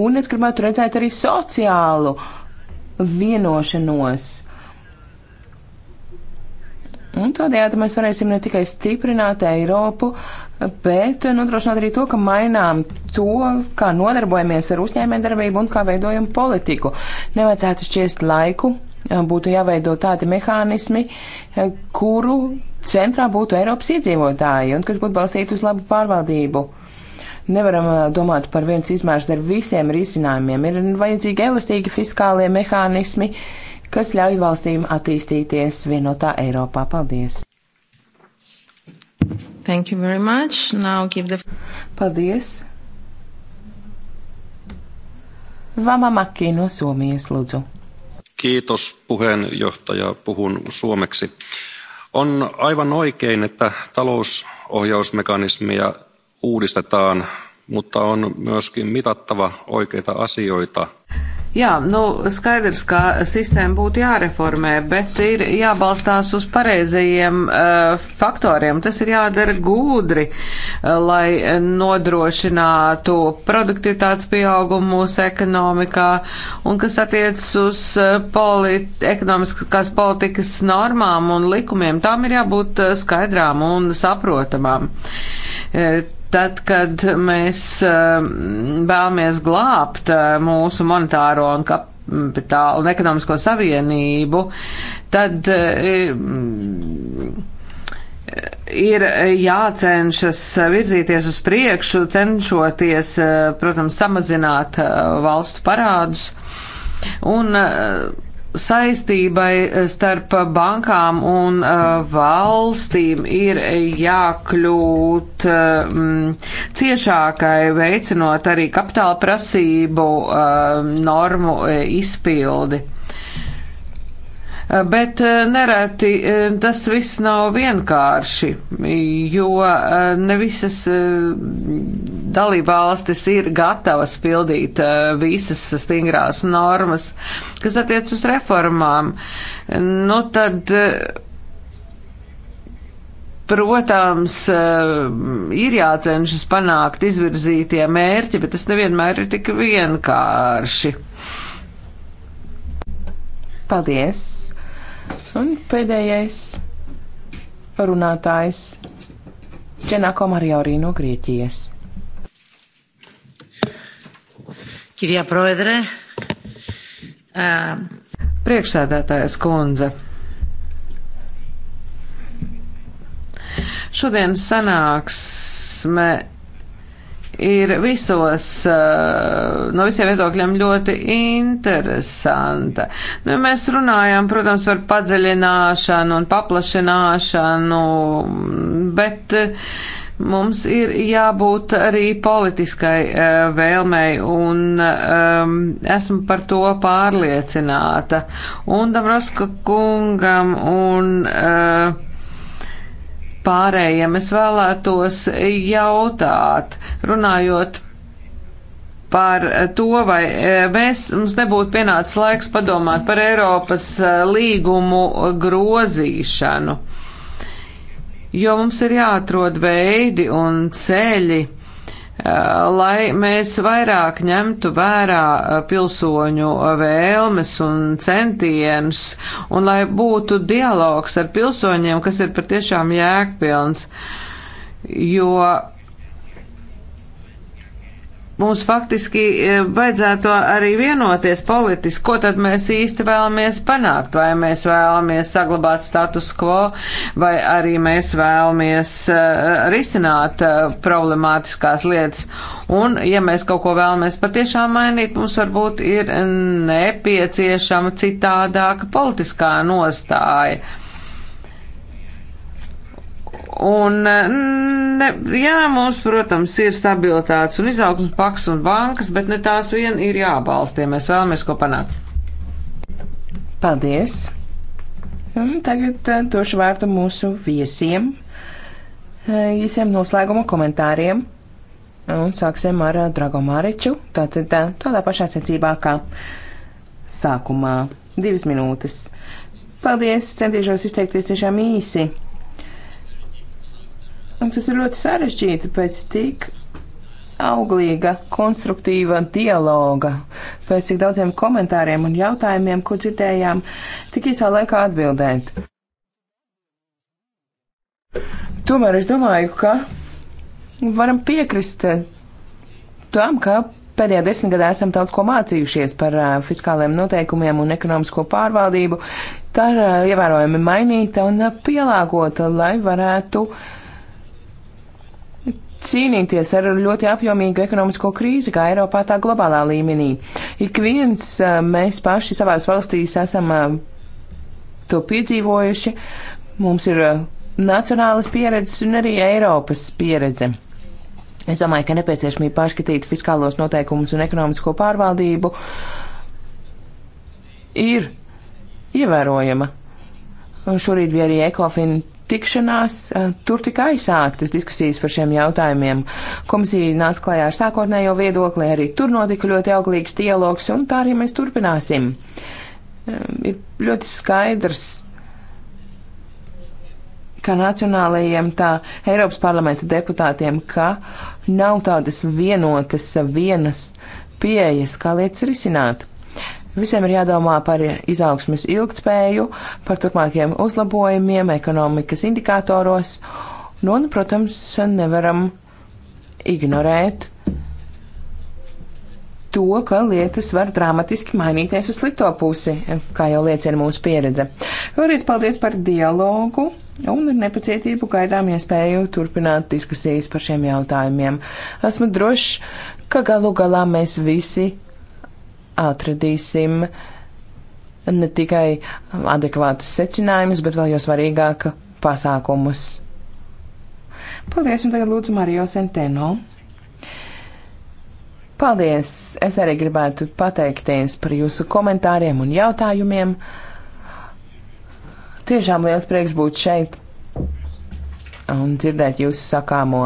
un es gribētu redzēt arī sociālu vienošanos Un tādējādi mēs varēsim ne tikai stiprināt Eiropu, bet nodrošināt arī to, ka mainām to, kā nodarbojamies ar uzņēmējdarbību un kā veidojam politiku. Nevajadzētu šķiest laiku, būtu jāveido tādi mehānismi, kuru centrā būtu Eiropas iedzīvotāji un kas būtu balstīti uz labu pārvaldību. Nevaram domāt par viens izmērs ar visiem risinājumiem. Ir vajadzīgi elastīgi fiskālie mehānismi, uh, kas ļauj valstīm attīstīties vienotā Eiropā. Paldies! Thank you very much. Now give the... Paldies! Vama Makki no Suomijas, Lutsu. Kiitos puheenjohtaja. Puhun suomeksi. On aivan oikein, että talousohjausmekanismia uudistetaan, mutta on myöskin mitattava oikeita asioita Jā, nu, skaidrs, ka sistēma būtu jāreformē, bet ir jābalstās uz pareizajiem uh, faktoriem. Tas ir jādara gudri, uh, lai nodrošinātu produktivitātes pieaugumu mūsu ekonomikā un kas attiecas uz eh, polit ekonomiskās politikas normām un likumiem. Tām ir jābūt skaidrām un saprotamām. Uh, Tad, kad mēs um, vēlamies glābt uh, mūsu monetāro un kapitālu un ekonomisko savienību, tad uh, ir jācenšas virzīties uz priekšu, cenšoties, uh, protams, samazināt valstu parādus. Un saistībai eh, starp bankām un uh, valstīm ir jākļūt um, ciešākai, veicinot arī kapitāla prasību uh, normu izpildi. Bet eh, nereti eh, tas viss nav vienkārši, jo eh, ne visas dalībvalstis ir gatavas pildīt visas stingrās normas, kas attiec uz reformām. Nu, tad, Protams, ir jācenšas panākt izvirzītie mērķi, bet tas nevienmēr ir tik vienkārši. Paldies! Un pēdējais runātājs Čenako Marijaurī no Grieķijas. Kirjā Proedre. Uh. Priekšsēdētājas kundze. Šodien sanāksme ir visos, eh, no visiem viedokļiem ļoti interesanta. Nu, mēs runājam, protams, par padziļināšanu un paplašināšanu, bet eh, mums ir jābūt arī politiskai eh, vēlmei un um, esmu par to pārliecināta. Un Dabraska kungam un uh, pārējiem es vēlētos jautāt, runājot par to, vai e, mēs, mums nebūtu pienācis laiks padomāt par Eiropas e, līgumu grozīšanu, jo mums ir jāatrod veidi un ceļi Eh, lai mēs vairāk ņemtu vērā eh, pilsoņu eh, vēlmes un centienus, un lai būtu dialogs ar pilsoņiem, kas ir patiešām jēgpilns. Jo mums faktiski e, vajadzētu arī vienoties politiski, ko tad mēs īsti vēlamies panākt, vai mēs vēlamies saglabāt status quo, vai arī mēs vēlamies e, risināt e, problemātiskās lietas. Un, ja mēs kaut ko vēlamies patiešām mainīt, mums varbūt ir nepieciešama citādāka politiskā nostāja Un, eh, ne, jā, mums, protams, ir stabilitātes un izaugsmas paks un bankas, bet ne tās vien ir jābalstie. Ja mēs vēlamies ko panākt. Paldies! Un tagad eh, došu vārdu mūsu viesiem, īsiem eh, noslēguma komentāriem. Un sāksim ar Dragomāriču, tātad tā, tādā pašā secībā kā sākumā. Divas minūtes. Paldies, centīšos izteikties tiešām īsi jautājumu. Tas ir ļoti sarežģīti pēc tik auglīga, konstruktīva dialoga, pēc tik daudziem komentāriem un jautājumiem, ko dzirdējām, tik īsā laikā atbildēt. Tomēr es domāju, ka varam piekrist tam, ka pēdējā desmitgadē esam daudz ko mācījušies par uh, fiskāliem noteikumiem un ekonomisko pārvaldību. Tā ir uh, ievērojami mainīta un uh, pielāgota, lai varētu uh, cīnīties ar ļoti apjomīgu ekonomisko krīzi, kā Eiropā, tā globālā līmenī. Ik viens mēs paši savās valstīs esam to piedzīvojuši. Mums ir nacionālas pieredzes un arī Eiropas pieredze. Es domāju, ka nepieciešamība pārskatīt fiskālos noteikumus un ekonomisko pārvaldību ir ievērojama. Un šorīt bija arī Ekofina tikšanās, eh, tur tika aizsāktas diskusijas par šiem jautājumiem. Komisija nāca klajā ar sākotnējo viedokli, arī tur notika ļoti auglīgs dialogs, un tā arī mēs turpināsim. Eh, ir ļoti skaidrs, kā nacionālajiem, tā Eiropas parlamenta deputātiem, ka nav tādas vienotas, vienas pieejas, kā lietas risināt. Visiem ir jādomā par izaugsmes ilgtspēju, par turpmākiem uzlabojumiem ekonomikas indikātoros, nu un, protams, nevaram ignorēt to, ka lietas var dramatiski mainīties uz slikto pusi, kā jau liecina mūsu pieredze. Vēlreiz paldies par dialogu un ar nepacietību gaidām iespēju turpināt diskusijas par šiem jautājumiem. Esmu drošs, ka galu galā mēs visi atradīsim ne tikai adekvātus secinājumus, bet vēl jau svarīgāk pasākumus. Paldies, un tagad lūdzu Mario Centeno. Paldies! Es arī gribētu pateikties par jūsu komentāriem un jautājumiem. Tiešām liels prieks būt šeit un dzirdēt jūsu sakāmo.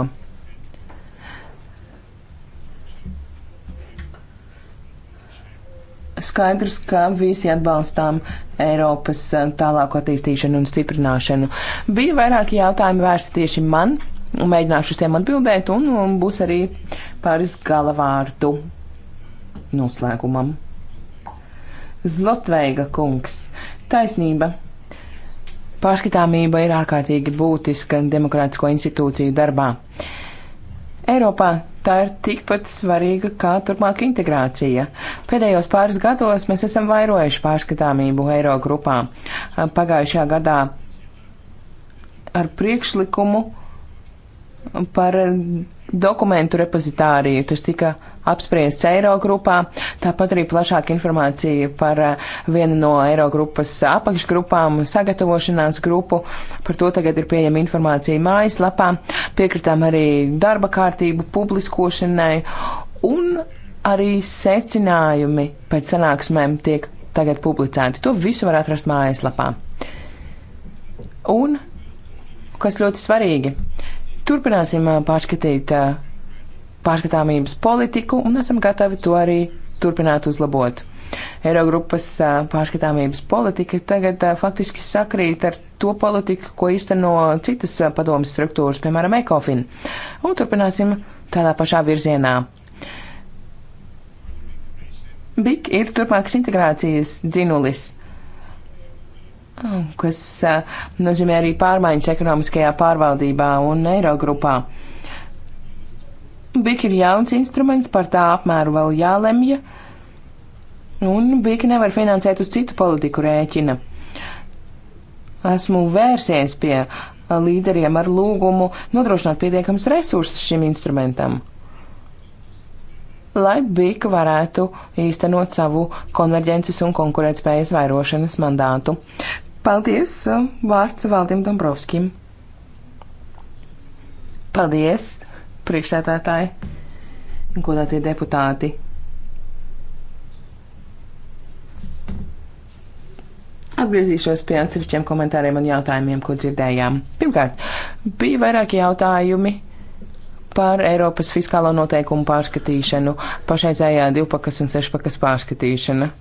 skaidrs, ka visi atbalstām Eiropas eh, tālāku attīstīšanu un stiprināšanu. Bija vairāki jautājumi vērsti tieši man, un mēģināšu uz tiem atbildēt, un, un būs arī pāris galavārdu noslēgumam. Zlotveiga kungs. Taisnība. Pārskatāmība ir ārkārtīgi būtiska demokrātisko institūciju darbā. Eiropā tā ir tikpat svarīga kā turpmāk integrācija. Pēdējos pāris gados mēs esam vairojuši pārskatāmību eiro grupā. Pagājušajā gadā ar priekšlikumu par dokumentu repozitāriju. Tas tika apspriests Eirogrupā, tāpat arī plašāka informācija par eh, vienu no Eirogrupas apakšgrupām, sagatavošanās grupu. Par to tagad ir pieejama informācija mājaslapā. Piekritām arī darba kārtību publiskošanai un arī secinājumi pēc sanāksmēm tiek tagad publicēti. To visu var atrast mājaslapā. Un, kas ļoti svarīgi, Turpināsim pārskatīt pārskatāmības politiku un esam gatavi to arī turpināt uzlabot. Eirogrupas pārskatāmības politika tagad faktiski sakrīt ar to politiku, ko īsteno citas padomas struktūras, piemēram, ECOFIN. Un turpināsim tādā pašā virzienā. BIK ir turpmākas integrācijas dzinulis kas nozīmē arī pārmaiņas ekonomiskajā pārvaldībā un Eirogrupā. BIK ir jauns instruments, par tā apmēru vēl jālemj, un BIK nevar finansēt uz citu politiku rēķina. Esmu vērsies pie līderiem ar lūgumu nodrošināt pietiekams resursus šim instrumentam lai BIK varētu īstenot savu konverģences un konkurētspējas vairošanas mandātu. Paldies! Uh, vārds Valdim Dombrovskim. Paldies, priekšsētātāji, godātie deputāti. Atgriezīšos pie atsevišķiem komentāriem un jautājumiem, ko dzirdējām. Pirmkārt, bija vairāki jautājumi par Eiropas fiskālo noteikumu pārskatīšanu, pašreizējā divpakas un sešpakas pārskatīšana.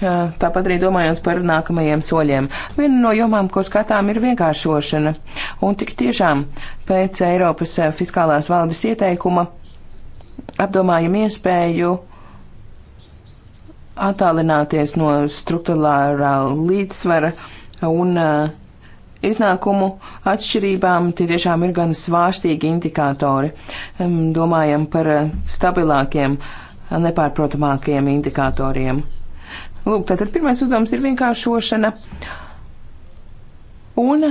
Tāpat arī domājot par nākamajiem soļiem. Viena no jomām, ko skatām, ir vienkāršošana. Un tik tiešām pēc Eiropas eh, fiskālās valdes ieteikuma apdomājam iespēju attālināties no struktūrālā līdzsvara un uh, iznākumu atšķirībām tie tiešām ir gan svārstīgi indikātori. Domājam par eh, stabilākiem, nepārprotamākiem indikatoriem. Lūk, tātad pirmais uzdevums ir vienkāršošana. Un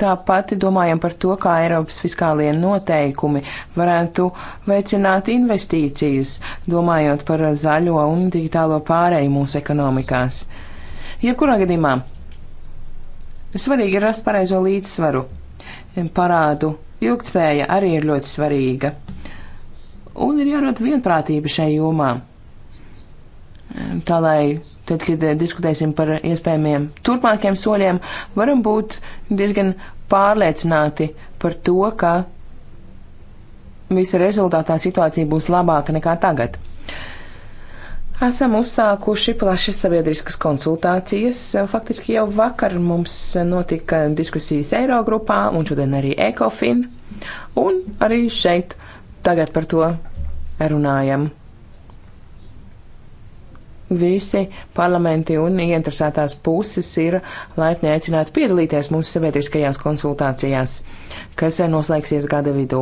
tāpat domājam par to, kā Eiropas fiskālie noteikumi varētu veicināt investīcijas, domājot par zaļo un digitālo pārēju mūsu ekonomikās. Jebkurā gadījumā svarīgi ir rast pareizo līdzsvaru. Parādu ilgtspēja arī ir ļoti svarīga. Un ir jārot vienprātība šai jomā. Tā lai tad, kad eh, diskutēsim par iespējamiem turpmākiem soļiem, varam būt diezgan pārliecināti par to, ka visa rezultātā situācija būs labāka nekā tagad. Esam uzsākuši plašas sabiedriskas konsultācijas. Faktiski jau vakar mums notika diskusijas Eirogrupā un šodien arī Ekofin. Un arī šeit tagad par to runājam visi parlamenti un ieinteresētās puses ir laipni aicināti piedalīties mūsu sabiedriskajās konsultācijās, kas noslēgsies gada vidū.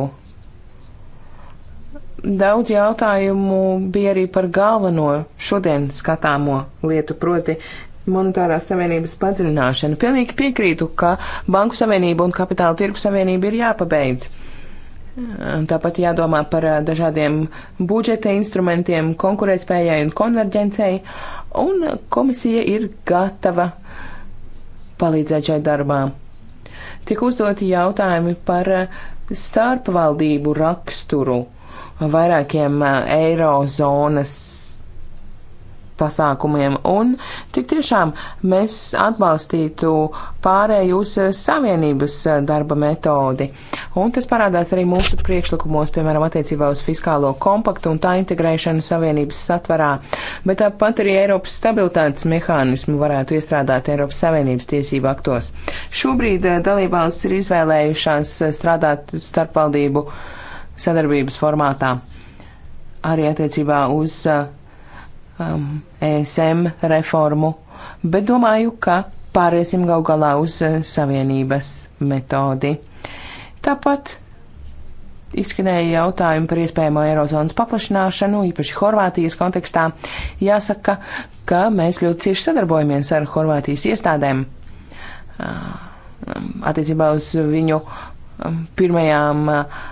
Daudz jautājumu bija arī par galveno šodien skatāmo lietu, proti monetārās savienības padziļināšanu. Pilnīgi piekrītu, ka Banku savienība un kapitāla tirgu savienība ir jāpabeidz. Tāpat jādomā par dažādiem budžeta instrumentiem, konkurētspējai un konverģencei, un komisija ir gatava palīdzēt šai darbā. Tik uzdoti jautājumi par starpvaldību raksturu vairākiem eirozonas pasākumiem, un tik tiešām mēs atbalstītu pārēju uz savienības darba metodi. Un tas parādās arī mūsu priekšlikumos, piemēram, attiecībā uz fiskālo kompaktu un tā integrēšanu savienības satvarā, bet tāpat arī Eiropas stabilitātes mehānismu varētu iestrādāt Eiropas Savienības tiesību aktos. Šobrīd eh, dalībvalsts ir izvēlējušās strādāt starpvaldību sadarbības formātā arī attiecībā uz uh, um, ESM reformu, bet domāju, ka pāriesim gal galā uz uh, savienības metodi. Tāpat izskanēja jautājumi par iespējamo eirozonas paplašināšanu, īpaši Horvātijas kontekstā. Jāsaka, ka mēs ļoti cieši sadarbojamies ar Horvātijas iestādēm uh, um, attiecībā uz viņu um, pirmajām uh,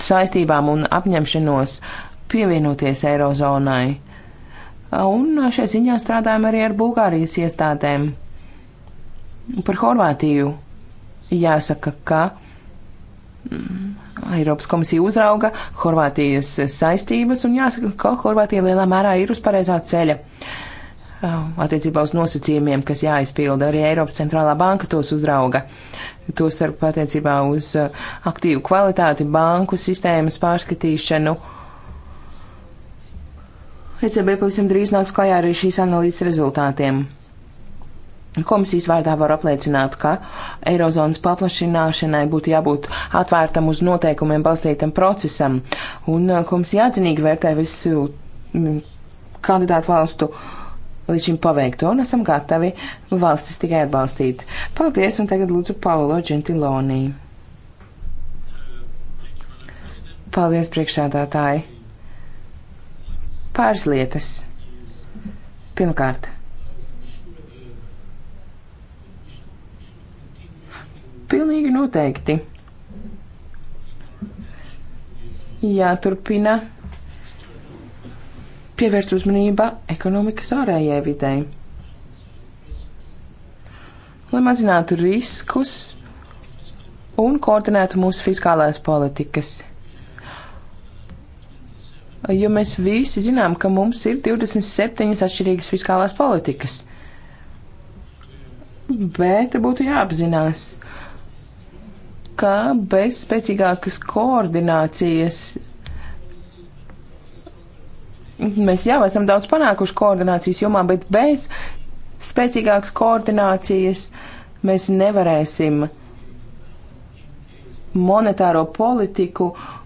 saistībām un apņemšanos pievienoties eirozonai un šai ziņā strādājam arī ar Bulgārijas iestādēm. Par Horvātiju jāsaka, ka mm, Eiropas komisija uzrauga Horvātijas saistības un jāsaka, ka Horvātija lielā mērā ir uz pareizā ceļa. Attiecībā uz nosacījumiem, kas jāizpilda, arī Eiropas centrālā banka tos uzrauga. Tostarp attiecībā uz aktīvu kvalitāti, banku sistēmas pārskatīšanu. Uh, ECB pavisam drīz nāks klajā arī šīs analīzes rezultātiem. Komisijas vārdā var apliecināt, ka Eirozonas paplašināšanai būtu jābūt atvērtam uz noteikumiem balstītam procesam, un uh, komisija atzinīgi vērtē visu mm, kandidātu valstu līdz šim paveikto, un esam gatavi valstis tikai atbalstīt. Paldies, un tagad lūdzu Paolo Gentiloni. Paldies, priekšsēdētāji! pāris lietas. Pirmkārt, pilnīgi noteikti jāturpina pievērst uzmanība ekonomikas ārējai videi. Lai mazinātu riskus un koordinētu mūsu fiskālās politikas jo mēs visi zinām, ka mums ir 27 atšķirīgas fiskālās politikas. Bet būtu jāapzinās, ka bez spēcīgākas koordinācijas mēs jau esam daudz panākuši koordinācijas jomā, bet bez spēcīgākas koordinācijas mēs nevarēsim monetāro politiku uh,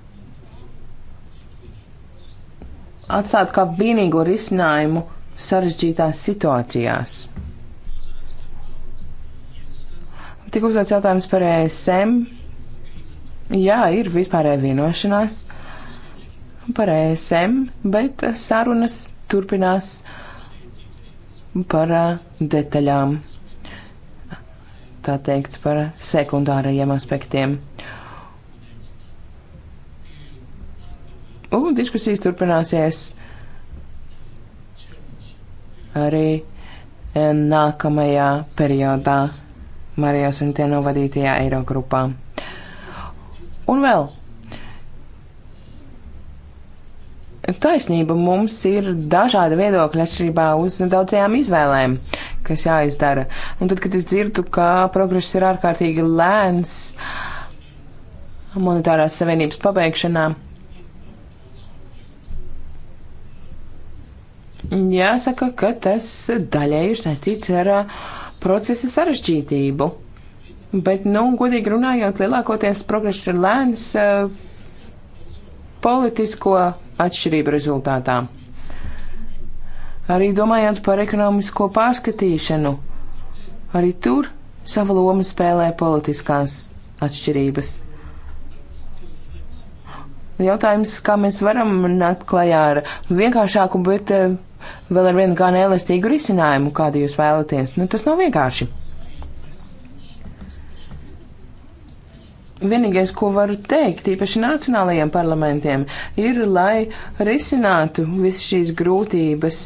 atstāt kā vienīgo risinājumu sarežģītās situācijās. Tik uzdots jautājums par ESM. Jā, ir vispārēja vienošanās par ESM, bet sarunas turpinās par detaļām, tā teikt, par sekundārajiem aspektiem. Un diskusijas turpināsies arī e, nākamajā periodā Marijas un tie novadītajā Eirogrupā. Un vēl. Taisnība mums ir dažāda viedokļa atšķirībā uz daudzajām izvēlēm, kas jāizdara. Un tad, kad es dzirdu, ka progress ir ārkārtīgi lēns monetārās savienības pabeigšanā, Jāsaka, ka tas daļai ir saistīts ar procesa sarežģītību. Bet, nu, godīgi runājot, lielākoties progress ir lēns politisko atšķirību rezultātā. Arī domājot par ekonomisko pārskatīšanu, arī tur savu lomu spēlē politiskās atšķirības. Jautājums, kā mēs varam nākt klajā ar vienkāršāku, bet vēl ar vienu gan elastīgu risinājumu, kādu jūs vēlaties. Nu, tas nav vienkārši. Vienīgais, ko varu teikt, īpaši nacionālajiem parlamentiem, ir, lai risinātu visas šīs grūtības,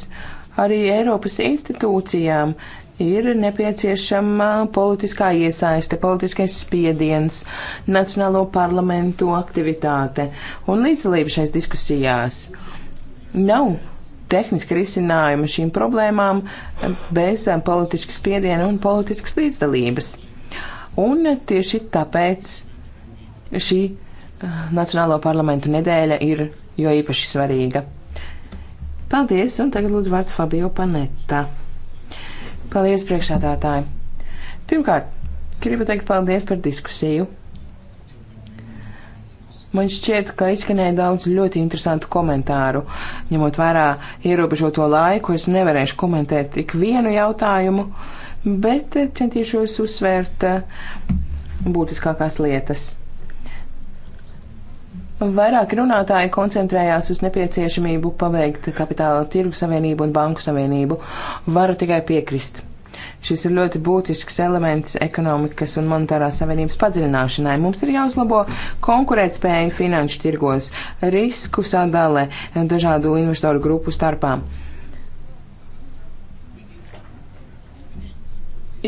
arī Eiropas institūcijām ir nepieciešama politiskā iesaiste, politiskais spiediens, nacionālo parlamentu aktivitāte un līdzdalība šais diskusijās. Nav tehniski risinājumi šīm problēmām eh, bez eh, politiska spiediena un politiskas līdzdalības. Un tieši tāpēc šī eh, Nacionālo parlamentu nedēļa ir jo īpaši svarīga. Paldies, un tagad lūdzu vārds Fabio Panetta. Paldies, priekšādātāji! Pirmkārt, gribu teikt paldies par diskusiju. Man šķiet, ka izskanēja daudz ļoti interesantu komentāru. Ņemot vērā ierobežoto laiku, es nevarēšu komentēt tik vienu jautājumu, bet centīšos uzsvērt eh, būtiskākās lietas. Vairāk runātāji koncentrējās uz nepieciešamību paveikt kapitāla tirgu savienību un banku savienību. Varu tikai piekrist. Šis ir ļoti būtisks elements ekonomikas un monetārās savienības padziļināšanai. Mums ir jāuzlabo konkurētspēja finanšu tirgos, risku sadale dažādu investoru grupu starpā.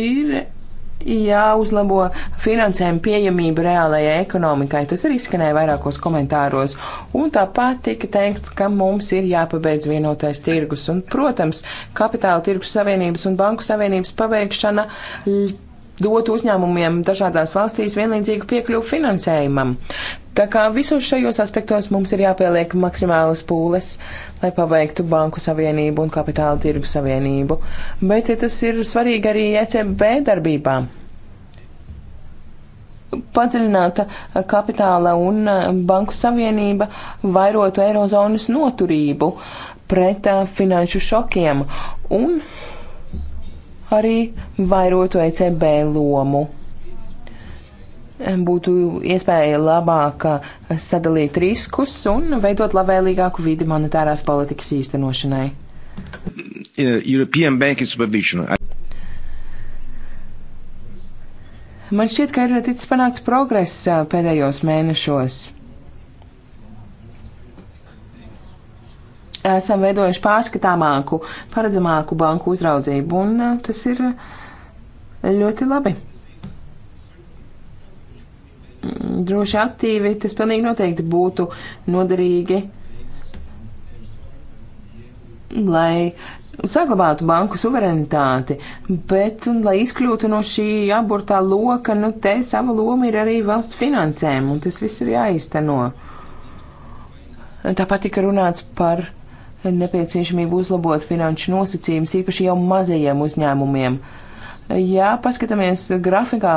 Ir jāuzlabo finansējuma pieejamība reālajai ekonomikai. Tas arī skanēja vairākos komentāros. Un tāpat tika teikts, ka mums ir jāpabeidz vienotais tirgus. Un, protams, kapitāla tirgus savienības un banku savienības pabeigšana dot uzņēmumiem dažādās valstīs vienlīdzīgu piekļuvu finansējumam. Tā kā visos šajos aspektos mums ir jāpieliek maksimālas pūles, lai paveiktu banku savienību un kapitāla tirgu savienību, bet ja tas ir svarīgi arī ECB darbībā. Padziļināta kapitāla un e, banku savienība vairotu eirozonas noturību pret e, finanšu šokiem un arī vairotu ECB lomu būtu iespēja labāk sadalīt riskus un veidot labvēlīgāku vidi monetārās politikas īstenošanai. Uh, European Banking Supervision. Man šķiet, ka ir ticis panākts progress uh, pēdējos mēnešos. Esam veidojuši pārskatāmāku, paredzamāku banku uzraudzību, un uh, tas ir ļoti labi droši aktīvi, tas pilnīgi noteikti būtu noderīgi, lai saglabātu banku suverenitāti, bet, lai izkļūtu no šī aburtā loka, nu, te sava loma ir arī valsts finansēm, un tas viss ir jāizteno. Tāpat tika runāts par nepieciešamību uzlabot finanšu nosacījumus, īpaši jau mazajiem uzņēmumiem. Ja paskatāmies grafikā,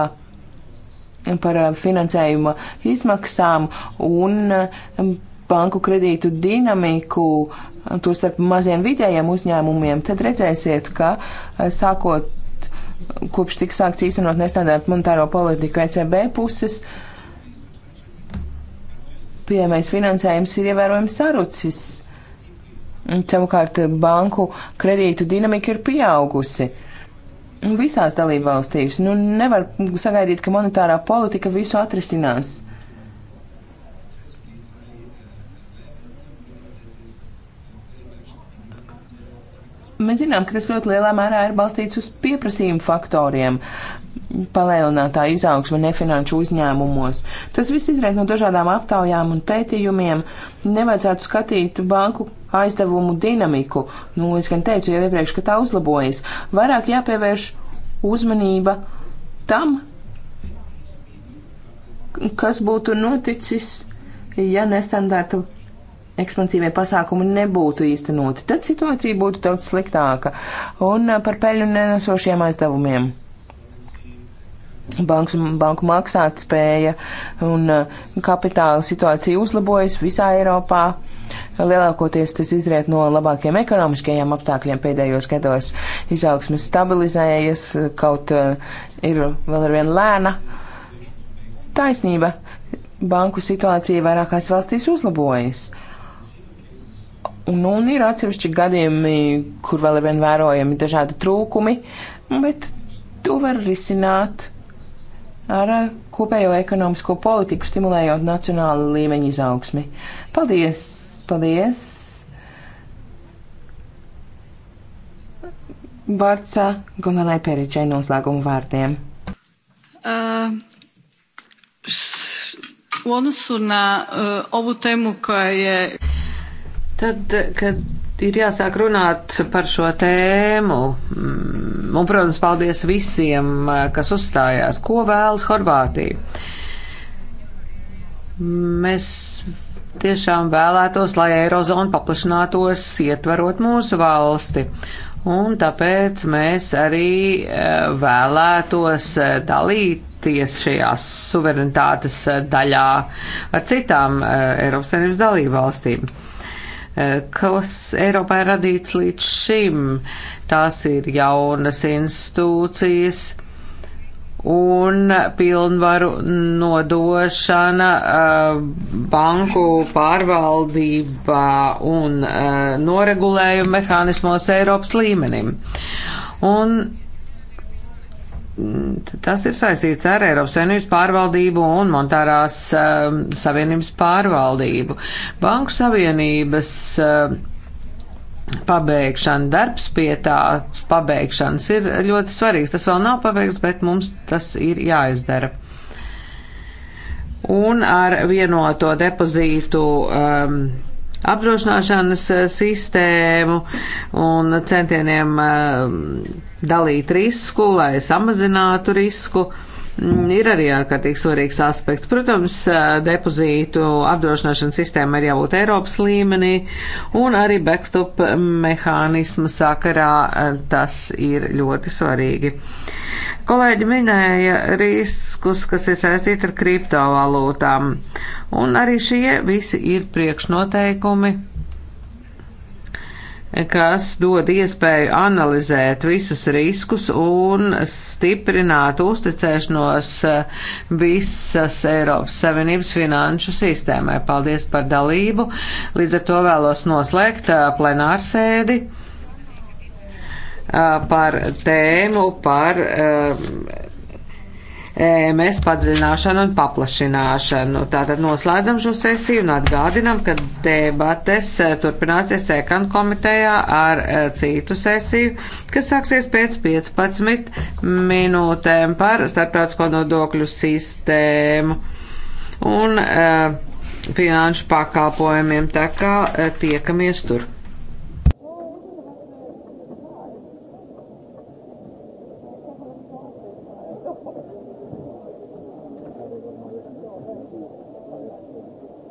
par eh, finansējuma izmaksām un eh, banku kredītu dinamiku, eh, tostarp maziem vidējiem uzņēmumiem, tad redzēsiet, ka sākot kopš tik sākts īstenot nestādāt monetāro politiku ECB puses, pieejamais finansējums ir ievērojami sarucis. Savukārt banku kredītu dinamika ir pieaugusi. Uh, Nu, visās dalībvalstīs. Nu, nevar sagaidīt, ka monetārā politika visu atrisinās. Mēs zinām, ka tas ļoti lielā mērā ir balstīts uz pieprasījumu faktoriem, palielinātā izaugsme nefinanšu uzņēmumos. Tas viss izriet no dažādām aptaujām un pētījumiem. Nevajadzētu skatīt banku aizdevumu dinamiku. Nu, es gan teicu jau iepriekš, ka tā uzlabojas. Vairāk jāpievērš uzmanība tam, kas būtu noticis, ja nestandarta ekspansīvie pasākumi nebūtu īstenoti. Tad situācija būtu daudz sliktāka. Un par peļņu nenesošiem aizdevumiem. Banks, banku maksātspēja un kapitāla situācija uzlabojas visā Eiropā. Lielākoties tas izriet no labākiem ekonomiskajiem apstākļiem pēdējos gados. Izaugsme stabilizējies, kaut eh, ir vēl ar vien lēna. Taisnība. Banku situācija vairākās valstīs uzlabojas. Un, un ir atsevišķi gadījumi, kur vēl ir vien vērojami dažādi trūkumi, bet to var risināt ar eh, kopējo ekonomisko politiku, stimulējot nacionālu līmeņu izaugsmi. Paldies! Paldies! Vārdsā Gulanai Peričai noslēgumu vārdiem. Uh, u odnosu na uh, ovu temu koja je... Tad, kad ir jāsāk runāt par šo tēmu, mm, un, protams, paldies visiem, uh, kas uzstājās, ko vēlas Horvātija. Mēs tiešām vēlētos, lai Eirozona paplašinātos, ietverot mūsu valsti. Un tāpēc mēs arī e, vēlētos e, dalīties šajā suverenitātes e, daļā ar citām Eiropas Savienības dalību valstīm. Kas Eiropā ir radīts līdz šim? Tās ir jaunas institūcijas un pilnvaru nodošana eh, banku pārvaldībā un eh, noregulējuma mehānismos Eiropas līmenim. Un mm, tas ir saistīts ar Eiropas Savienības pārvaldību un monetārās uh, savienības pārvaldību. Banku savienības uh, pabeigšana, darbs pie tā pabeigšanas ir ļoti svarīgs. Tas vēl nav pabeigts, bet mums tas ir jāizdara. Un ar vienoto depozītu um, apdrošināšanas uh, sistēmu un centieniem um, dalīt risku, lai samazinātu risku. Uh, Mm, ir arī ārkārtīgi svarīgs aspekts. Protams, depozītu apdrošināšanas sistēma ir jābūt Eiropas līmenī, un arī backstop mehānismu sakarā tas ir ļoti svarīgi. Kolēģi minēja riskus, kas ir saistīti ar kriptovalūtām, un arī šie visi ir priekšnoteikumi kas dod iespēju analizēt visus riskus un stiprināt uzticēšanos eh, visas Eiropas Savienības finanšu sistēmai. Paldies par dalību. Līdz ar to vēlos noslēgt eh, plenārsēdi eh, par tēmu par EMS padziļināšanu un paplašināšanu. Tātad noslēdzam šo sesiju un atgādinam, ka debates e, turpināsies Ekan komitejā ar e, citu sesiju, kas sāksies pēc 15 minūtēm par starptautisko nodokļu sistēmu. Un, uh, finanšu pakalpojumiem, tā kā tiekamies tur.